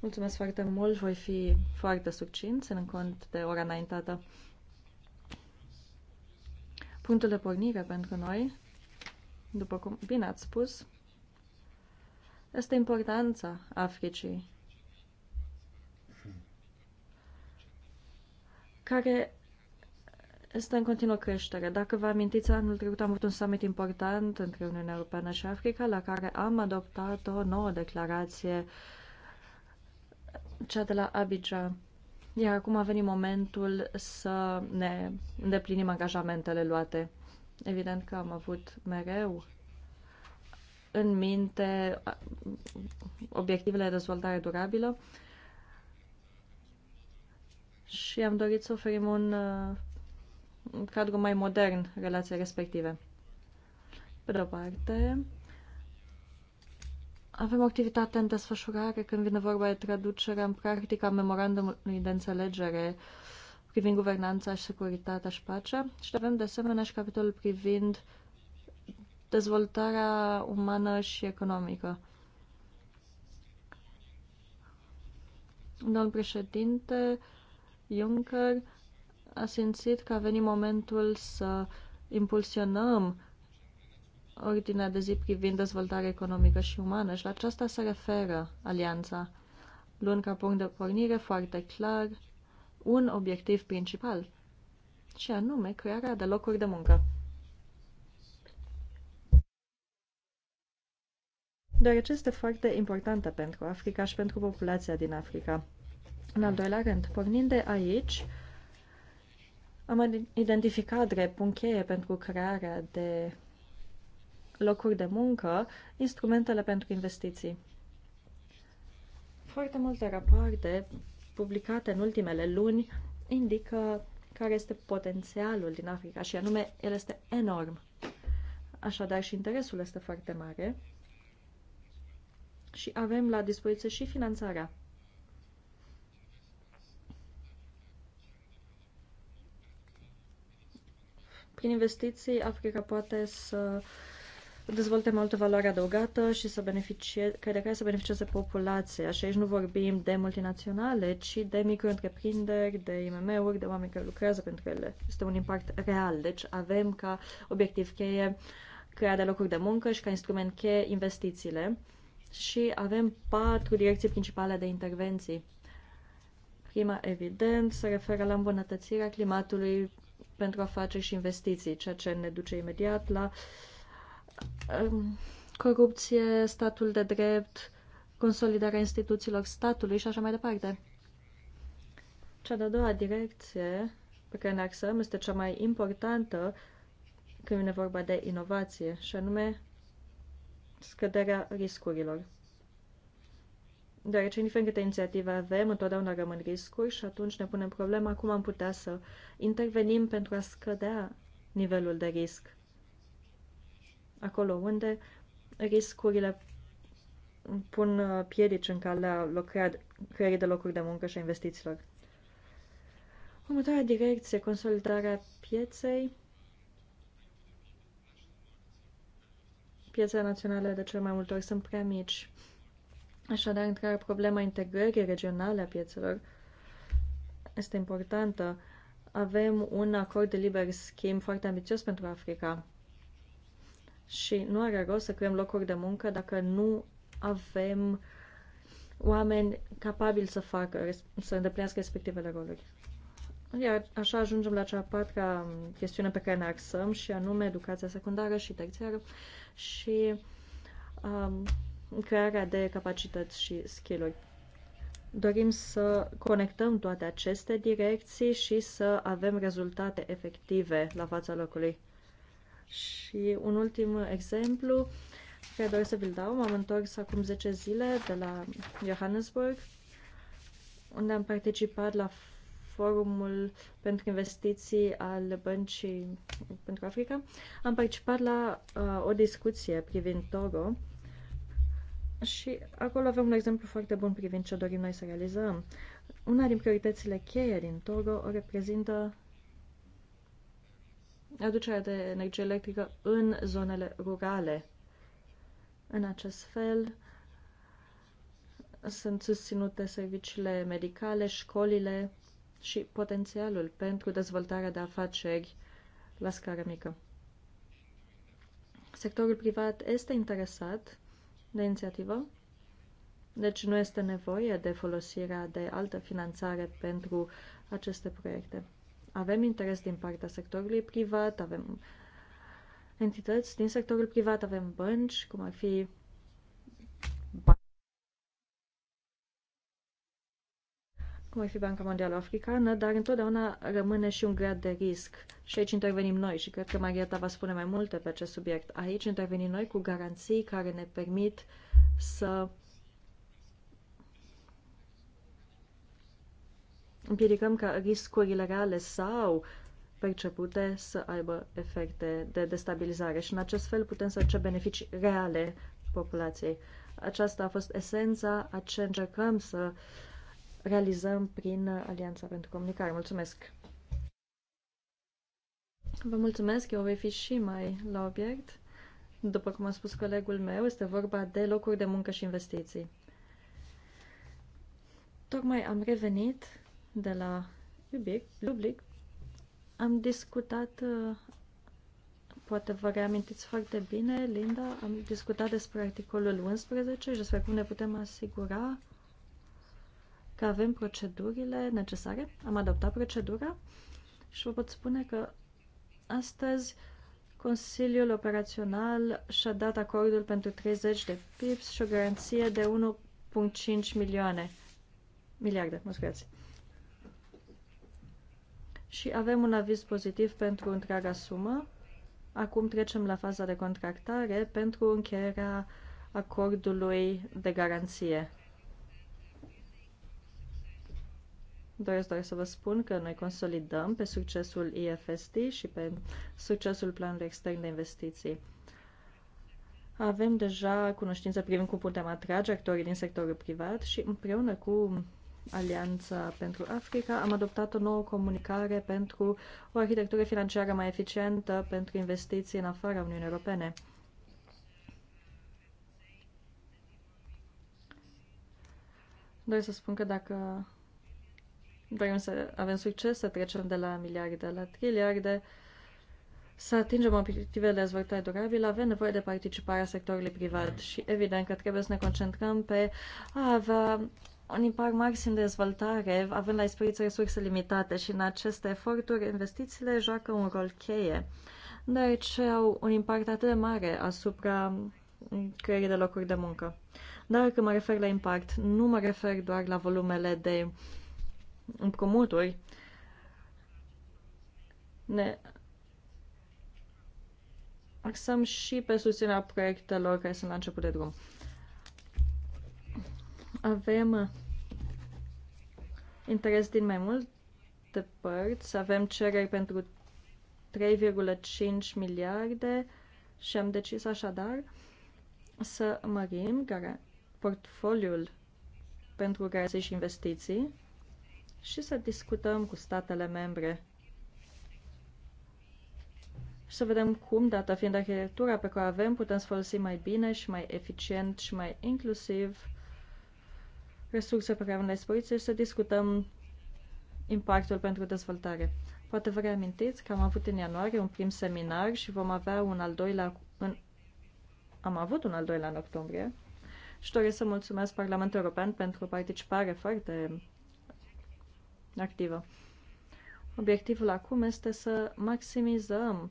Mulțumesc foarte mult, voi fi foarte succint, ținând cont de ora înaintată. Punctul de pornire pentru noi, după cum bine ați spus, este importanța Africii, care este în continuă creștere. Dacă vă amintiți, anul trecut am avut un summit important între Uniunea Europeană și Africa, la care am adoptat o nouă declarație, cea de la Abidjan. Iar acum a venit momentul să ne îndeplinim angajamentele luate. Evident că am avut mereu în minte obiectivele de dezvoltare durabilă și am dorit să oferim un, uh, un cadru mai modern relației respective. Pe de-o parte, avem o activitate în desfășurare când vine vorba de traducerea în practică a memorandumului de înțelegere privind guvernanța și securitatea și pacea și avem de asemenea și capitolul privind uh, dezvoltarea umană și economică. Domnul președinte Juncker a simțit că a venit momentul să impulsionăm ordinea de zi privind dezvoltarea economică și umană și la aceasta se referă alianța, luând ca punct de pornire foarte clar un obiectiv principal, și anume crearea de locuri de muncă. deoarece este foarte importantă pentru Africa și pentru populația din Africa. În al doilea rând, pornind de aici, am identificat un cheie pentru crearea de locuri de muncă, instrumentele pentru investiții. Foarte multe rapoarte publicate în ultimele luni indică care este potențialul din Africa și anume el este enorm. Așadar și interesul este foarte mare și avem la dispoziție și finanțarea. Prin investiții, Africa poate să dezvolte mai multă valoare adăugată și să beneficie, care, care să beneficieze populația. Și aici nu vorbim de multinaționale, ci de micro-întreprinderi, de IMM-uri, de oameni care lucrează pentru ele. Este un impact real. Deci avem ca obiectiv cheie crearea de locuri de muncă și ca instrument cheie investițiile și avem patru direcții principale de intervenții. Prima, evident, se referă la îmbunătățirea climatului pentru afaceri și investiții, ceea ce ne duce imediat la um, corupție, statul de drept, consolidarea instituțiilor statului și așa mai departe. Cea de-a doua direcție pe care ne axăm este cea mai importantă când vine vorba de inovație, și anume scăderea riscurilor. Deoarece, indiferent câte inițiative avem, întotdeauna rămân riscuri și atunci ne punem problema cum am putea să intervenim pentru a scădea nivelul de risc. Acolo unde riscurile pun uh, piedici în calea creării de locuri de muncă și a investițiilor. Următoarea direcție, consolidarea pieței Piețele naționale de cele mai multe ori sunt prea mici. Așadar, întreaga problema integrării regionale a piețelor este importantă. Avem un acord de liber schimb foarte ambițios pentru Africa și nu are rost să creăm locuri de muncă dacă nu avem oameni capabili să facă, să îndeplinească respectivele roluri. Iar așa ajungem la cea patra chestiune pe care ne axăm și anume educația secundară și terțiară și um, crearea de capacități și skill-uri. Dorim să conectăm toate aceste direcții și să avem rezultate efective la fața locului. Și un ultim exemplu care doresc să vi-l dau. M-am întors acum 10 zile de la Johannesburg, unde am participat la forumul pentru investiții al Băncii pentru Africa, am participat la uh, o discuție privind Togo și acolo avem un exemplu foarte bun privind ce dorim noi să realizăm. Una din prioritățile cheie din Togo o reprezintă aducerea de energie electrică în zonele rurale. În acest fel, sunt susținute serviciile medicale, școlile și potențialul pentru dezvoltarea de afaceri la scară mică. Sectorul privat este interesat de inițiativă, deci nu este nevoie de folosirea de altă finanțare pentru aceste proiecte. Avem interes din partea sectorului privat, avem entități din sectorul privat, avem bănci, cum ar fi cum ar fi Banca Mondială Africană, dar întotdeauna rămâne și un grad de risc. Și aici intervenim noi și cred că Marieta va spune mai multe pe acest subiect. Aici intervenim noi cu garanții care ne permit să împiedicăm ca riscurile reale sau percepute să aibă efecte de destabilizare și în acest fel putem să ce beneficii reale populației. Aceasta a fost esența a ce încercăm să uh, realizăm prin Alianța pentru Comunicare. Mulțumesc! Vă mulțumesc, eu voi fi și mai la obiect. După cum a spus colegul meu, este vorba de locuri de muncă și investiții. Tocmai am revenit de la Iubic, Lublic. Am discutat, poate vă reamintiți foarte bine, Linda, am discutat despre articolul 11 și despre cum ne putem asigura că avem procedurile necesare. Am adoptat procedura și vă pot spune că astăzi Consiliul Operațional și-a dat acordul pentru 30 de pips și o garanție de 1,5 milioane miliarde, mă scuzați. Și avem un aviz pozitiv pentru întreaga sumă. Acum trecem la faza de contractare pentru încheierea acordului de garanție. Doresc doar să vă spun că noi consolidăm pe succesul IFST și pe succesul planului extern de investiții. Avem deja cunoștință privind cum putem atrage actorii din sectorul privat și împreună cu Alianța pentru Africa, am adoptat o nouă comunicare pentru o arhitectură financiară mai eficientă pentru investiții în afara Uniunii Europene. Doresc să spun că dacă dorim să avem succes, să trecem de la miliarde la triliarde, să atingem obiectivele de dezvoltare durabilă, avem nevoie de participarea sectorului privat și evident că trebuie să ne concentrăm pe a avea un impact maxim de dezvoltare, având la dispoziție resurse limitate și în aceste eforturi investițiile joacă un rol cheie, deoarece au un impact atât de mare asupra creierii de locuri de muncă. Dar când mă refer la impact, nu mă refer doar la volumele de uh, împrumuturi, ne axăm și pe susținerea proiectelor care sunt la început de drum. Avem uh, interes din mai multe părți, avem cereri pentru 3,5 miliarde și am decis așadar să mărim portfoliul pentru garanții și investiții și să discutăm cu statele membre și să vedem cum, data fiind arhitectura pe care o avem, putem să folosim mai bine și mai eficient și mai inclusiv resurse pe care avem la dispoziție și să discutăm impactul pentru dezvoltare. Poate vă reamintiți că am avut în ianuarie un prim seminar și vom avea un al doilea în... am avut un al doilea în octombrie și doresc să mulțumesc Parlamentul European pentru participare foarte activă. Obiectivul acum este să maximizăm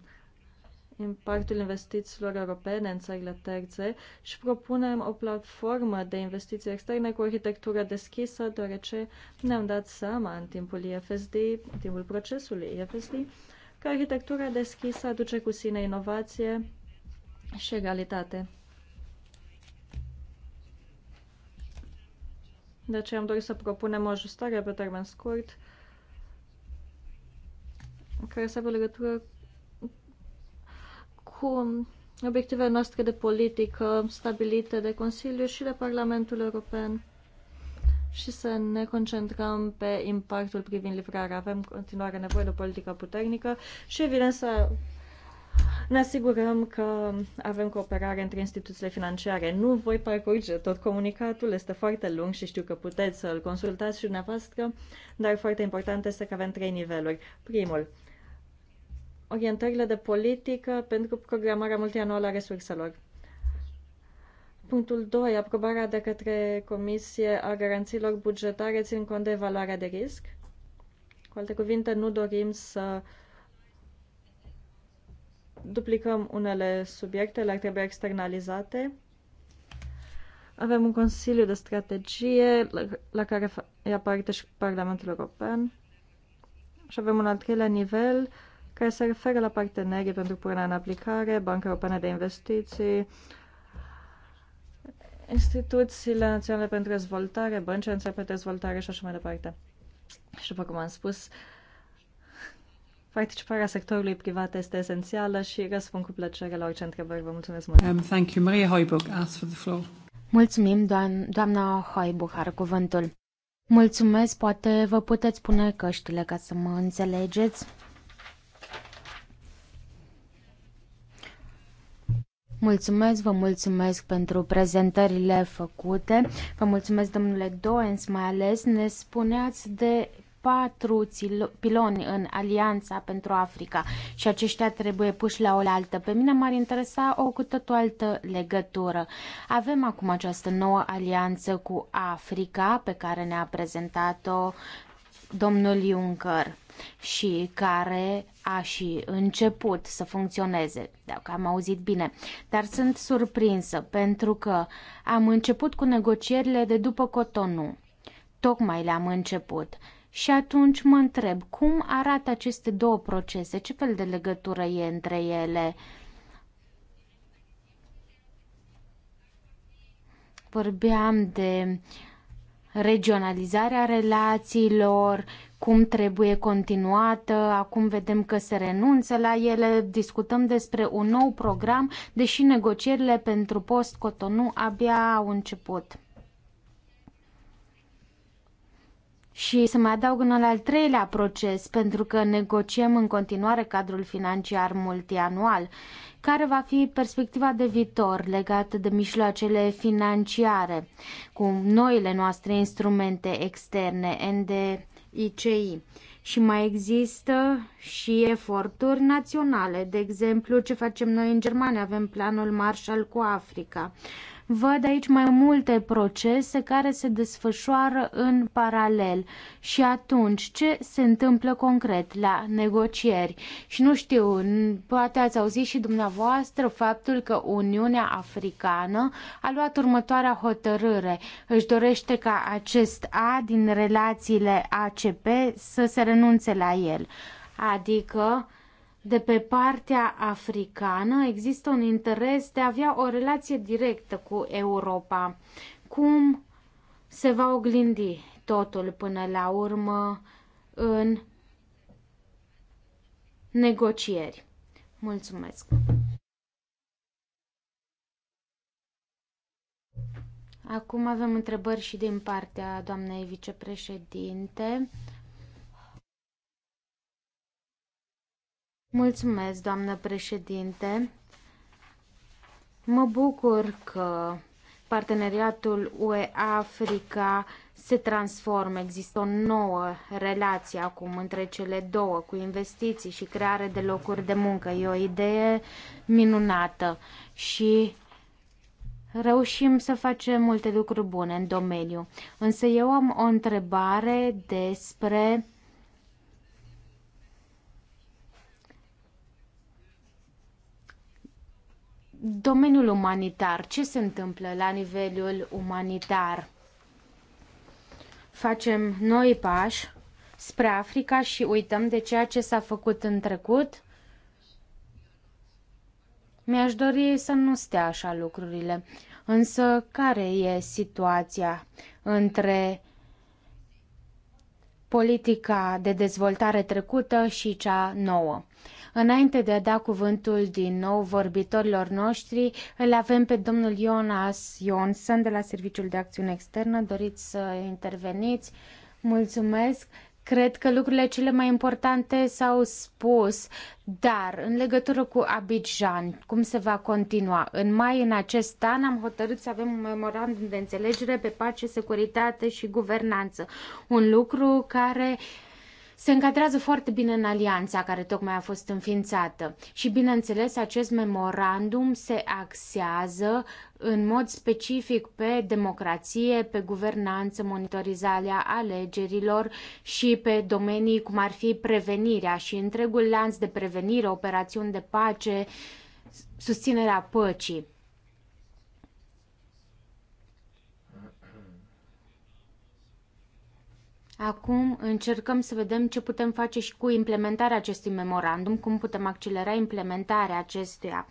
impactul investițiilor europene în țările terțe și propunem o platformă de investiții externe cu o arhitectură deschisă, deoarece ne-am dat seama în timpul IFSD, în timpul procesului IFSD, că arhitectura deschisă aduce cu sine inovație și egalitate. De deci aceea am dorit să propunem o ajustare pe termen scurt care să aibă legătură cu obiectivele noastre de politică stabilite de Consiliu și de Parlamentul European și să ne concentrăm pe impactul privind livrarea. Avem continuare nevoie de o politică puternică și, evident, să ne asigurăm că avem cooperare între instituțiile financiare. Nu voi parcurge tot comunicatul, este foarte lung și știu că puteți să-l consultați și dumneavoastră, dar foarte important este că avem trei niveluri. Primul, orientările de politică pentru programarea multianuală a resurselor. Punctul 2. Aprobarea de către Comisie a garanțiilor bugetare țin cont de evaluarea de risc. Cu alte cuvinte, nu dorim să uh, duplicăm unele subiecte, le trebuie externalizate. Avem un Consiliu de Strategie la care ia parte și Parlamentul European și avem un al treilea nivel care se referă la partenerii pentru punerea în aplicare, Banca Europeană de Investiții, instituțiile naționale pentru dezvoltare, băncile pentru dezvoltare și așa mai departe. Și după cum am spus, uh, Participarea sectorului privat este esențială și răspund cu plăcere la orice întrebări. Vă mulțumesc mult. Um, thank you. Maria Hoiburg, ask for the floor. Mulțumim, doam- doamna Hoiburg, are cuvântul. Mulțumesc, poate vă puteți pune căștile ca să mă înțelegeți. Mulțumesc, vă mulțumesc pentru prezentările făcute. Vă mulțumesc, domnule Doens, mai ales ne spuneați de patru piloni în Alianța pentru Africa și aceștia trebuie puși la oaltă. Pe mine m-ar interesa o cu totul altă legătură. Avem acum această nouă alianță cu Africa pe care ne-a prezentat-o domnul Juncker și care a și început să funcționeze, dacă am auzit bine. Dar sunt surprinsă pentru că am început cu negocierile de după Cotonou. Tocmai le-am început și atunci mă întreb, cum arată aceste două procese? Ce fel de legătură e între ele? Vorbeam de regionalizarea relațiilor, cum trebuie continuată, acum vedem că se renunță la ele, discutăm despre un nou program, deși negocierile pentru post Cotonou abia au început. și să mai adaug în al treilea proces, pentru că negociem în continuare cadrul financiar multianual, care va fi perspectiva de viitor legată de mijloacele financiare cu noile noastre instrumente externe, NDICI. Și mai există și eforturi naționale, de exemplu ce facem noi în Germania, avem planul Marshall cu Africa. Văd aici mai multe procese care se desfășoară în paralel și atunci ce se întâmplă concret la negocieri? Și nu știu, poate ați auzit și dumneavoastră faptul că Uniunea Africană a luat următoarea hotărâre. Își dorește ca acest A din relațiile ACP să se renunțe la el. Adică de pe partea africană există un interes de a avea o relație directă cu Europa. Cum se va oglindi totul până la urmă în negocieri? Mulțumesc! Acum avem întrebări și din partea doamnei vicepreședinte. Mulțumesc, doamnă președinte. Mă bucur că parteneriatul UE-Africa se transformă. Există o nouă relație acum între cele două, cu investiții și creare de locuri de muncă. E o idee minunată și reușim să facem multe lucruri bune în domeniu. Însă eu am o întrebare despre domeniul umanitar, ce se întâmplă la nivelul umanitar? Facem noi pași spre Africa și uităm de ceea ce s-a făcut în trecut? Mi-aș dori să nu stea așa lucrurile. Însă, care e situația între politica de dezvoltare trecută și cea nouă. Înainte de a da cuvântul din nou vorbitorilor noștri, îl avem pe domnul Jonas Jonsson de la Serviciul de Acțiune Externă. Doriți să interveniți? Mulțumesc! Cred că lucrurile cele mai importante s-au spus, dar în legătură cu Abidjan, cum se va continua? În mai în acest an am hotărât să avem un memorandum de înțelegere pe pace, securitate și guvernanță. Un lucru care uh, se încadrează foarte bine în alianța care tocmai a fost înființată și, bineînțeles, acest memorandum se axează în mod specific pe democrație, pe guvernanță, monitorizarea alegerilor și pe domenii cum ar fi prevenirea și întregul lanț de prevenire, operațiuni de pace, susținerea păcii. Acum încercăm să vedem ce putem face și cu implementarea acestui memorandum, cum putem accelera implementarea acestuia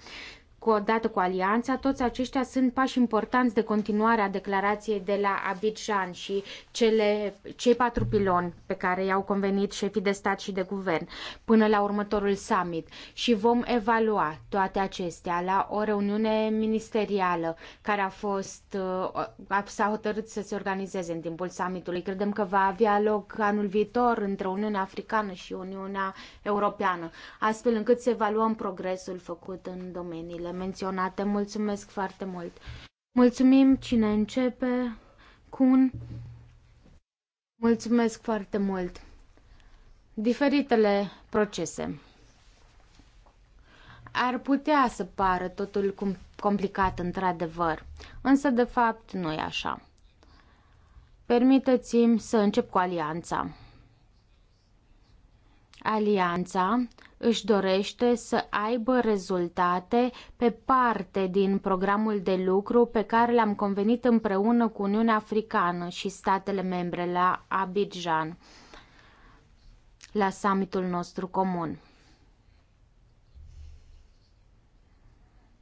cu odată cu alianța, toți aceștia sunt pași importanți de continuare a declarației de la Abidjan și cele, cei patru piloni pe care i-au convenit șefii de stat și de guvern până la următorul summit și vom evalua toate acestea la o reuniune ministerială care a fost, uh, s-a hotărât să se organizeze în timpul summitului. Credem că va avea loc anul viitor între Uniunea Africană și Uniunea Europeană, astfel încât să evaluăm progresul făcut în domeniile menționate. Mulțumesc foarte mult. Mulțumim cine începe. un... Mulțumesc foarte mult. Diferitele procese. Ar putea să pară totul complicat într-adevăr, însă de fapt nu e așa. Permiteți-mi să încep cu alianța. Alianța își dorește să aibă rezultate pe parte din programul de lucru pe care l-am convenit împreună cu Uniunea Africană și statele membre la Abidjan, la summitul nostru comun.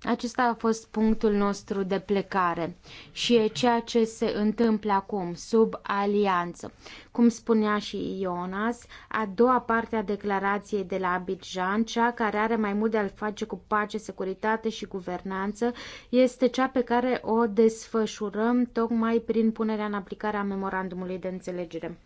Acesta a fost punctul nostru de plecare și e ceea ce se întâmplă acum, sub alianță. Cum spunea și Ionas, a doua parte a declarației de la Abidjan, cea care are mai mult de a face cu pace, securitate și guvernanță, este cea pe care o desfășurăm tocmai prin punerea în aplicare a memorandumului de înțelegere.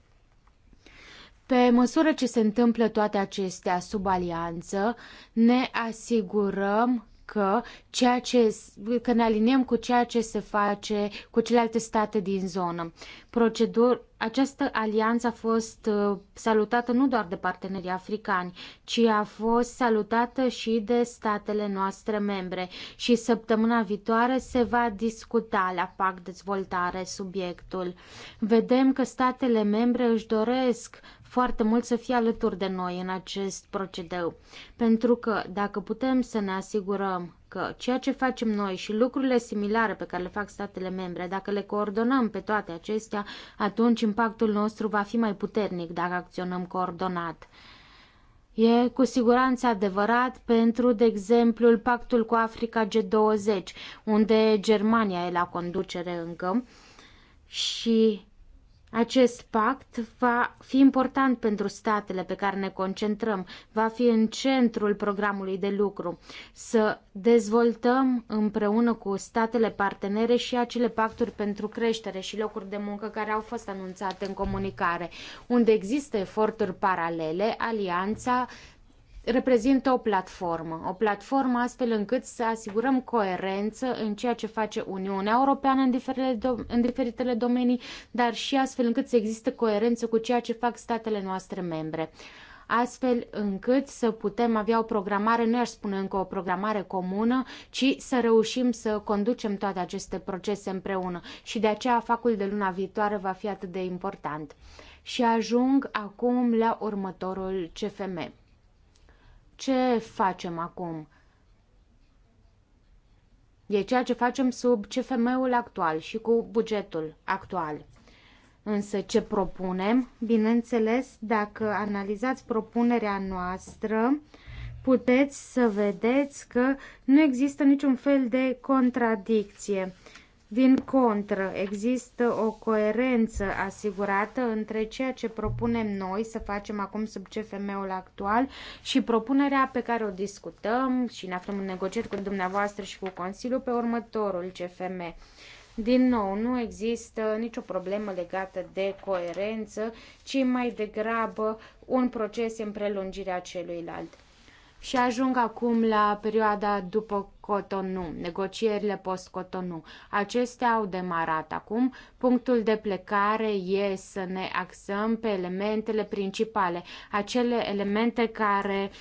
Pe măsură ce se întâmplă toate acestea sub alianță, ne asigurăm că, ceea ce, că ne aliniem cu ceea ce se face cu celelalte state din zonă. Procedur, această alianță a fost uh, salutată nu doar de partenerii africani, ci a fost salutată și de statele noastre membre și săptămâna viitoare se va discuta la PAC dezvoltare subiectul. Vedem că statele membre își doresc foarte mult să fie alături de noi în acest procedeu. Pentru că dacă putem să ne asigurăm că ceea ce facem noi și lucrurile similare pe care le fac statele membre, dacă le coordonăm pe toate acestea, atunci impactul nostru va fi mai puternic dacă acționăm coordonat. E cu siguranță adevărat pentru, de exemplu, pactul cu Africa G20, unde Germania e la conducere încă și acest pact va fi important pentru statele pe care ne concentrăm, va fi în centrul programului de lucru. Să dezvoltăm împreună cu statele partenere și acele pacturi pentru creștere și locuri de muncă care au fost anunțate în comunicare. Unde există eforturi paralele, alianța reprezintă o platformă, o platformă astfel încât să asigurăm coerență în ceea ce face Uniunea Europeană în, diferite, în diferitele domenii, dar și astfel încât să existe coerență cu ceea ce fac statele noastre membre astfel încât să putem avea o programare, nu aș spune încă o programare comună, ci să reușim să conducem toate aceste procese împreună. Și de aceea facul de luna viitoare va fi atât de important. Și ajung acum la următorul CFM. Ce facem acum? E ceea ce facem sub CFM-ul actual și cu bugetul actual. Însă ce propunem? Bineînțeles, dacă analizați propunerea noastră, puteți să vedeți că nu există niciun fel de contradicție din contră, există o coerență asigurată între ceea ce propunem noi să facem acum sub CFM-ul actual și propunerea pe care o discutăm și ne aflăm în negocieri cu dumneavoastră și cu Consiliul pe următorul CFM. Din nou, nu există nicio problemă legată de coerență, ci mai degrabă un proces în prelungirea celuilalt. Și ajung acum la perioada după Cotonou, negocierile post-Cotonou. Acestea au demarat acum. Punctul de plecare e să ne axăm pe elementele principale, acele elemente care uh,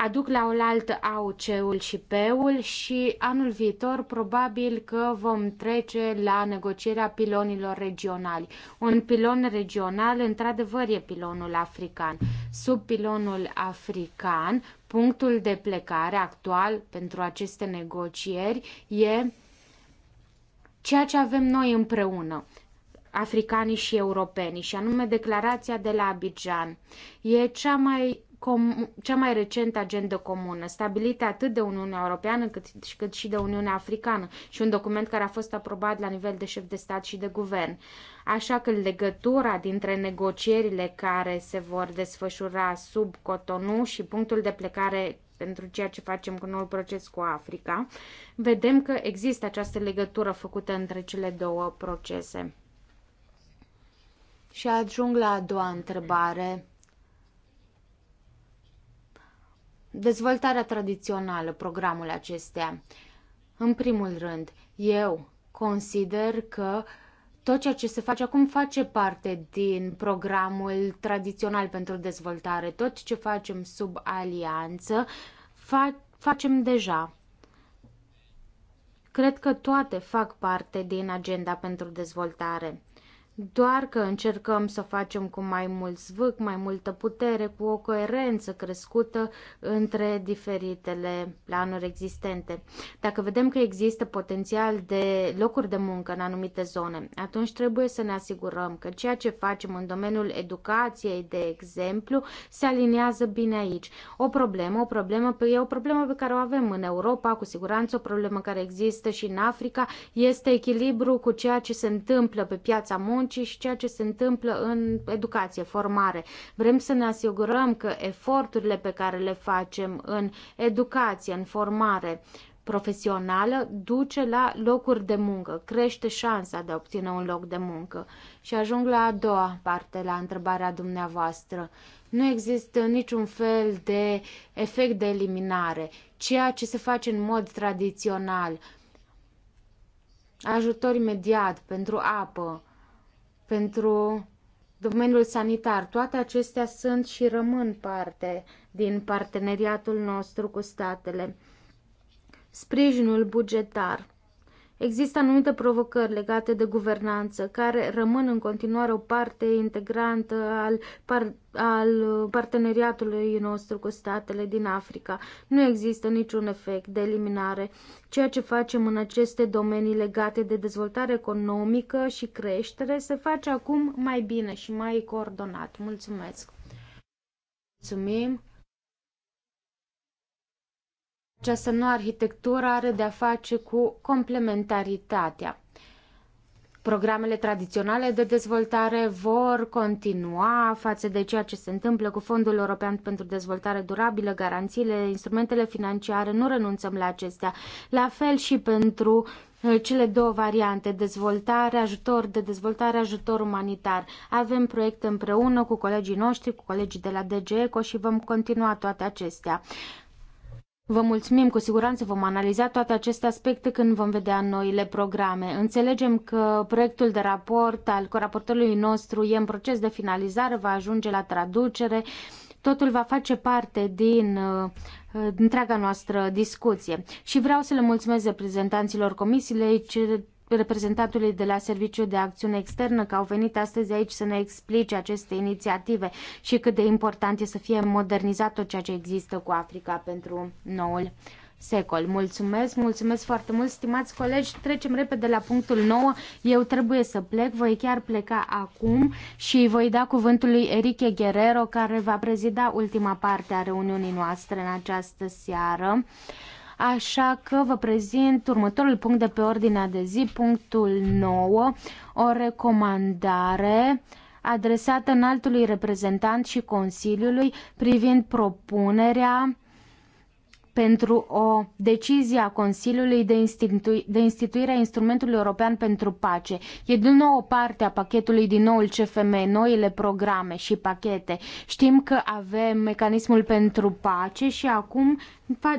aduc la oaltă auc ul și P-ul și anul viitor probabil că vom trece la negocierea pilonilor regionali. Un pilon regional, într-adevăr, e pilonul african. Sub pilonul african, punctul de plecare actual pentru aceste negocieri e ceea ce avem noi împreună africanii și europenii, și anume declarația de la Abidjan. E cea mai com- cea mai recentă agendă comună, stabilită atât de Uniunea Europeană cât, cât și de Uniunea Africană și un document care a fost aprobat la nivel de șef de stat și de guvern. Așa că legătura dintre negocierile care se vor desfășura sub Cotonou și punctul de plecare pentru ceea ce facem cu noul proces cu Africa, vedem că există această legătură făcută între cele două procese. Și ajung la a doua întrebare dezvoltarea tradițională, programul acestea. În primul rând, eu consider că tot ceea ce se face acum face parte din programul tradițional pentru dezvoltare. Tot ce facem sub alianță fa- facem deja. Cred că toate fac parte din agenda pentru dezvoltare doar că încercăm să facem cu mai mult zvâc, mai multă putere, cu o coerență crescută între diferitele planuri existente. Dacă vedem că există potențial de locuri de muncă în anumite zone, atunci trebuie să ne asigurăm că ceea ce facem în domeniul educației, de exemplu, se aliniază bine aici. O problemă, o problemă, e o problemă pe care o avem în Europa, cu siguranță o problemă care există și în Africa, este echilibru cu ceea ce se întâmplă pe piața muncii, muncii și ceea ce se întâmplă în educație, formare. Vrem să ne asigurăm că eforturile pe care le facem în educație, în formare, profesională duce la locuri de muncă, crește șansa de a obține un loc de muncă. Și ajung la a doua parte, la întrebarea dumneavoastră. Nu există niciun fel de efect de eliminare. Ceea ce se face în mod tradițional, ajutor imediat pentru apă, pentru domeniul sanitar. Toate acestea sunt și rămân parte din parteneriatul nostru cu statele. Sprijinul bugetar Există anumite provocări legate de guvernanță, care rămân în continuare o parte integrantă al, par, al parteneriatului nostru cu statele din Africa. Nu există niciun efect de eliminare. Ceea ce facem în aceste domenii legate de dezvoltare economică și creștere se face acum mai bine și mai coordonat. Mulțumesc! Mulțumim! Această nouă arhitectură are de-a face cu complementaritatea. Programele tradiționale de dezvoltare vor continua față de ceea ce se întâmplă cu Fondul European pentru Dezvoltare Durabilă, garanțiile, instrumentele financiare, nu renunțăm la acestea. La fel și pentru uh, cele două variante, dezvoltare, ajutor de dezvoltare, ajutor umanitar. Avem proiecte împreună cu colegii noștri, cu colegii de la DGECO și vom continua toate acestea. Vă mulțumim, cu siguranță vom analiza toate aceste aspecte când vom vedea noile programe. Înțelegem că proiectul de raport al coraportorului nostru e în proces de finalizare, va ajunge la traducere. Totul va face parte din uh, întreaga noastră discuție. Și vreau să le mulțumesc reprezentanților comisiei, reprezentantului de la Serviciul de Acțiune Externă că au venit astăzi aici să ne explice aceste inițiative și cât de important e să fie modernizat tot ceea ce există cu Africa pentru noul secol. Mulțumesc, mulțumesc foarte mult, stimați colegi. Trecem repede la punctul 9. Eu trebuie să plec, voi chiar pleca acum și voi da cuvântul lui Erike Guerrero, care va prezida ultima parte a reuniunii noastre în această seară. Așa că vă prezint următorul punct de pe ordinea de zi, punctul 9, o recomandare adresată altului reprezentant și Consiliului privind propunerea pentru o decizie a Consiliului de, institui, de instituire a instrumentului european pentru pace. E din nou o parte a pachetului din noul CFM, noile programe și pachete. Știm că avem mecanismul pentru pace și acum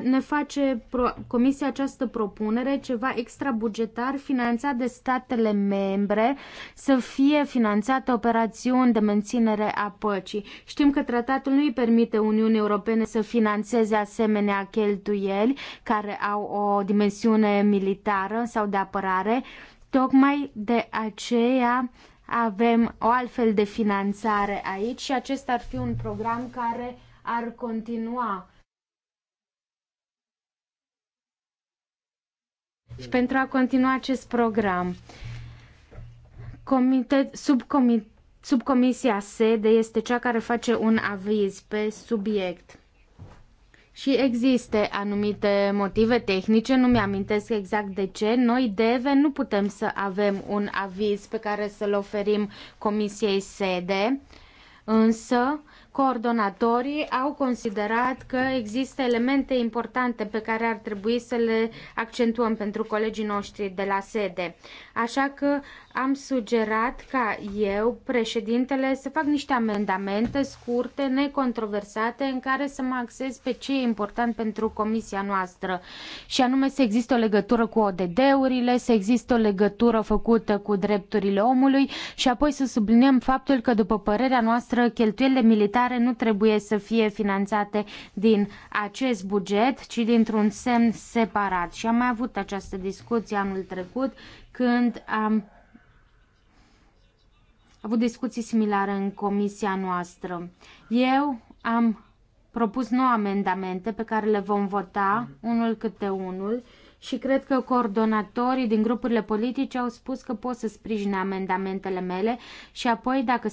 ne face Comisia această propunere ceva extra bugetar finanțat de statele membre să fie finanțată operațiuni de menținere a păcii. Știm că tratatul nu îi permite Uniunii Europene să financeze asemenea cheltuieli care au o dimensiune militară sau de apărare. Tocmai de aceea avem o altfel de finanțare aici și acesta ar fi un program care ar continua și pentru a continua acest program. Comitet, subcomit, subcomisia sede este cea care face un aviz pe subiect. Și există anumite motive tehnice, nu mi-amintesc exact de ce. Noi, DEVE, nu putem să avem un aviz pe care să-l oferim Comisiei Sede, însă coordonatorii au considerat că există elemente importante pe care ar trebui să le accentuăm pentru colegii noștri de la sede. Așa că am sugerat ca eu, președintele, să fac niște amendamente scurte, necontroversate, în care să mă axez pe ce e important pentru comisia noastră. Și anume să există o legătură cu ODD-urile, să există o legătură făcută cu drepturile omului și apoi să subliniem faptul că, după părerea noastră, cheltuielile militare dezvoltare nu trebuie să fie finanțate din acest buget, ci dintr-un semn separat. Și am mai avut această discuție anul trecut când am avut discuții similare în comisia noastră. Eu am propus nouă amendamente pe care le vom vota, unul câte unul, și cred că coordonatorii din grupurile politice au spus că pot să sprijine amendamentele mele și apoi dacă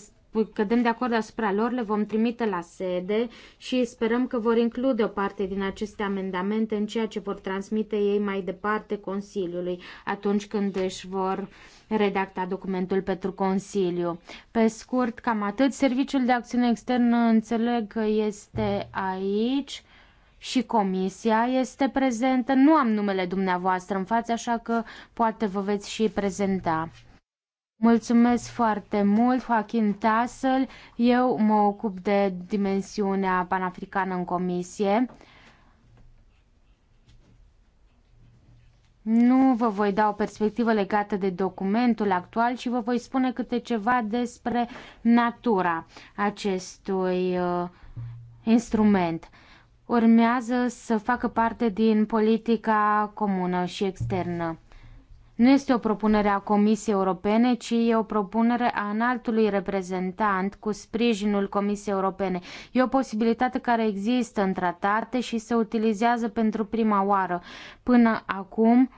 cădem de acord asupra lor, le vom trimite la sede și sperăm că vor include o parte din aceste amendamente în ceea ce vor transmite ei mai departe Consiliului atunci când își vor redacta documentul pentru Consiliu. Pe scurt, cam atât. Serviciul de acțiune externă înțeleg că este aici și comisia este prezentă. Nu am numele dumneavoastră în față, așa că poate vă veți și prezenta. Mulțumesc foarte mult, Joaquin Tassel. Eu mă ocup de dimensiunea panafricană în comisie. Nu vă voi da o perspectivă legată de documentul actual, ci vă voi spune câte ceva despre natura acestui uh, instrument. Urmează să facă parte din politica comună și externă. Nu este o propunere a Comisiei Europene, ci e o propunere a înaltului reprezentant cu sprijinul Comisiei Europene. E o posibilitate care există în tratate și se utilizează pentru prima oară. Până acum,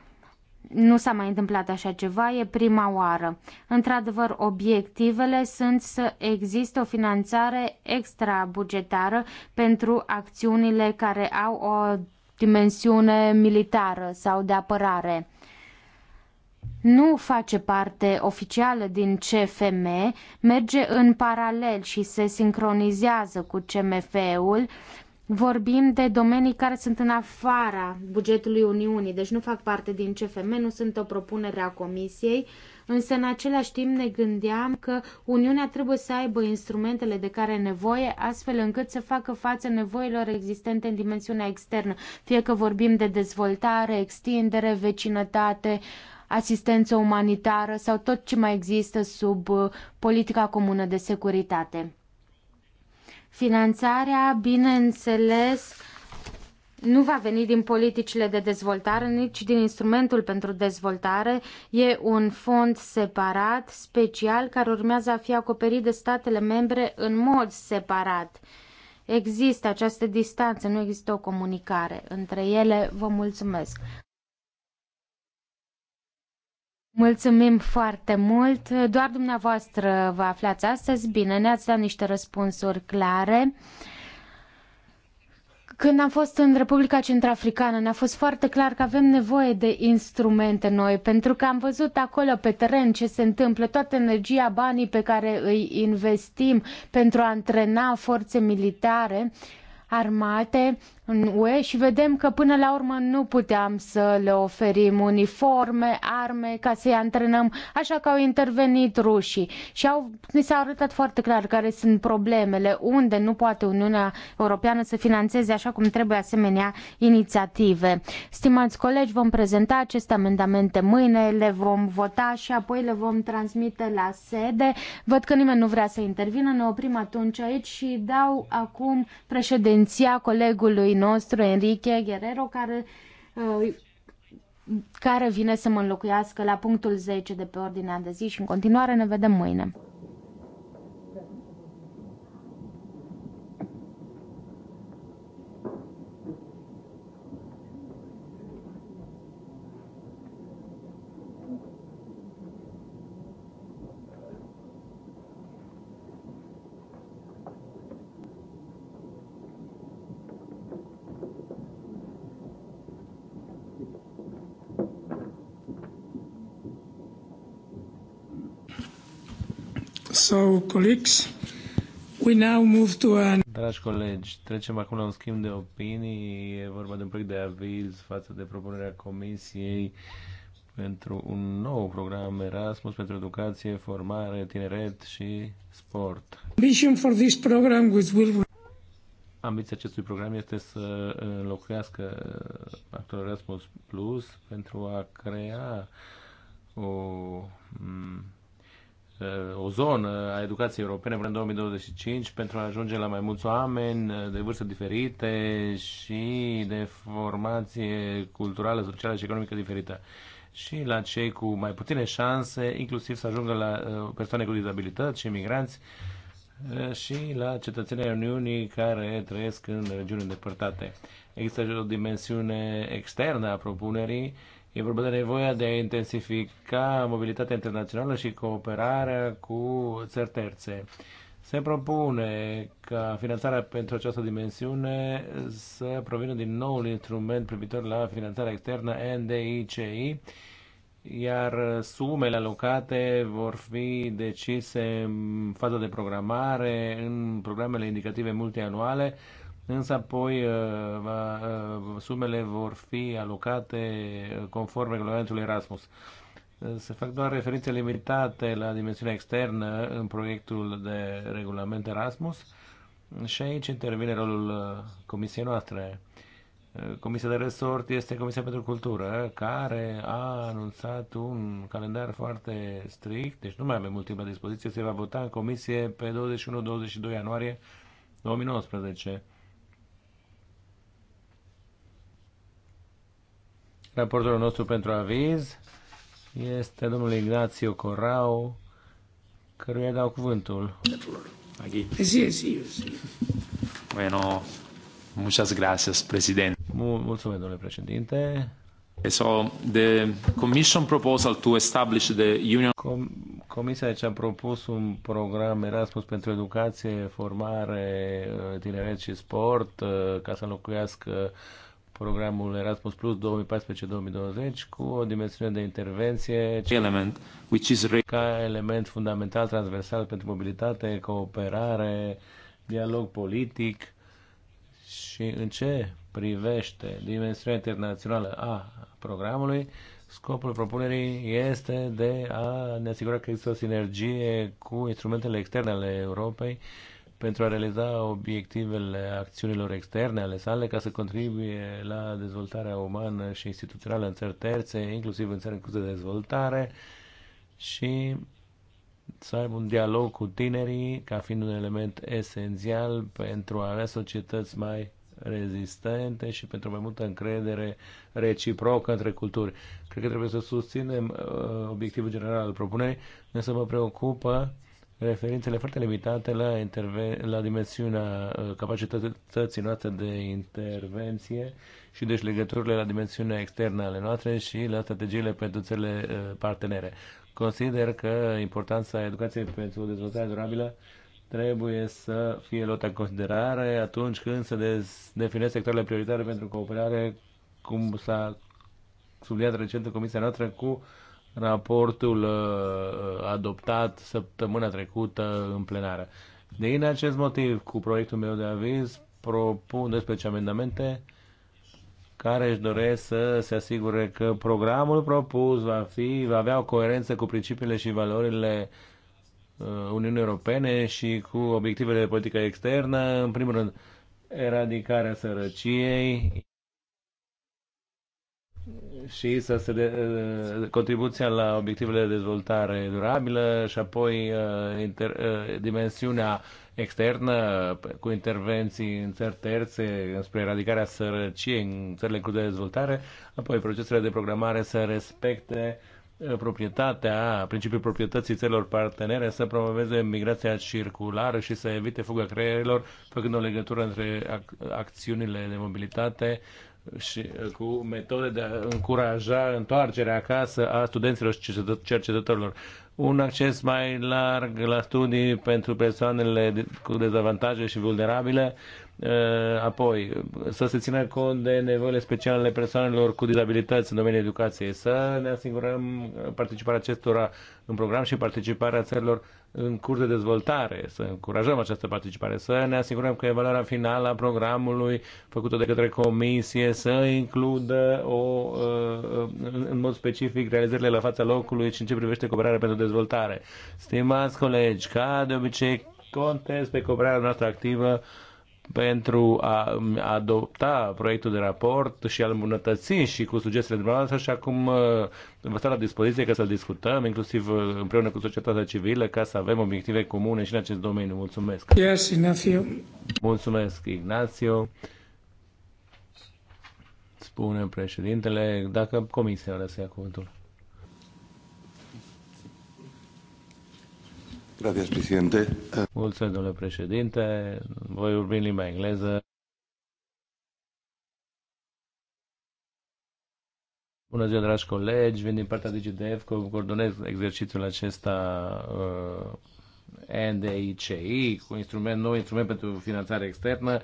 nu s-a mai întâmplat așa ceva, e prima oară. Într-adevăr, obiectivele sunt să existe o finanțare extrabugetară pentru acțiunile care au o dimensiune militară sau de apărare nu face parte oficială din CFM, merge în paralel și se sincronizează cu CMF-ul, vorbim de domenii care sunt în afara bugetului Uniunii, deci nu fac parte din CFM, nu sunt o propunere a Comisiei, însă în același timp ne gândeam că Uniunea trebuie să aibă instrumentele de care are nevoie, astfel încât să facă față nevoilor existente în dimensiunea externă, fie că vorbim de dezvoltare, extindere, vecinătate, uh, asistență umanitară sau tot ce mai există sub uh, politica comună de securitate. Finanțarea, bineînțeles, nu va veni din politicile de dezvoltare, nici din instrumentul pentru dezvoltare. E un fond separat, special, care urmează a fi acoperit de statele membre în mod separat. Există această distanță, nu există o comunicare între ele. Vă mulțumesc! Mulțumim foarte mult. Doar dumneavoastră vă aflați astăzi. Bine, ne-ați dat niște răspunsuri clare. Când am fost în Republica Centrafricană, ne-a fost foarte clar că avem nevoie de instrumente noi, pentru că am văzut acolo pe teren ce se întâmplă, toată energia, banii pe care îi investim pentru a antrena forțe militare, armate, în UE și vedem că până la urmă nu puteam să le oferim uniforme, arme ca să-i antrenăm, așa că au intervenit rușii și au, ni s-a arătat foarte clar care sunt problemele, unde nu poate Uniunea Europeană să financeze așa cum trebuie asemenea inițiative. Stimați colegi, vom prezenta aceste amendamente mâine, le vom vota și apoi le vom transmite la sede. Văd că nimeni nu vrea să intervină, ne oprim atunci aici și dau acum președinția colegului nostru, Enrique Guerrero, care, uh, care vine să mă înlocuiască la punctul 10 de pe ordinea de zi și în continuare ne vedem mâine. So, colegi, we now move to an... Dragi colegi, trecem acum la un schimb de opinii. E vorba de un proiect de aviz față de propunerea Comisiei pentru un nou program Erasmus pentru educație, formare, tineret și sport. Mission for this program which will ambiția acestui program este să înlocuiască actorul Erasmus Plus pentru a crea o o zonă a educației europene până în 2025 pentru a ajunge la mai mulți oameni uh, de vârste diferite și de formație culturală, socială și economică diferită. Și la cei cu mai puține șanse, inclusiv să ajungă la uh, persoane cu dizabilități și migranți uh, și la cetățenii Uniunii care trăiesc în regiuni îndepărtate. Există o dimensiune externă a propunerii E vorba de nevoia de a intensifica mobilitatea internațională și cooperarea cu țări terțe. Se propune ca finanțarea pentru această dimensiune să provină din noul instrument privitor la finanțarea externă NDICI, iar sumele alocate vor fi decise în faza de programare, în programele indicative multianuale, însă apoi uh, uh, sumele vor fi alocate conform regulamentului Erasmus. Uh, se fac doar referințe limitate la dimensiunea externă în proiectul de regulament Erasmus și aici intervine rolul comisiei noastre. Comisia de resort este Comisia pentru Cultură, care a anunțat un calendar foarte strict, deci nu mai avem mult timp la dispoziție, se va vota în comisie pe 21-22 ianuarie 2019. Raportorul nostru pentru aviz este domnul Ignațiu Corau, căruia dau cuvântul. Sí, sí, sí. Bueno, muchas gracias, presidente. Mulțumesc, domnule președinte. So, the commission proposal to establish the union... Com Comisia aici a propus un program Erasmus pentru educație, formare, eh, tineret și sport, eh, ca să locuiască programul Erasmus Plus 2014-2020 cu o dimensiune de intervenție element, which is ca element fundamental, transversal pentru mobilitate, cooperare, dialog politic și în ce privește dimensiunea internațională a programului, scopul propunerii este de a ne asigura că există o sinergie cu instrumentele externe ale Europei pentru a realiza obiectivele acțiunilor externe ale sale ca să contribuie la dezvoltarea umană și instituțională în țări terțe, inclusiv în țări în curs de dezvoltare și să aibă un dialog cu tinerii ca fiind un element esențial pentru a avea societăți mai rezistente și pentru mai multă încredere reciprocă între culturi. Cred că trebuie să susținem uh, obiectivul general al propunerii, însă mă preocupă uh, referințele foarte limitate la, la dimensiunea uh, capacității noastre de intervenție și deci legăturile la dimensiunea externă ale noastre și la strategiile pentru țările uh, partenere. Consider că importanța educației pentru dezvoltare durabilă trebuie să fie luată în considerare atunci când se definesc sectoarele prioritare pentru cooperare, cum s-a subliniat recent în comisia noastră cu uh, raportul uh, adoptat săptămâna trecută în plenară. Din acest motiv, cu proiectul meu de aviz, propun 12 amendamente care își doresc să se asigure că programul propus va, fi, va avea o coerență cu principiile și valorile uh, Uniunii Europene și cu obiectivele de politică externă, în primul rând, eradicarea sărăciei, și să se de, uh, contribuția la obiectivele de dezvoltare durabilă și apoi uh, inter, uh, dimensiunea externă cu intervenții în țări terțe spre eradicarea sărăciei în țările cu de dezvoltare, apoi procesele de programare să respecte proprietatea, principiul proprietății țărilor partenere, să promoveze migrația circulară și să evite fuga creierilor, făcând o legătură între ac- acțiunile de mobilitate și uh, cu metode de a încuraja întoarcerea acasă a studenților și cercetătorilor. Un acces mai larg la studii pentru persoanele cu dezavantaje și vulnerabile, uh, apoi să se țină cont de nevoile speciale ale persoanelor cu dizabilități în domeniul educației, să ne asigurăm participarea acestora în program și participarea țărilor în curs de dezvoltare, să încurajăm această participare, să ne asigurăm că evaluarea finală a programului făcută de către comisie să includă o, uh, în mod specific realizările la fața locului și în ce privește cooperarea pentru dezvoltare. Stimați colegi, ca de obicei, contez pe cooperarea noastră activă pentru a adopta proiectul de raport și a-l îmbunătăți și cu sugestiile dumneavoastră și acum uh, vă stau la dispoziție ca să discutăm, inclusiv uh, împreună cu societatea civilă, ca să avem obiective comune și în acest domeniu. Mulțumesc! Yes, Ignacio. Mulțumesc, Ignacio! Spune președintele, dacă comisia are să ia cuvântul. Gracias, președinte. Mulțumesc, domnule președinte. Voi urmi în limba engleză. Bună ziua, dragi colegi. Vin din partea DigiDev, coordonez exercițiul acesta uh, NDICI, cu instrument nou, instrument pentru finanțare externă.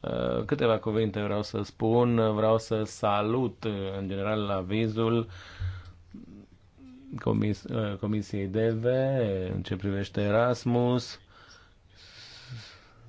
Uh, câteva cuvinte vreau să spun. Vreau să salut, în general, avizul uh, comis, uh, Comisiei DV în ce privește Erasmus.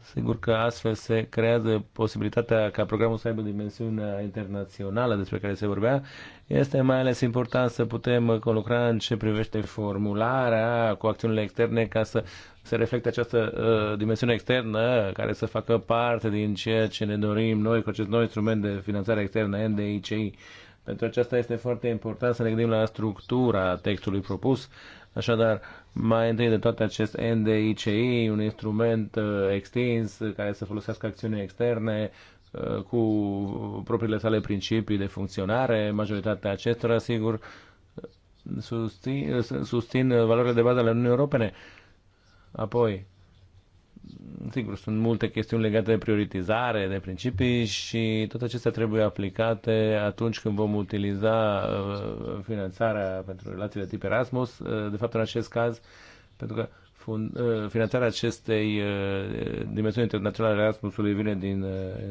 Sigur că astfel se creează posibilitatea ca programul să aibă dimensiunea internațională despre care se vorbea. Este mai ales important să putem colucra în ce privește formularea cu acțiunile externe ca să se reflecte această uh, dimensiune externă care să facă parte din ceea ce ne dorim noi cu acest nou instrument de finanțare externă, NDICI. Pentru aceasta este foarte important să ne gândim la structura textului propus. Așadar, mai întâi de toate acest NDICI, un instrument uh, extins care să folosească acțiuni externe uh, cu propriile sale principii de funcționare, majoritatea acestora, sigur, susțin, susțin valorile de bază ale Uniunii Europene. Apoi, sigur, sunt multe chestiuni legate de prioritizare, de principii și tot acestea trebuie aplicate atunci când vom utiliza uh, finanțarea pentru relațiile tip Erasmus. Uh, de fapt, în acest caz, pentru că uh, finanțarea acestei dimensiuni internaționale Erasmusului vine din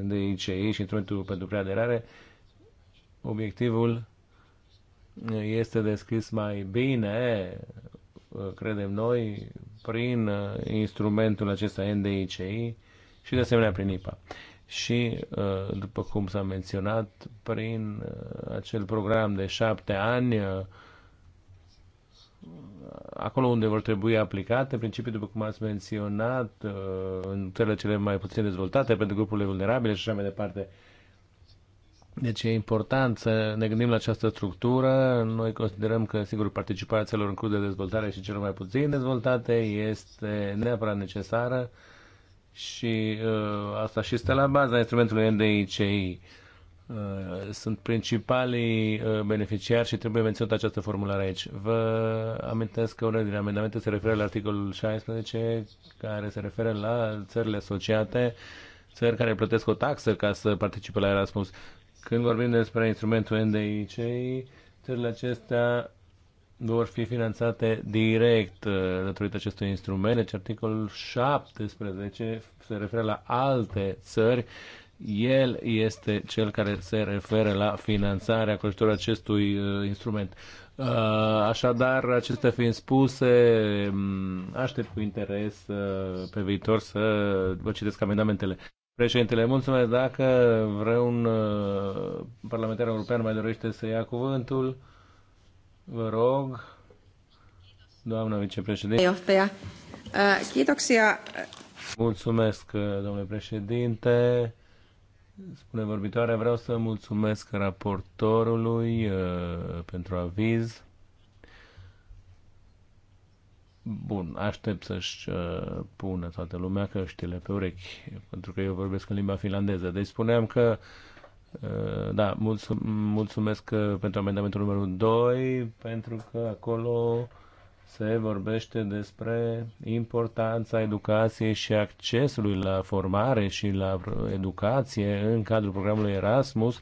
DICI și instrumentul pentru preaderare, obiectivul este descris mai bine, credem noi, prin uh, instrumentul acesta NDICI și de asemenea prin IPA. Și, uh, după cum s-a menționat, prin uh, acel program de șapte ani, acolo unde vor trebui aplicate, în principiu, după cum ați menționat, în țările cele mai puțin dezvoltate, pentru grupurile vulnerabile și așa mai departe, deci e important să ne gândim la această structură. Noi considerăm că, sigur, participarea celor în curs de dezvoltare și celor mai puțin dezvoltate este neapărat necesară și uh, asta și stă la baza instrumentului NDICI. Uh, sunt principalii uh, beneficiari și trebuie menționat această formulare aici. Vă amintesc că unul din amendamente se referă la articolul 16 care se referă la țările asociate țări care plătesc o taxă ca să participe la Erasmus. Când vorbim despre instrumentul NDIC, țările acestea vor fi finanțate direct uh, datorită acestui instrument. Deci articolul 17 se referă la alte țări. El este cel care se referă la finanțarea cu ajutorul acestui uh, instrument. Uh, așadar, acestea fiind spuse, aștept cu interes pe viitor să vă citesc amendamentele. Președintele, mulțumesc. Dacă vreun uh, parlamentar european mai dorește să ia cuvântul, vă rog, doamna vicepreședinte. Uh, mulțumesc, uh, domnule președinte. Spune vorbitoarea, vreau să mulțumesc raportorului pentru aviz Bun, aștept să-și uh, pună toată lumea căștile pe urechi, pentru că eu vorbesc în limba finlandeză. Deci spuneam că, uh, da, mulțum- mulțumesc uh, pentru amendamentul numărul 2, pentru că acolo se vorbește despre importanța educației și accesului la formare și la educație în cadrul programului Erasmus.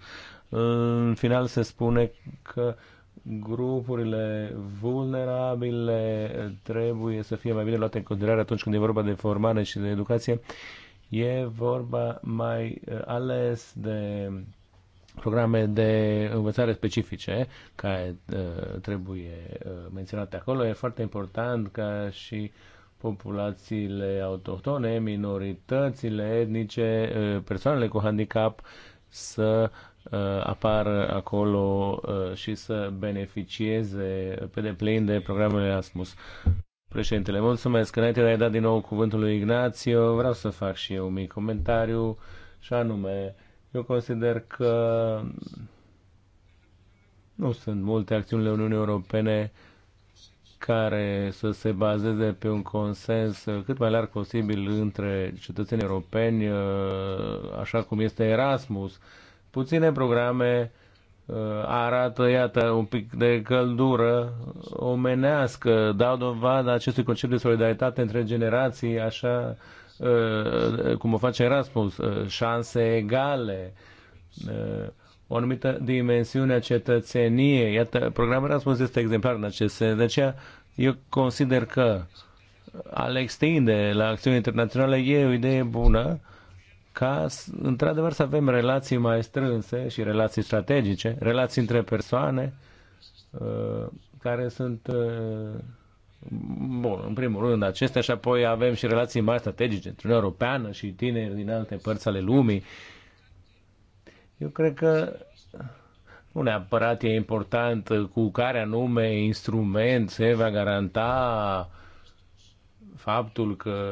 În final se spune că uh, grupurile vulnerabile trebuie să fie mai bine luate în considerare atunci când e vorba de formare și de educație. E vorba mai uh, ales de programe de învățare specifice care uh, trebuie uh, menționate acolo. E foarte important ca și populațiile autohtone, minoritățile etnice, persoanele cu handicap să Uh, apar acolo uh, și să beneficieze pe deplin de programul Erasmus. Președintele, mulțumesc. Înainte de a-i da din nou cuvântul lui Ignațiu, vreau să fac și eu un mic comentariu și anume, eu consider că nu sunt multe acțiunile Uniunii Europene care să se bazeze pe un consens cât mai larg posibil între cetățenii europeni, uh, așa cum este Erasmus Puține programe uh, arată, iată, un pic de căldură omenească, dau dovadă acestui concept de solidaritate între generații, așa uh, cum o face Erasmus, uh, șanse egale, o anumită dimensiune a cetățeniei. Iată, programul Erasmus este exemplar în acest sens. De aceea, eu consider că a extinde la acțiuni internaționale e o idee bună, ca într-adevăr să avem relații mai strânse și relații strategice, relații între persoane uh, care sunt uh, bun, în primul rând acestea și apoi avem și relații mai strategice între Uniunea Europeană și tineri din alte părți ale lumii. Eu cred că nu neapărat e important cu care anume instrument se va garanta uh, faptul că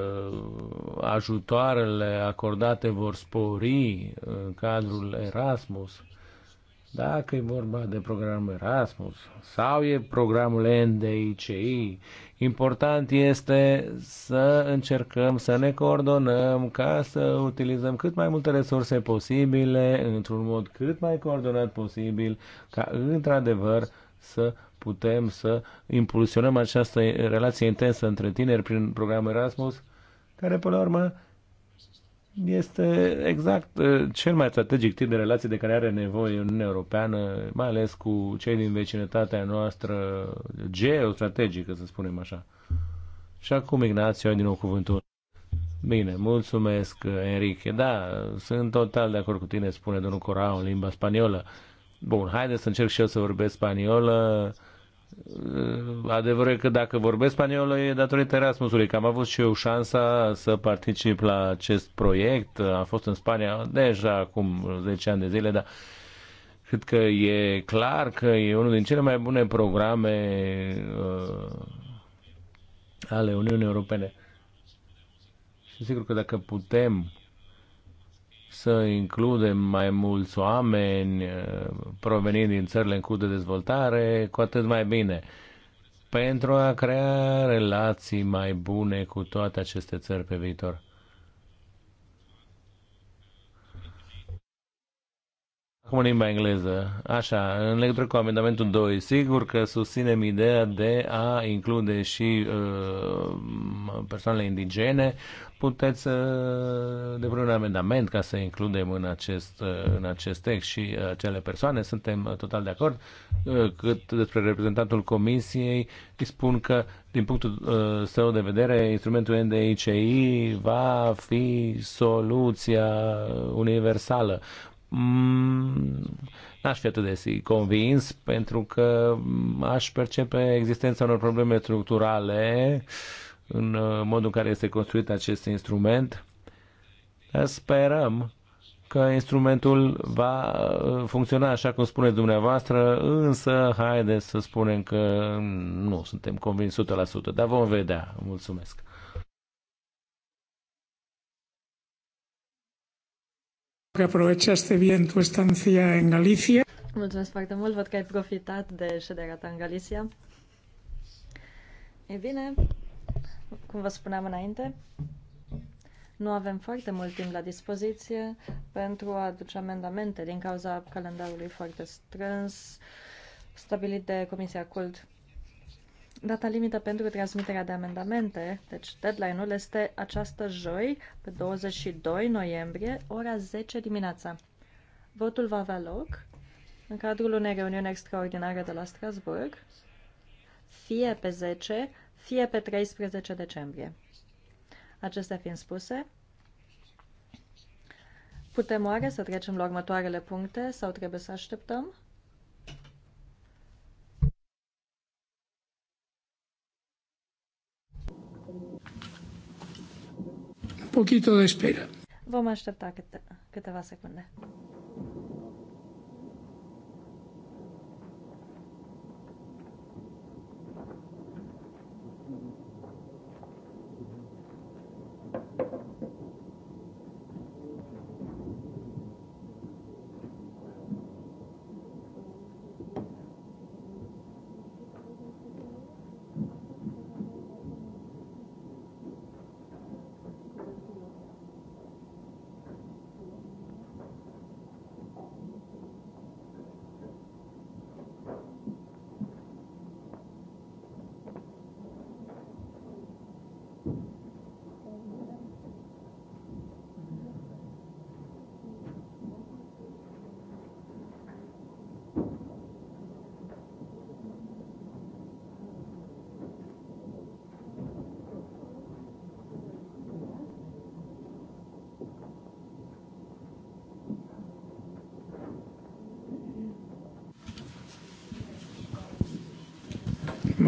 ajutoarele acordate vor spori în uh, cadrul Erasmus, dacă e vorba de programul Erasmus sau e programul NDICI, important este să încercăm să ne coordonăm ca să utilizăm cât mai multe resurse posibile într-un mod cât mai coordonat posibil ca într-adevăr să putem să impulsionăm această relație intensă între tineri prin programul Erasmus, care până la urmă este exact uh, cel mai strategic tip de relație de care are nevoie Uniunea Europeană, mai ales cu cei din vecinătatea noastră geostrategică, să spunem așa. Și acum Ignațiu ai din nou cuvântul. Bine, mulțumesc, Enrique. Da, sunt total de acord cu tine, spune domnul Corau în limba spaniolă. Bun, haideți să încerc și eu să vorbesc spaniolă Uh, adevărul e că dacă vorbesc spaniolă e datorită Erasmusului, că am avut și eu șansa să particip la acest proiect. Am fost în Spania deja acum 10 ani de zile, dar cred că e clar că e unul din cele mai bune programe uh, ale Uniunii Europene. Și sigur că dacă putem să includem mai mulți oameni eh, provenind din țările în curs de dezvoltare, cu atât mai bine, pentru a crea relații mai bune cu toate aceste țări pe viitor. Acum în limba engleză. Așa, în legătură cu amendamentul 2, sigur că susținem ideea de a include și uh, persoanele indigene. Puteți să uh, depune un amendament ca să includem în acest, uh, în acest text și uh, acele persoane. Suntem uh, total de acord. Uh, cât despre reprezentantul comisiei, îi spun că, din punctul uh, său de vedere, instrumentul NDICI va fi soluția universală Mm, n-aș fi atât de convins pentru că aș percepe existența unor probleme structurale în uh, modul în care este construit acest instrument. Sperăm că instrumentul va uh, funcționa așa cum spuneți dumneavoastră, însă haideți să spunem că nu suntem convins 100%, dar vom vedea. Mulțumesc. că aprovechaste bien tu estancia în Galicia. Mulțumesc foarte mult, văd că ai profitat de șederea ta în Galicia. E bine, cum vă spuneam înainte, nu avem foarte mult timp la dispoziție pentru a aduce amendamente din cauza calendarului foarte strâns stabilit de Comisia Cult. Data limită pentru transmiterea de amendamente, deci deadline-ul este această joi, pe 22 noiembrie, ora 10 dimineața. Votul va avea loc în cadrul unei reuniuni extraordinare de la Strasburg, fie pe 10, fie pe 13 decembrie. Acestea fiind spuse, putem oare să trecem la următoarele puncte sau trebuie să așteptăm? poquito de espera. Vom aștepta câte, câteva secunde.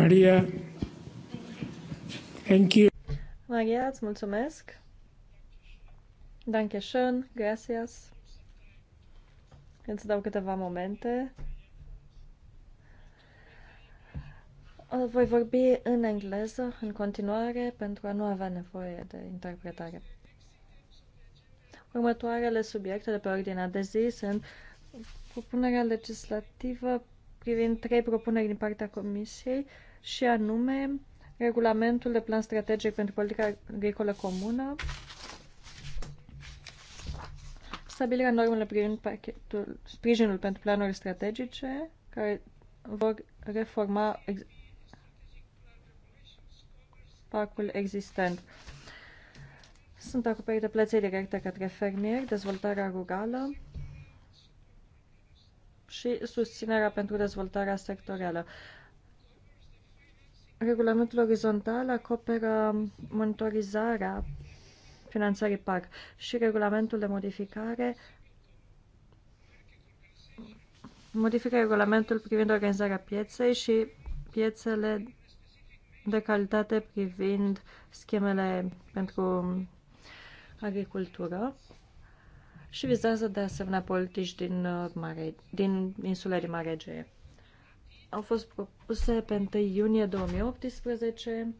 Maria. Thank you. Maria, îți mulțumesc. Danke schön, gracias. Îți dau câteva momente. Voi vorbi în engleză în continuare pentru a nu avea nevoie de interpretare. Următoarele subiecte de pe ordinea de zi sunt propunerea legislativă privind trei propuneri din partea Comisiei și anume regulamentul de plan strategic pentru politica agricolă comună, stabilirea normelor privind pachetul, sprijinul pentru planuri strategice care vor reforma ex- parcul existent. Sunt acoperite plăței directe către fermieri, dezvoltarea rurală și susținerea pentru dezvoltarea sectorială. Regulamentul orizontal acoperă monitorizarea finanțării PAC și regulamentul de modificare modifică regulamentul privind organizarea pieței și piețele de calitate privind schemele pentru agricultură și vizează de asemenea politici din, uh, Mare, din insulele Mare Egee au fost propuse pe 1 iunie 2018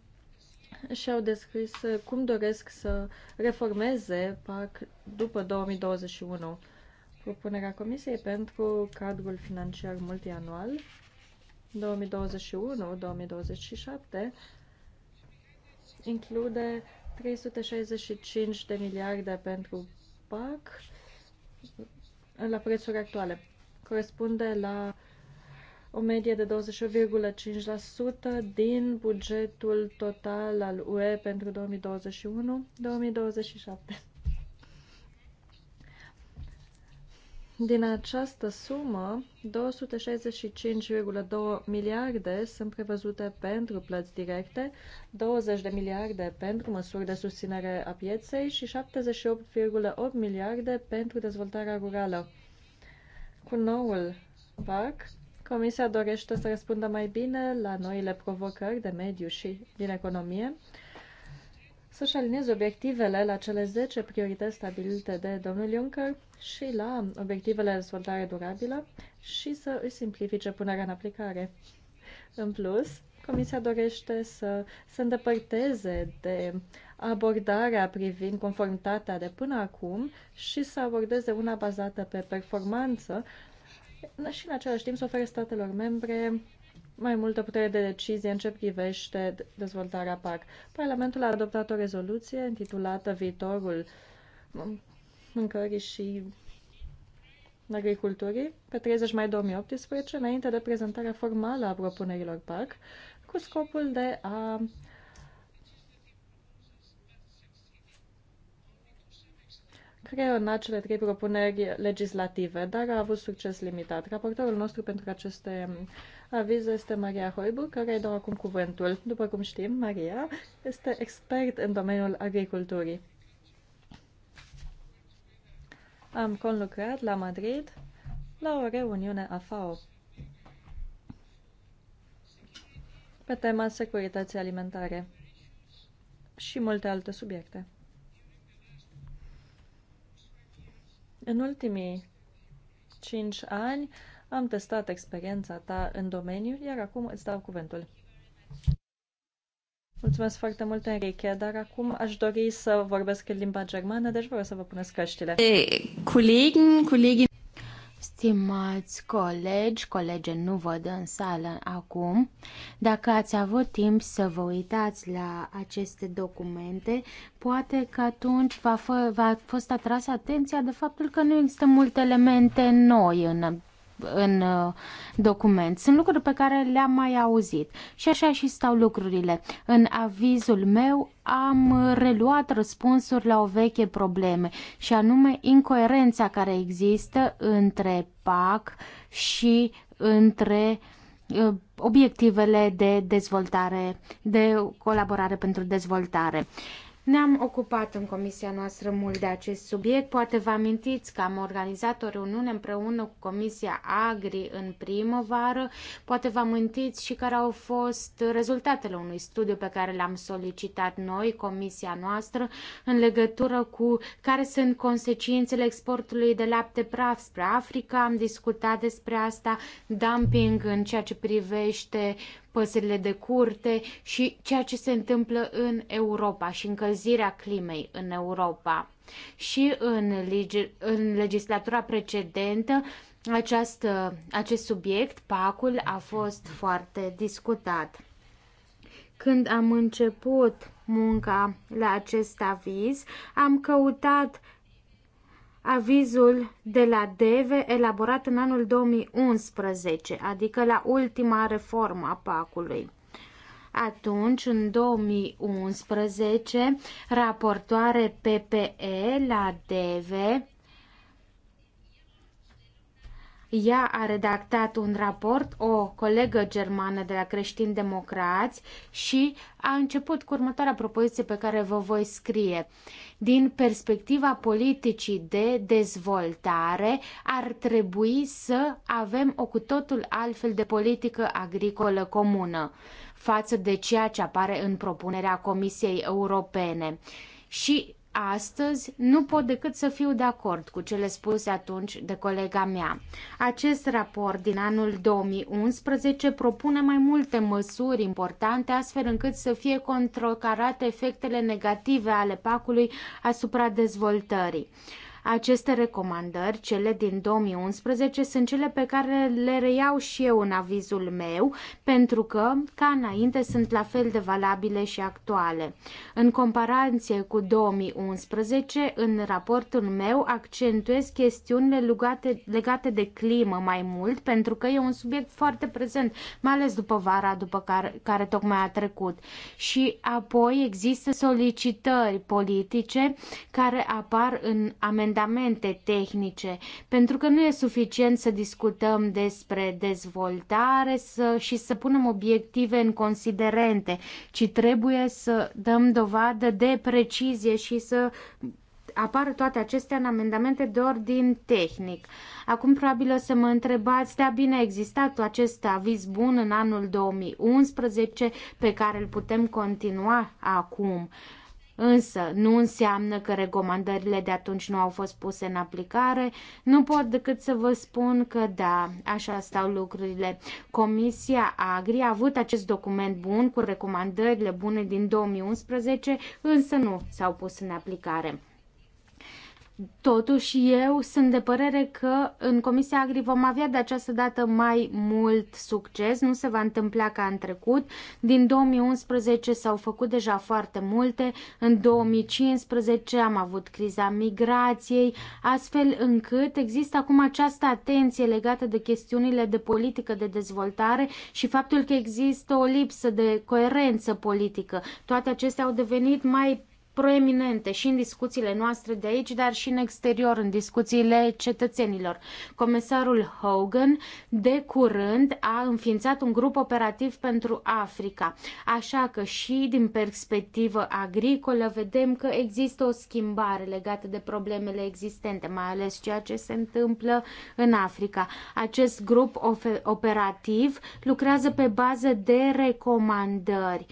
și au descris cum doresc să reformeze PAC după 2021. Propunerea Comisiei pentru cadrul financiar multianual 2021-2027 include 365 de miliarde pentru PAC la prețuri actuale. Corespunde la o medie de 20,5% din bugetul total al UE pentru 2021-2027. Din această sumă, 265,2 miliarde sunt prevăzute pentru plăți directe, 20 de miliarde pentru măsuri de susținere a pieței și 78,8 miliarde pentru dezvoltarea rurală. Cu noul PAC, Comisia dorește să răspundă mai bine la noile provocări de mediu și din economie, să-și alinieze obiectivele la cele 10 priorități stabilite de domnul Juncker și la obiectivele de dezvoltare durabilă și să își simplifice punerea în aplicare. În plus, Comisia dorește să se îndepărteze de abordarea privind conformitatea de până acum și să abordeze una bazată pe performanță și în același timp să ofere statelor membre mai multă putere de decizie în ce privește dezvoltarea PAC. Parlamentul a adoptat o rezoluție intitulată Viitorul mâncării și agriculturii pe 30 mai 2018, înainte de prezentarea formală a propunerilor PAC, cu scopul de a în acele trei propuneri legislative, dar a avut succes limitat. Raportorul nostru pentru aceste avize este Maria Hoibu, care îi dau acum cuvântul. După cum știm, Maria este expert în domeniul agriculturii. Am conlucrat la Madrid la o reuniune a FAO pe tema securității alimentare și multe alte subiecte. În ultimii cinci ani am testat experiența ta în domeniu, iar acum îți dau cuvântul. Mulțumesc foarte mult, Enrique, dar acum aș dori să vorbesc în limba germană, deci vreau să vă puneți căștile. Eh, colegi, colegi. Stimați colegi, colege nu văd în sală acum, dacă ați avut timp să vă uitați la aceste documente, poate că atunci v-a, fost atrasă atenția de faptul că nu există multe elemente noi în în uh, document. Sunt lucruri pe care le-am mai auzit și așa și stau lucrurile. În avizul meu am reluat răspunsuri la o veche probleme și anume incoerența care există între PAC și între uh, obiectivele de dezvoltare, de colaborare pentru dezvoltare. Ne-am ocupat în comisia noastră mult de acest subiect. Poate vă amintiți că am organizat o reuniune împreună cu comisia Agri în primăvară. Poate vă amintiți și care au fost rezultatele unui studiu pe care l-am solicitat noi, comisia noastră, în legătură cu care sunt consecințele exportului de lapte praf spre Africa. Am discutat despre asta, dumping în ceea ce privește păsările de curte și ceea ce se întâmplă în Europa și încălzirea climei în Europa. Și în, lege, în legislatura precedentă, această, acest subiect, pacul, a fost foarte discutat. Când am început munca la acest aviz, am căutat avizul de la DEVE elaborat în anul 2011, adică la ultima reformă a PAC-ului. Atunci, în 2011, raportoare PPE la DEVE ea a redactat un raport, o colegă germană de la creștini democrați și a început cu următoarea propoziție pe care vă voi scrie. Din perspectiva politicii de dezvoltare, ar trebui să avem o cu totul altfel de politică agricolă comună față de ceea ce apare în propunerea Comisiei Europene. Și Astăzi nu pot decât să fiu de acord cu cele spuse atunci de colega mea. Acest raport din anul 2011 propune mai multe măsuri importante astfel încât să fie controcarate efectele negative ale pacului asupra dezvoltării. Aceste recomandări, cele din 2011, sunt cele pe care le reiau și eu în avizul meu, pentru că, ca înainte, sunt la fel de valabile și actuale. În comparație cu 2011, în raportul meu accentuez chestiunile legate, legate de climă mai mult, pentru că e un subiect foarte prezent, mai ales după vara după care, care tocmai a trecut. Și apoi există solicitări politice care apar în amendamentul fundamente tehnice, pentru că nu e suficient să discutăm despre dezvoltare să, și să punem obiective în considerente, ci trebuie să dăm dovadă de precizie și să apar toate acestea în amendamente de ordin tehnic. Acum probabil o să mă întrebați, da bine, a existat acest aviz bun în anul 2011 pe care îl putem continua acum. Uh, Însă nu înseamnă că recomandările de atunci nu au fost puse în aplicare. Nu pot decât să vă spun că da, așa stau lucrurile. Comisia Agri a avut acest document bun cu recomandările bune din 2011, însă nu s-au pus în aplicare. Totuși, eu sunt de părere că în Comisia Agri vom avea de această dată mai mult succes, nu se va întâmpla ca în trecut. Din 2011 s-au făcut deja foarte multe, în 2015 am avut criza migrației, astfel încât există acum această atenție legată de chestiunile de politică de dezvoltare și faptul că există o lipsă de coerență politică. Toate acestea au devenit mai proeminente și în discuțiile noastre de aici, dar și în exterior, în discuțiile cetățenilor. Comisarul Hogan de curând a înființat un grup operativ pentru Africa, așa că și din perspectivă agricolă vedem că există o schimbare legată de problemele existente, mai ales ceea ce se întâmplă în Africa. Acest grup operativ lucrează pe bază de recomandări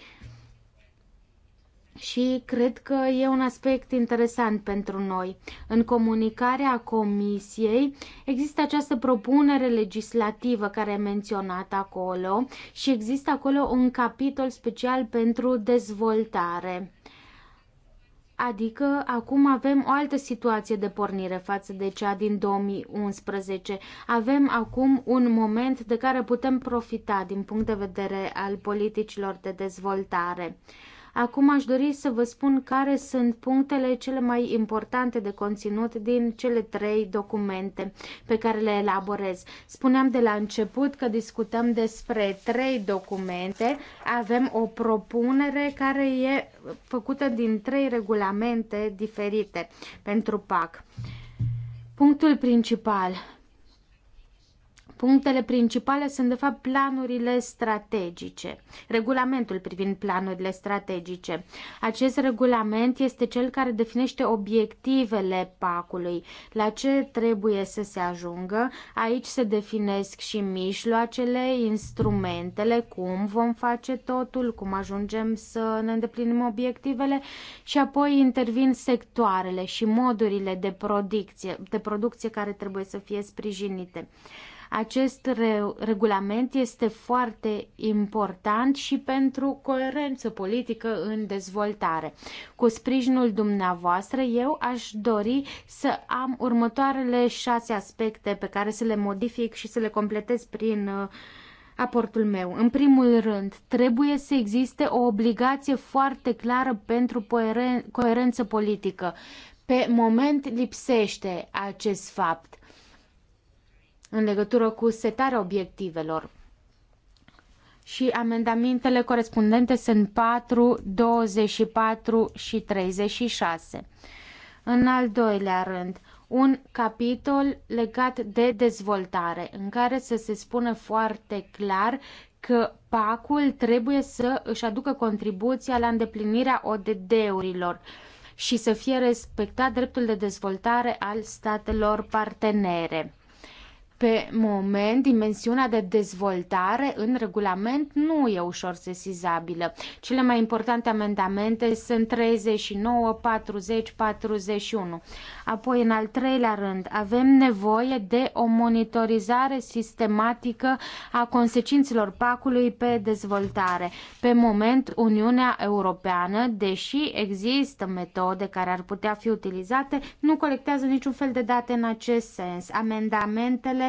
și cred că e un aspect interesant pentru noi. În comunicarea Comisiei există această propunere legislativă care e menționată acolo și există acolo un capitol special pentru dezvoltare. Adică acum avem o altă situație de pornire față de cea din 2011. Avem acum un moment de care putem profita din punct de vedere al politicilor de dezvoltare. Acum aș dori să vă spun care sunt punctele cele mai importante de conținut din cele trei documente pe care le elaborez. Spuneam de la început că discutăm despre trei documente. Avem o propunere care e făcută din trei regulamente diferite pentru PAC. Punctul principal Punctele principale sunt, de fapt, planurile strategice, regulamentul privind planurile strategice. Acest regulament este cel care definește obiectivele pacului, la ce trebuie să se ajungă. Aici se definesc și mijloacele, instrumentele, cum vom face totul, cum ajungem să ne îndeplinim obiectivele și apoi intervin sectoarele și modurile de producție, de producție care trebuie să fie sprijinite. Acest re- regulament este foarte important și pentru coerență politică în dezvoltare. Cu sprijinul dumneavoastră, eu aș dori să am următoarele șase aspecte pe care să le modific și să le completez prin uh, aportul meu. În primul rând, trebuie să existe o obligație foarte clară pentru coeren- coerență politică. Pe moment lipsește acest fapt în legătură cu setarea obiectivelor. Și amendamentele corespondente sunt 4, 24 și 36. În al doilea rând, un capitol legat de dezvoltare, în care să se spună foarte clar că PAC-ul trebuie să își aducă contribuția la îndeplinirea ODD-urilor și să fie respectat dreptul de dezvoltare al statelor partenere. Pe moment, dimensiunea de dezvoltare în regulament nu e ușor sesizabilă. Cele mai importante amendamente sunt 39, 40, 41. Apoi, în al treilea rând, avem nevoie de o monitorizare sistematică a consecințelor pacului pe dezvoltare. Pe moment, Uniunea Europeană, deși există metode care ar putea fi utilizate, nu colectează niciun fel de date în acest sens. Amendamentele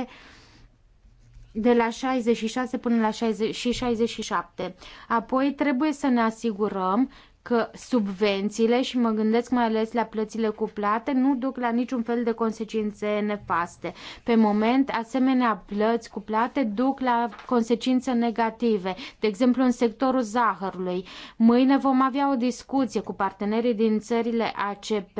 de la 66 până la 60 și 67. Apoi trebuie să ne asigurăm că subvențiile, și mă gândesc mai ales la plățile cuplate, nu duc la niciun fel de consecințe nefaste. Pe moment, asemenea plăți cuplate duc la consecințe negative, de exemplu în sectorul zahărului. Mâine vom avea o discuție cu partenerii din țările ACP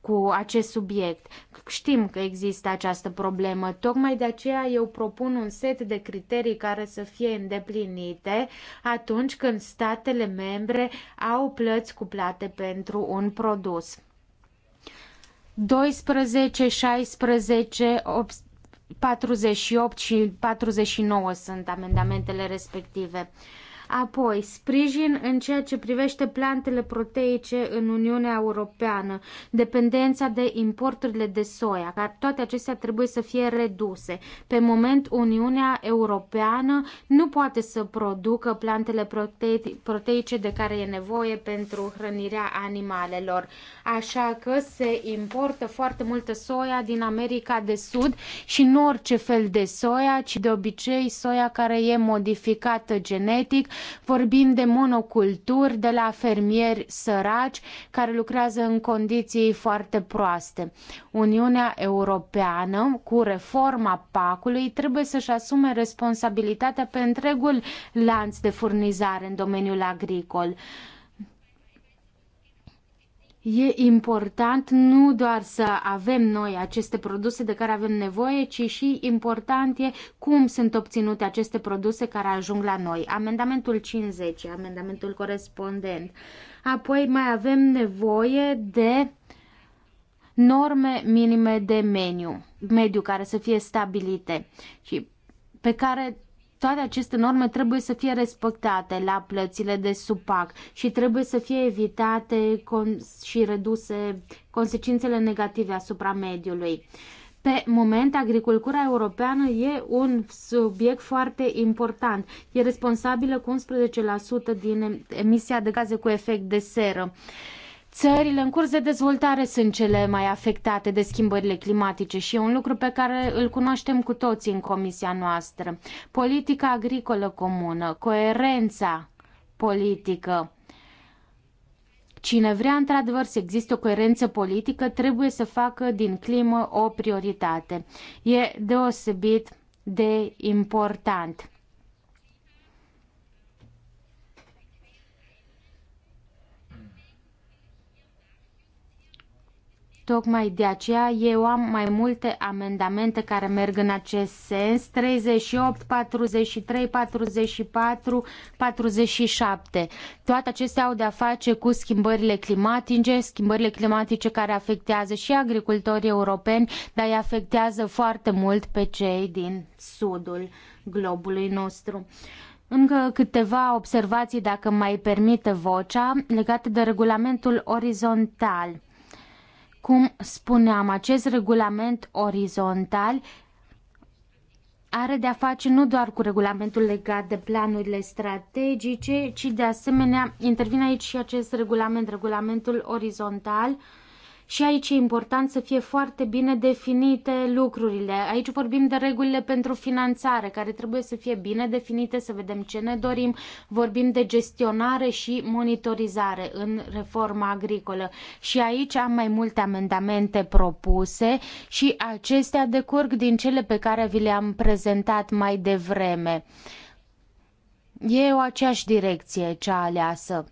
cu acest subiect. Știm că există această problemă, tocmai de aceea eu propun un set de criterii care să fie îndeplinite atunci când statele membre au plăți cu plate pentru un produs. 12, 16, 48 și 49 sunt amendamentele respective. Apoi, sprijin în ceea ce privește plantele proteice în Uniunea Europeană, dependența de importurile de soia, care toate acestea trebuie să fie reduse. Pe moment, Uniunea Europeană nu poate să producă plantele proteice de care e nevoie pentru hrănirea animalelor. Așa că se importă foarte multă soia din America de Sud și nu orice fel de soia, ci de obicei soia care e modificată genetic Vorbim de monoculturi, de la fermieri săraci care lucrează în condiții foarte proaste. Uniunea Europeană, cu reforma PAC-ului, trebuie să-și asume responsabilitatea pe întregul lanț de furnizare în domeniul agricol. E important nu doar să avem noi aceste produse de care avem nevoie, ci și important e cum sunt obținute aceste produse care ajung la noi. Amendamentul 50, amendamentul corespondent. Apoi mai avem nevoie de norme minime de meniu, mediu care să fie stabilite și pe care toate aceste norme trebuie să fie respectate la plățile de supac și trebuie să fie evitate și reduse consecințele negative asupra mediului. Pe moment, agricultura europeană e un subiect foarte important. E responsabilă cu 11% din emisia de gaze cu efect de seră. Uh, Țările în curs de dezvoltare sunt cele mai afectate de schimbările climatice și e un lucru pe care îl cunoaștem cu toții în comisia noastră. Politica agricolă comună, coerența politică. Cine vrea într-adevăr să existe o coerență politică, trebuie să facă din climă o prioritate. E deosebit de important. Tocmai de aceea eu am mai multe amendamente care merg în acest sens, 38, 43, 44, 47. Toate acestea au de-a face cu schimbările climatice, schimbările climatice care afectează și agricultorii europeni, dar îi afectează foarte mult pe cei din sudul globului nostru. Încă câteva observații, dacă mai permite vocea, legate de regulamentul orizontal. Cum spuneam, acest regulament orizontal are de-a face nu doar cu regulamentul legat de planurile strategice, ci de asemenea intervine aici și acest regulament, regulamentul orizontal, și aici e important să fie foarte bine definite lucrurile. Aici vorbim de regulile pentru finanțare, care trebuie să fie bine definite, să vedem ce ne dorim. Vorbim de gestionare și monitorizare în reforma agricolă. Și aici am mai multe amendamente propuse și acestea decurg din cele pe care vi le-am prezentat mai devreme. E o aceeași direcție cea aleasă.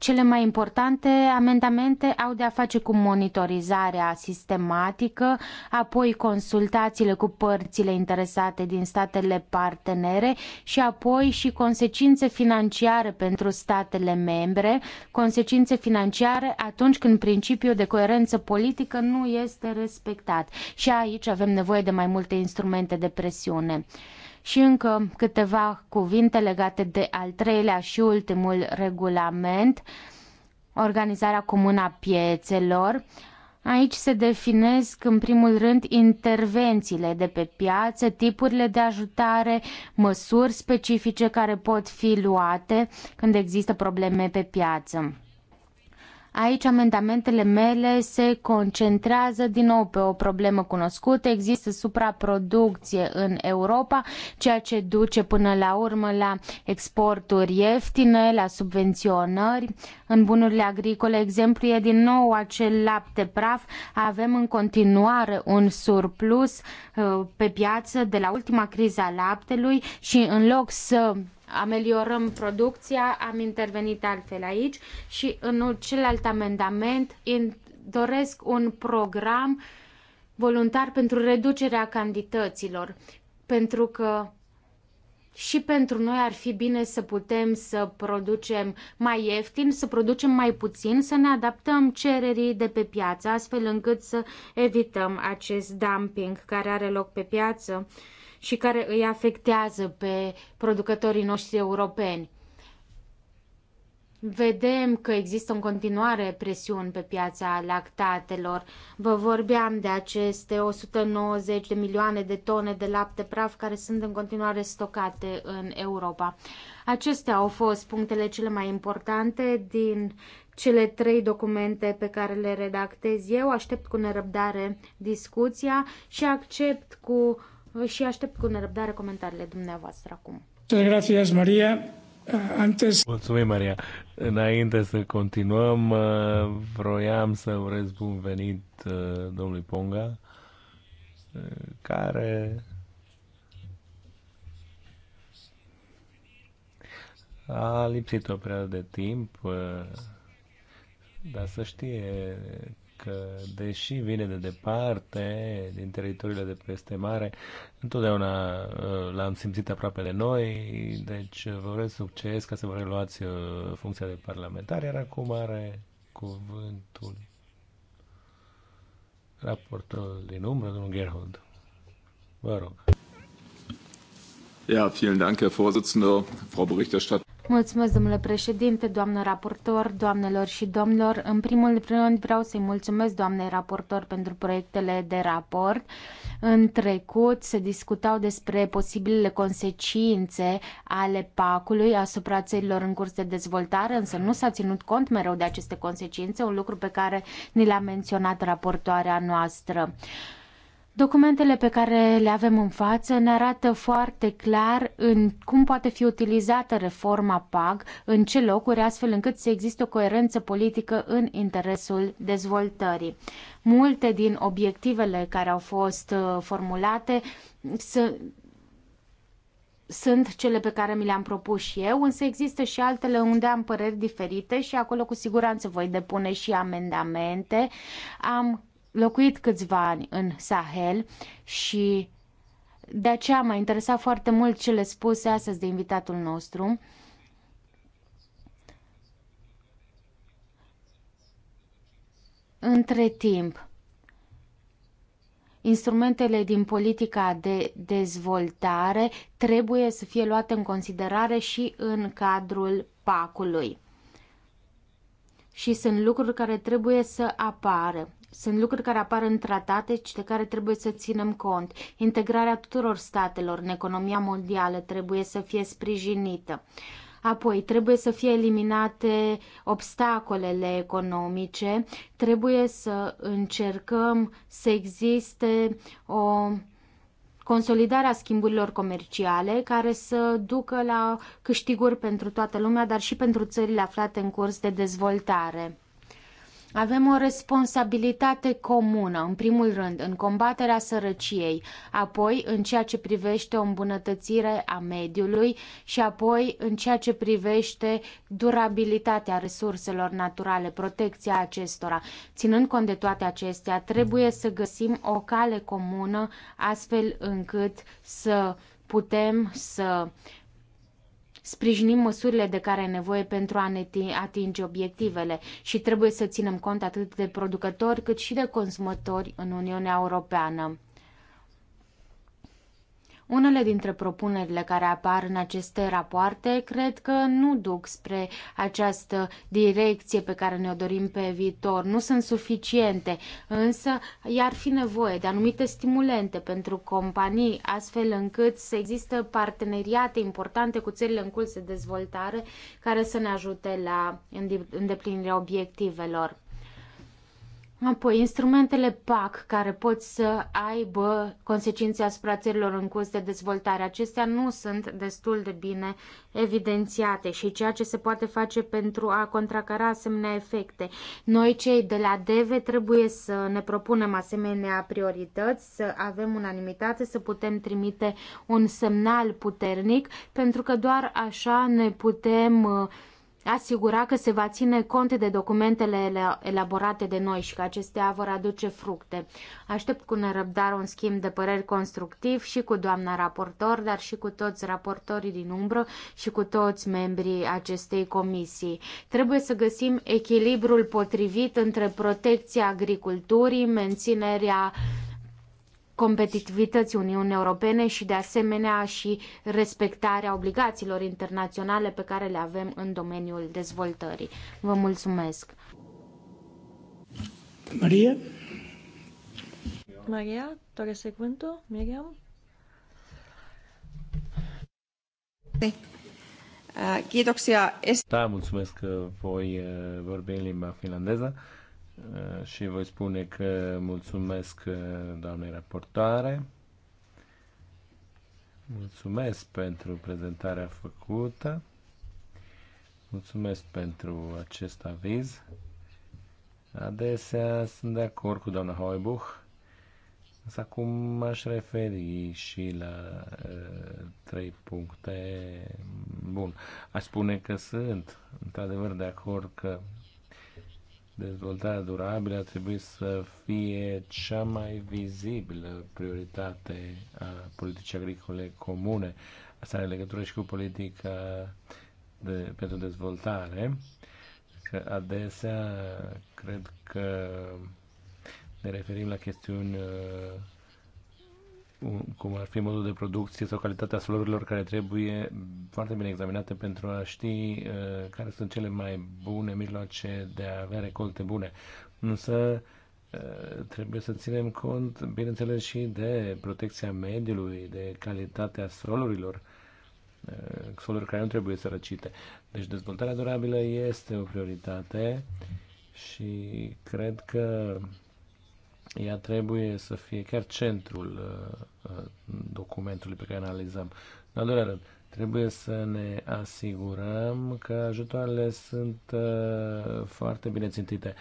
Cele mai importante amendamente au de a face cu monitorizarea sistematică, apoi consultațiile cu părțile interesate din statele partenere și apoi și consecințe financiare pentru statele membre, consecințe financiare atunci când principiul de coerență politică nu este respectat. Și aici avem nevoie de mai multe instrumente de presiune. Și încă câteva cuvinte legate de al treilea și ultimul regulament, organizarea comună a piețelor. Aici se definesc în primul rând intervențiile de pe piață, tipurile de ajutare, măsuri specifice care pot fi luate când există probleme pe piață. Aici amendamentele mele se concentrează din nou pe o problemă cunoscută. Există supraproducție în Europa, ceea ce duce până la urmă la exporturi ieftine, la subvenționări. În bunurile agricole, exemplu e din nou acel lapte praf. Avem în continuare un surplus uh, pe piață de la ultima criză a laptelui și în loc să ameliorăm producția, am intervenit altfel aici și în celălalt amendament doresc un program voluntar pentru reducerea cantităților, pentru că și pentru noi ar fi bine să putem să producem mai ieftin, să producem mai puțin, să ne adaptăm cererii de pe piață, astfel încât să evităm acest dumping care are loc pe piață și care îi afectează pe producătorii noștri europeni. Vedem că există în continuare presiuni pe piața lactatelor. Vă vorbeam de aceste 190 de milioane de tone de lapte praf care sunt în continuare stocate în Europa. Acestea au fost punctele cele mai importante din cele trei documente pe care le redactez eu. Aștept cu nerăbdare discuția și accept cu și aștept cu nerăbdare comentariile dumneavoastră acum. Gracias, Maria. Ah, antes... Mulțumim, Maria. Înainte să continuăm, ah, vroiam să urez bun venit ah, domnului Ponga, care a lipsit o perioadă de timp, dar să știe că deși vine de departe, din teritoriile de peste mare, întotdeauna uh, l-am simțit aproape de noi, deci uh, vă urez succes ca să vă reluați uh, funcția de parlamentar, iar acum are cuvântul raportul din umbră, domnul Gerhold. Vă rog. Ja, vielen Dank, Herr Vorsitzender, Frau Berichterstatter. Mulțumesc, domnule președinte, doamnă raportor, doamnelor și domnilor. În primul rând vreau să-i mulțumesc doamnei raportor pentru proiectele de raport. În trecut se discutau despre posibilele consecințe ale pacului asupra țărilor în curs de dezvoltare, însă nu s-a ținut cont mereu de aceste consecințe, un lucru pe care ni l-a menționat raportoarea noastră. Uh, Documentele pe care le avem în față ne arată foarte clar în cum poate fi utilizată reforma PAG, în ce locuri, astfel încât să existe o coerență politică în interesul dezvoltării. Multe din obiectivele care au fost uh, formulate sunt cele pe care mi le-am propus și eu, însă există și altele unde am păreri diferite și acolo cu siguranță voi depune și amendamente. Am locuit câțiva ani în Sahel și de aceea m-a interesat foarte mult ce le spuse astăzi de invitatul nostru. Între timp, instrumentele din politica de dezvoltare trebuie să fie luate în considerare și în cadrul pacului. Și sunt lucruri care trebuie să apară. Sunt lucruri care apar în tratate și de care trebuie să ținem cont. Integrarea tuturor statelor în economia mondială trebuie să fie sprijinită. Apoi, trebuie să fie eliminate obstacolele economice, trebuie să încercăm să existe o consolidare a schimburilor comerciale care să ducă la câștiguri pentru toată lumea, dar și pentru țările aflate în curs de dezvoltare. Avem o responsabilitate comună, în primul rând, în combaterea sărăciei, apoi în ceea ce privește o îmbunătățire a mediului și apoi în ceea ce privește durabilitatea resurselor naturale, protecția acestora. Ținând cont de toate acestea, trebuie să găsim o cale comună astfel încât să putem să sprijinim măsurile de care are nevoie pentru a ne atinge obiectivele și trebuie să ținem cont atât de producători cât și de consumatori în Uniunea Europeană. Unele dintre propunerile care apar în aceste rapoarte cred că nu duc spre această direcție pe care ne-o dorim pe viitor. Nu sunt suficiente, însă i-ar fi nevoie de anumite stimulente pentru companii, astfel încât să există parteneriate importante cu țările în curs de dezvoltare care să ne ajute la îndeplinirea obiectivelor. Apoi, instrumentele PAC care pot să aibă consecințe asupra țărilor în curs de dezvoltare, acestea nu sunt destul de bine evidențiate și ceea ce se poate face pentru a contracara asemenea efecte. Noi, cei de la DEVE, trebuie să ne propunem asemenea priorități, să avem unanimitate, să putem trimite un semnal puternic, pentru că doar așa ne putem uh, asigura că se va ține cont de documentele elaborate de noi și că acestea vor aduce fructe. Aștept cu nerăbdare un schimb de păreri constructiv și cu doamna raportor, dar și cu toți raportorii din umbră și cu toți membrii acestei comisii. Trebuie să găsim echilibrul potrivit între protecția agriculturii, menținerea competitivității Uniunii Europene și de asemenea și respectarea obligațiilor internaționale pe care le avem în domeniul dezvoltării. Vă mulțumesc! Maria? Maria, toate cuvântul? Miriam? Ah, da, mulțumesc că voi eh, vorbi în limba finlandeză. Eh, și voi spune că mulțumesc eh, doamnei raportoare. Mulțumesc pentru prezentarea făcută. Mulțumesc pentru acest aviz. Adesea sunt de acord cu doamna Hoibuch, însă acum m-aș referi și la uh, trei puncte. Bun, aș spune că sunt într-adevăr de acord că dezvoltarea durabilă ar trebui să fie cea mai vizibilă prioritate a politicii agricole comune. Asta are legătură și cu politica de, pentru dezvoltare. Că adesea cred că ne referim la chestiuni uh, cum ar fi modul de producție sau calitatea solurilor care trebuie foarte bine examinate pentru a ști uh, care sunt cele mai bune mijloace de a avea recolte bune. Însă uh, trebuie să ținem cont, bineînțeles, și de protecția mediului, de calitatea solurilor, uh, soluri care nu trebuie să răcite. Deci dezvoltarea durabilă este o prioritate și cred că ea trebuie să fie chiar centrul uh, uh, documentului pe care analizăm. În al doilea rând, trebuie să ne asigurăm că ajutoarele sunt uh, foarte bine țintite.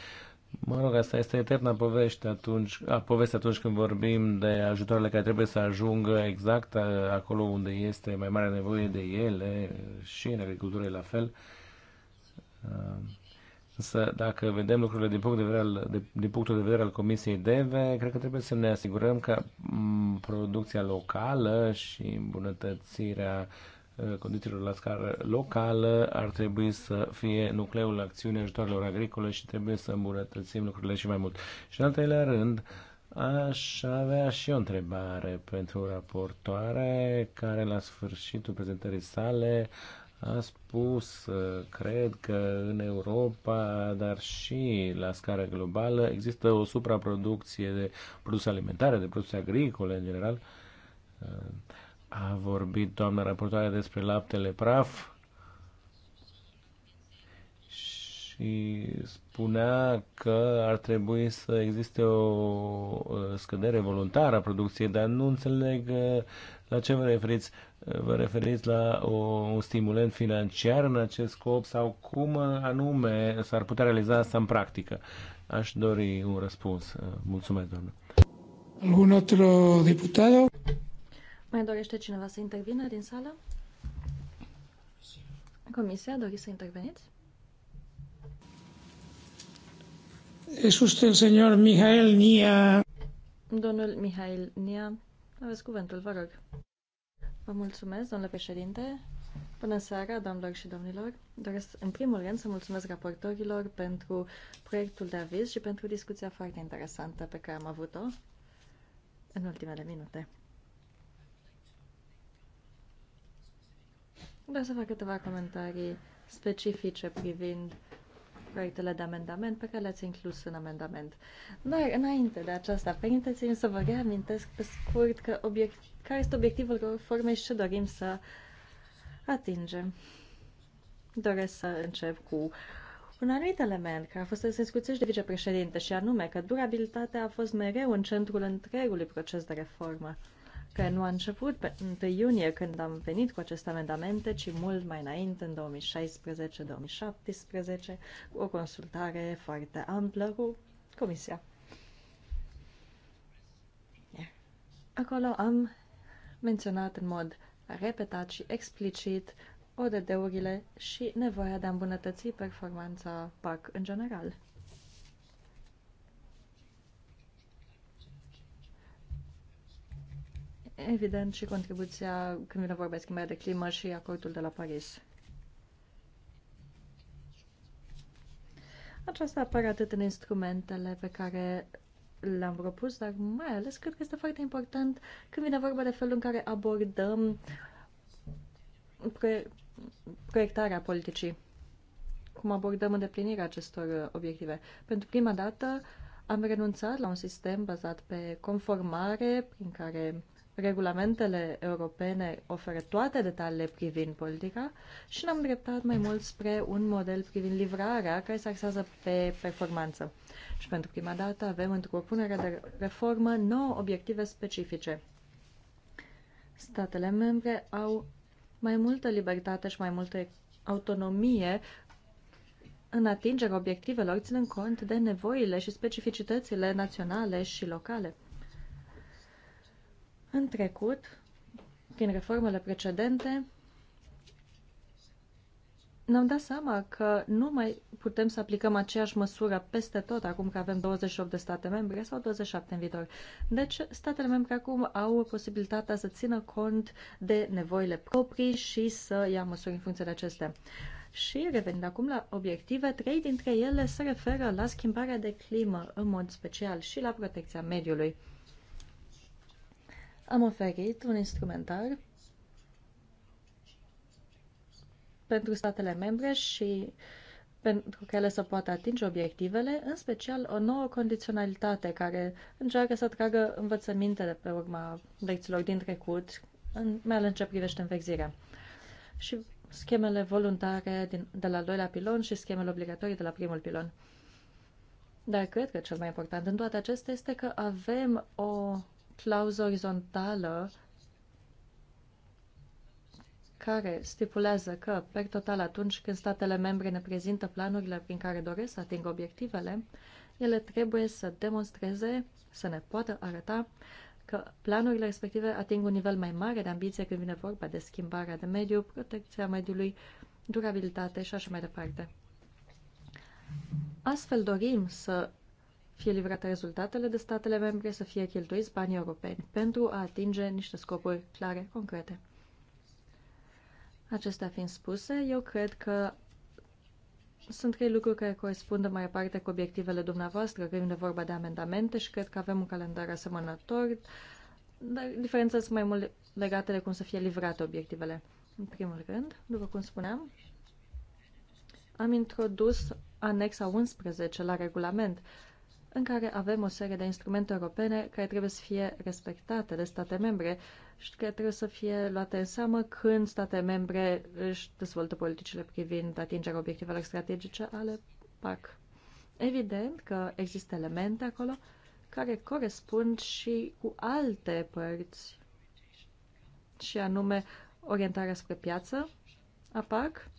Mă rog, asta este eterna poveste atunci, a, poveste atunci când vorbim de ajutoarele care trebuie să ajungă exact acolo unde este mai mare nevoie de ele și în agricultură la fel. Însă, dacă vedem lucrurile din, punct de vedere al, de, din punctul de vedere al Comisiei DEVE, cred că trebuie să ne asigurăm că producția locală și îmbunătățirea uh, condițiilor la scară locală ar trebui să fie nucleul acțiunii ajutoarelor agricole și trebuie să îmbunătățim lucrurile și mai mult. Și în al treilea rând, Aș avea și o întrebare pentru raportoare care la sfârșitul prezentării sale a spus, uh, cred că în Europa, dar și la scară globală, există o supraproducție de produse alimentare, de produse agricole în general. Uh, a vorbit doamna raportoare despre laptele praf și spunea că ar trebui să existe o uh, scădere voluntară a producției, dar nu înțeleg la ce vă referiți vă referiți la o, un stimulent financiar în acest scop sau cum anume s-ar putea realiza asta în practică? Aș dori un răspuns. Mulțumesc, doamnă. Algun otro deputat? Mai dorește cineva să intervină din sală? Comisia, doriți să interveniți? Es usted el señor Mijael Nia. Domnul Mijael Nia, aveți cuvântul, vă rog. Vă mulțumesc, domnule președinte. Bună seara, doamnelor și domnilor. Doresc, în primul rând, să mulțumesc raportorilor pentru proiectul de aviz și pentru discuția foarte interesantă pe care am avut-o în ultimele minute. Vreau să fac câteva comentarii specifice privind proiectele de amendament pe care le-ați inclus în amendament. Dar înainte de aceasta, permiteți-mi să vă reamintesc pe scurt că obiect, care este obiectivul reformei și ce dorim să atingem. Doresc să încep cu un anumit element care a fost să discuție de vicepreședinte și anume că durabilitatea a fost mereu în centrul întregului proces de reformă că nu a început pe 1 iunie când am venit cu aceste amendamente, ci mult mai înainte, în 2016-2017, cu o consultare foarte amplă cu Comisia. Acolo am menționat în mod repetat și explicit ODD-urile și nevoia de a îmbunătăți performanța PAC în general. evident, și contribuția când vine vorba de schimbarea de climă și acordul de la Paris. Aceasta apare atât în instrumentele pe care le-am propus, dar mai ales cred că este foarte important când vine vorba de felul în care abordăm pre- proiectarea politicii, cum abordăm îndeplinirea acestor obiective. Pentru prima dată am renunțat la un sistem bazat pe conformare, prin care regulamentele europene oferă toate detaliile privind politica și ne-am dreptat mai mult spre un model privind livrarea care se axează pe performanță. Și pentru prima dată avem într-o propunere de reformă nouă obiective specifice. Statele membre au mai multă libertate și mai multă autonomie în atingerea obiectivelor, ținând cont de nevoile și specificitățile naționale și locale. În trecut, prin reformele precedente, ne-am dat seama că nu mai putem să aplicăm aceeași măsură peste tot, acum că avem 28 de state membre sau 27 în viitor. Deci, statele membre acum au posibilitatea să țină cont de nevoile proprii și să ia măsuri în funcție de acestea. Și revenind acum la obiective, trei dintre ele se referă la schimbarea de climă în mod special și la protecția mediului. Am oferit un instrumentar pentru statele membre și pentru că ele să poată atinge obiectivele, în special o nouă condiționalitate care încearcă să tragă învățăminte de pe urma lecțiilor din trecut, în, mai ales în ce privește înverzirea. Și schemele voluntare din, de la al doilea pilon și schemele obligatorii de la primul pilon. Dar cred că cel mai important în toate acestea este că avem o clauză orizontală care stipulează că, per total, atunci când statele membre ne prezintă planurile prin care doresc să atingă obiectivele, ele trebuie să demonstreze, să ne poată arăta că planurile respective ating un nivel mai mare de ambiție când vine vorba de schimbarea de mediu, protecția mediului, durabilitate și așa mai departe. Astfel dorim să fie livrate rezultatele de statele membre, să fie cheltuiți banii europeni pentru a atinge niște scopuri clare, concrete. Acestea fiind spuse, eu cred că sunt trei lucruri care corespund mai departe cu obiectivele dumneavoastră când vine vorba de amendamente și cred că avem un calendar asemănător, dar diferența sunt mai mult legate de cum să fie livrate obiectivele. În primul rând, după cum spuneam, am introdus anexa 11 la regulament, în care avem o serie de instrumente europene care trebuie să fie respectate de state membre și care trebuie să fie luate în seamă când state membre își dezvoltă politicile privind atingerea obiectivelor strategice ale PAC. Evident că există elemente acolo care corespund și cu alte părți, și anume orientarea spre piață a PAC,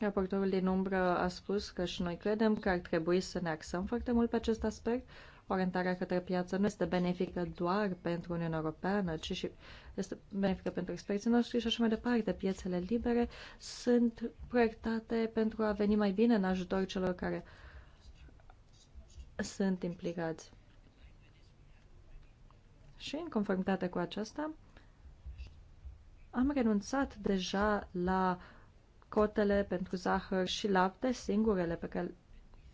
Raportorul din umbră a spus că și noi credem că ar trebui să ne axăm foarte mult pe acest aspect. Orientarea către piață nu este benefică doar pentru Uniunea Europeană, ci și este benefică pentru experții noștri și așa mai departe. Piețele libere sunt proiectate pentru a veni mai bine în ajutor celor care sunt implicați. Și în conformitate cu aceasta, am renunțat deja la uh, cotele pentru zahăr și lapte, singurele pe care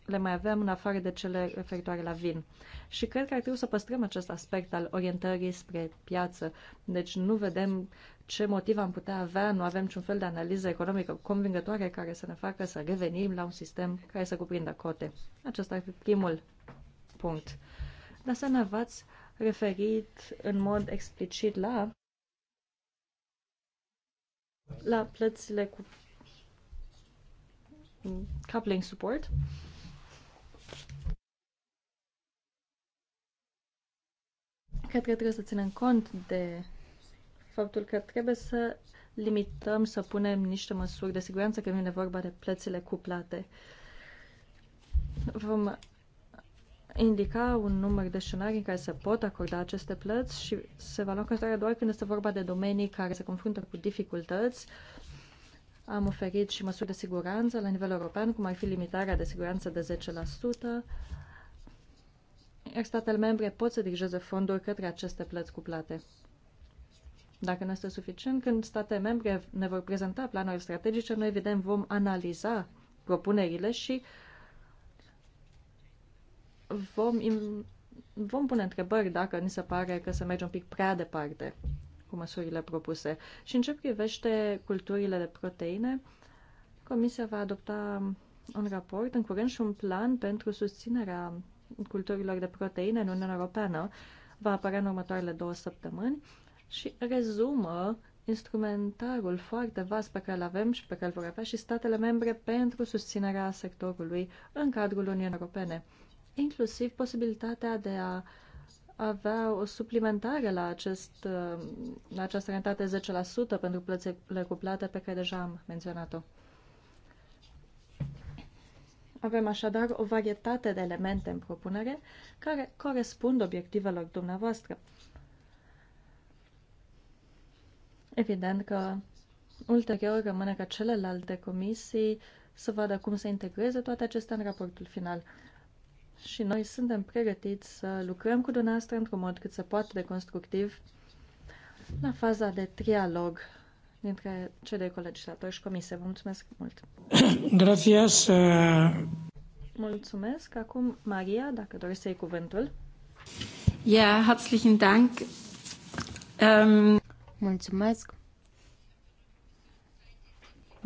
le mai avem în afară de cele referitoare la vin. Și cred că ar trebui să păstrăm acest aspect al orientării spre piață. Deci nu vedem ce motiv am putea avea, nu avem niciun fel de analiză economică convingătoare care să ne facă să revenim la un sistem care să cuprindă cote. Acesta ar fi primul punct. De asemenea, v-ați referit în mod explicit la la plățile cu coupling support. Cred că trebuie să ținem cont de faptul că trebuie să limităm, să punem niște măsuri de siguranță când vine vorba de plățile cuplate. Vom indica un număr de scenarii în care se pot acorda aceste plăți și se va lua în considerare doar când este vorba de domenii care se confruntă cu dificultăți uh, am oferit și măsuri de siguranță la nivel european, cum ar fi limitarea de siguranță de 10%, iar statele membre pot să dirigeze fonduri către aceste plăți cuplate. Dacă nu este suficient, când statele membre ne vor prezenta planuri strategice, noi evident vom analiza propunerile și vom, vom pune întrebări dacă ni se pare că se merge un pic prea departe cu măsurile propuse. Și în ce privește culturile de proteine, Comisia va adopta un raport în curând și un plan pentru susținerea culturilor de proteine în Uniunea Europeană. Va apărea în următoarele două săptămâni și rezumă instrumentarul foarte vast pe care îl avem și pe care îl vor avea și statele membre pentru susținerea sectorului în cadrul Uniunii Europene, inclusiv posibilitatea de a uh, avea o suplimentare la, acest, la această rentate 10% pentru plățile cuplate pe care deja am menționat-o. Avem așadar o varietate de elemente în propunere care corespund obiectivelor dumneavoastră. Evident că ulterior rămâne ca celelalte comisii să vadă cum să integreze toate acestea în raportul final și noi suntem pregătiți să lucrăm cu dumneavoastră într-un mod cât se poate de constructiv la faza de trialog dintre cei de colegislatori și comise. Vă mulțumesc mult! <coughs> Gracias! Uh, mulțumesc! Acum, Maria, dacă doriți să iei cuvântul. Ja, yeah, herzlichen Dank! Um... Mulțumesc!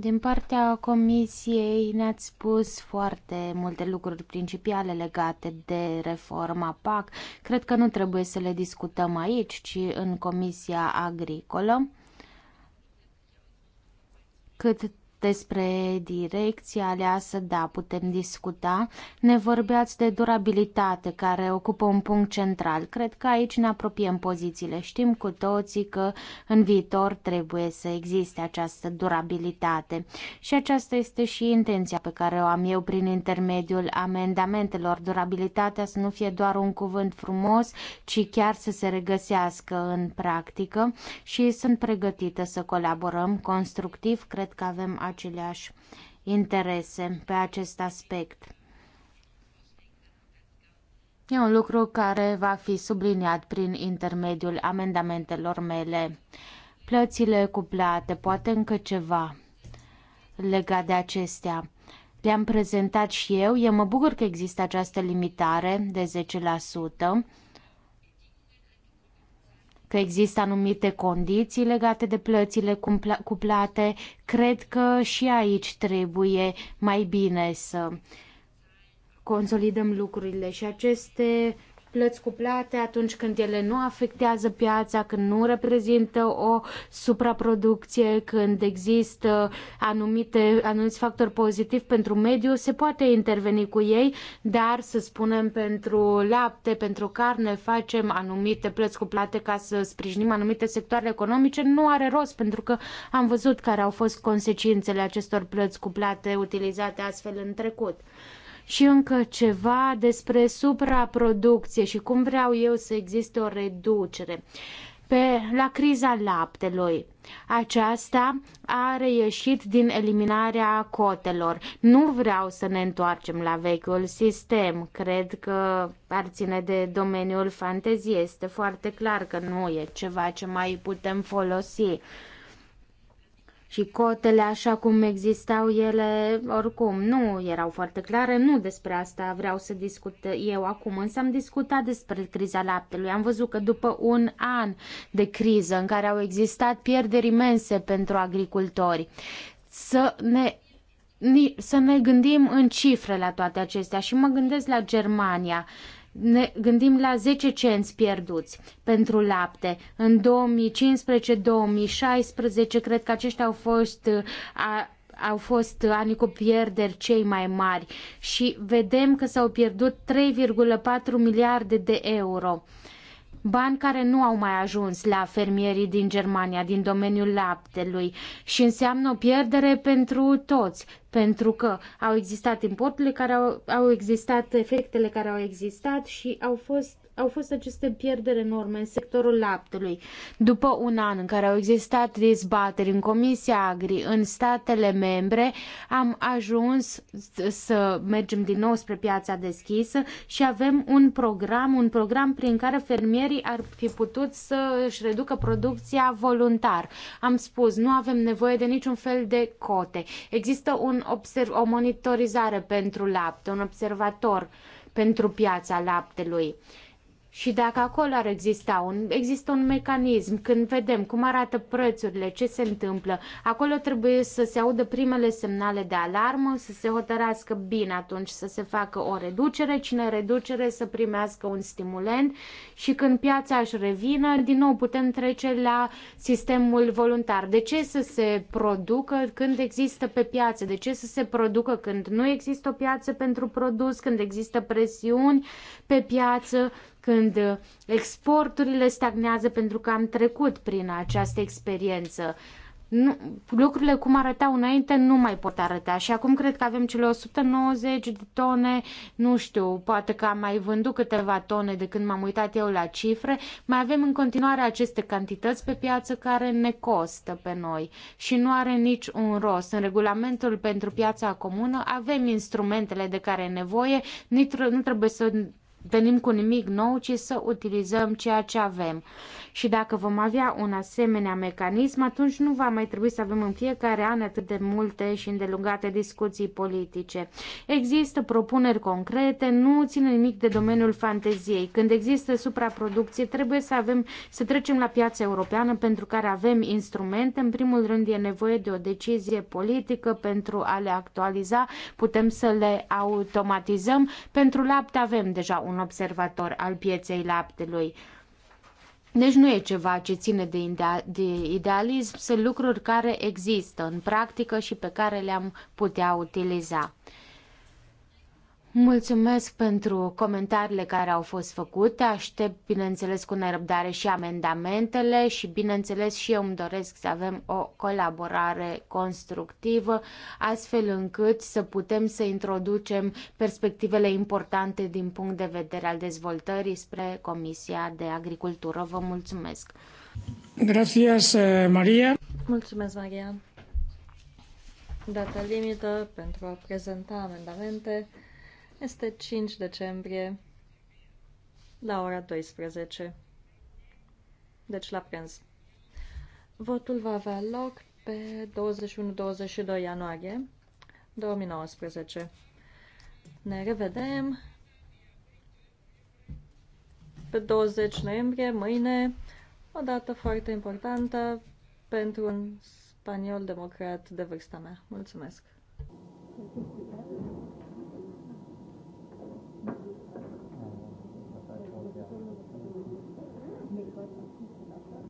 Din partea Comisiei ne-ați spus foarte multe lucruri principiale legate de reforma PAC. Cred că nu trebuie să le discutăm aici, ci în Comisia Agricolă. Cât despre direcția aleasă, da, putem discuta. Ne vorbeați de durabilitate, care ocupă un punct central. Cred că aici ne apropiem pozițiile. Știm cu toții că în viitor trebuie să existe această durabilitate. Și aceasta este și intenția pe care o am eu prin intermediul amendamentelor. Durabilitatea să nu fie doar un cuvânt frumos, ci chiar să se regăsească în practică și sunt pregătită să colaborăm constructiv. Cred că avem aceleași interese pe acest aspect. E un lucru care va fi subliniat prin intermediul amendamentelor mele. Plățile cuplate, poate încă ceva legat de acestea. Le-am prezentat și eu, eu mă bucur că există această limitare de 10% că există anumite condiții legate de plățile cuplate. Cred că și aici trebuie mai bine să consolidăm lucrurile și aceste plăți cuplate atunci când ele nu afectează piața, când nu reprezintă o supraproducție, când există anumite, anumite factori pozitivi pentru mediu, se poate interveni cu ei, dar să spunem pentru lapte, pentru carne, facem anumite plăți cuplate ca să sprijinim anumite sectoare economice, nu are rost pentru că am văzut care au fost consecințele acestor plăți cuplate utilizate astfel în trecut. Și încă ceva despre supraproducție și cum vreau eu să existe o reducere pe, la criza laptelui. Aceasta a reieșit din eliminarea cotelor. Nu vreau să ne întoarcem la vechiul sistem. Cred că ar ține de domeniul fantezie. Este foarte clar că nu e ceva ce mai putem folosi și cotele așa cum existau ele oricum nu erau foarte clare, nu despre asta vreau să discut eu acum, însă am discutat despre criza laptelui. Am văzut că după un an de criză în care au existat pierderi imense pentru agricultori, să ne să ne gândim în cifre la toate acestea și mă gândesc la Germania ne gândim la 10 cenți pierduți pentru lapte. În 2015-2016 cred că aceștia au fost a, au fost anii cu pierderi cei mai mari și vedem că s-au pierdut 3,4 miliarde de euro bani care nu au mai ajuns la fermierii din Germania, din domeniul laptelui și înseamnă o pierdere pentru toți, pentru că au existat importurile care au, au existat, efectele care au existat și au fost au fost aceste pierderi enorme în sectorul laptelui. După un an în care au existat dezbateri în Comisia Agri, în statele membre, am ajuns să mergem din nou spre piața deschisă și avem un program, un program prin care fermierii ar fi putut să își reducă producția voluntar. Am spus, nu avem nevoie de niciun fel de cote. Există un observ- o monitorizare pentru lapte, un observator pentru piața laptelui. Și dacă acolo ar exista un, există un mecanism, când vedem cum arată prețurile, ce se întâmplă, acolo trebuie să se audă primele semnale de alarmă, să se hotărească bine atunci, să se facă o reducere, cine reducere să primească un stimulent și când piața își revină, din nou putem trece la sistemul voluntar. De ce să se producă când există pe piață? De ce să se producă când nu există o piață pentru produs, când există presiuni pe piață? când uh, exporturile stagnează pentru că am trecut prin această experiență. Nu, lucrurile cum arătau înainte nu mai pot arăta și acum cred că avem cele 190 de tone, nu știu, poate că am mai vândut câteva tone de când m-am uitat eu la cifre, mai avem în continuare aceste cantități pe piață care ne costă pe noi și nu are nici un rost. În regulamentul pentru piața comună avem instrumentele de care e nevoie, nu trebuie să venim cu nimic nou, ci să utilizăm ceea ce avem. Și dacă vom avea un asemenea mecanism, atunci nu va mai trebui să avem în fiecare an atât de multe și îndelungate discuții politice. Există propuneri concrete, nu țin nimic de domeniul fanteziei. Când există supraproducție, trebuie să avem să trecem la piața europeană pentru care avem instrumente. În primul rând e nevoie de o decizie politică pentru a le actualiza. Putem să le automatizăm. Pentru lapte avem deja un observator al pieței laptelui. Deci nu e ceva ce ține de, idealism, sunt lucruri care există în practică și pe care le-am putea utiliza. Mulțumesc pentru comentariile care au fost făcute. Aștept, bineînțeles, cu nerăbdare și amendamentele și, bineînțeles, și eu îmi doresc să avem o colaborare constructivă, astfel încât să putem să introducem perspectivele importante din punct de vedere al dezvoltării spre Comisia de Agricultură. Vă mulțumesc! Gracias, eh, Maria! Mulțumesc, Maria! Data limită pentru a prezenta amendamente este 5 decembrie la ora 12. Deci la prânz. Votul va avea loc pe 21-22 ianuarie 2019. Ne revedem pe 20 noiembrie, mâine, o dată foarte importantă pentru un spaniol democrat de vârsta mea. Mulțumesc! Thank you.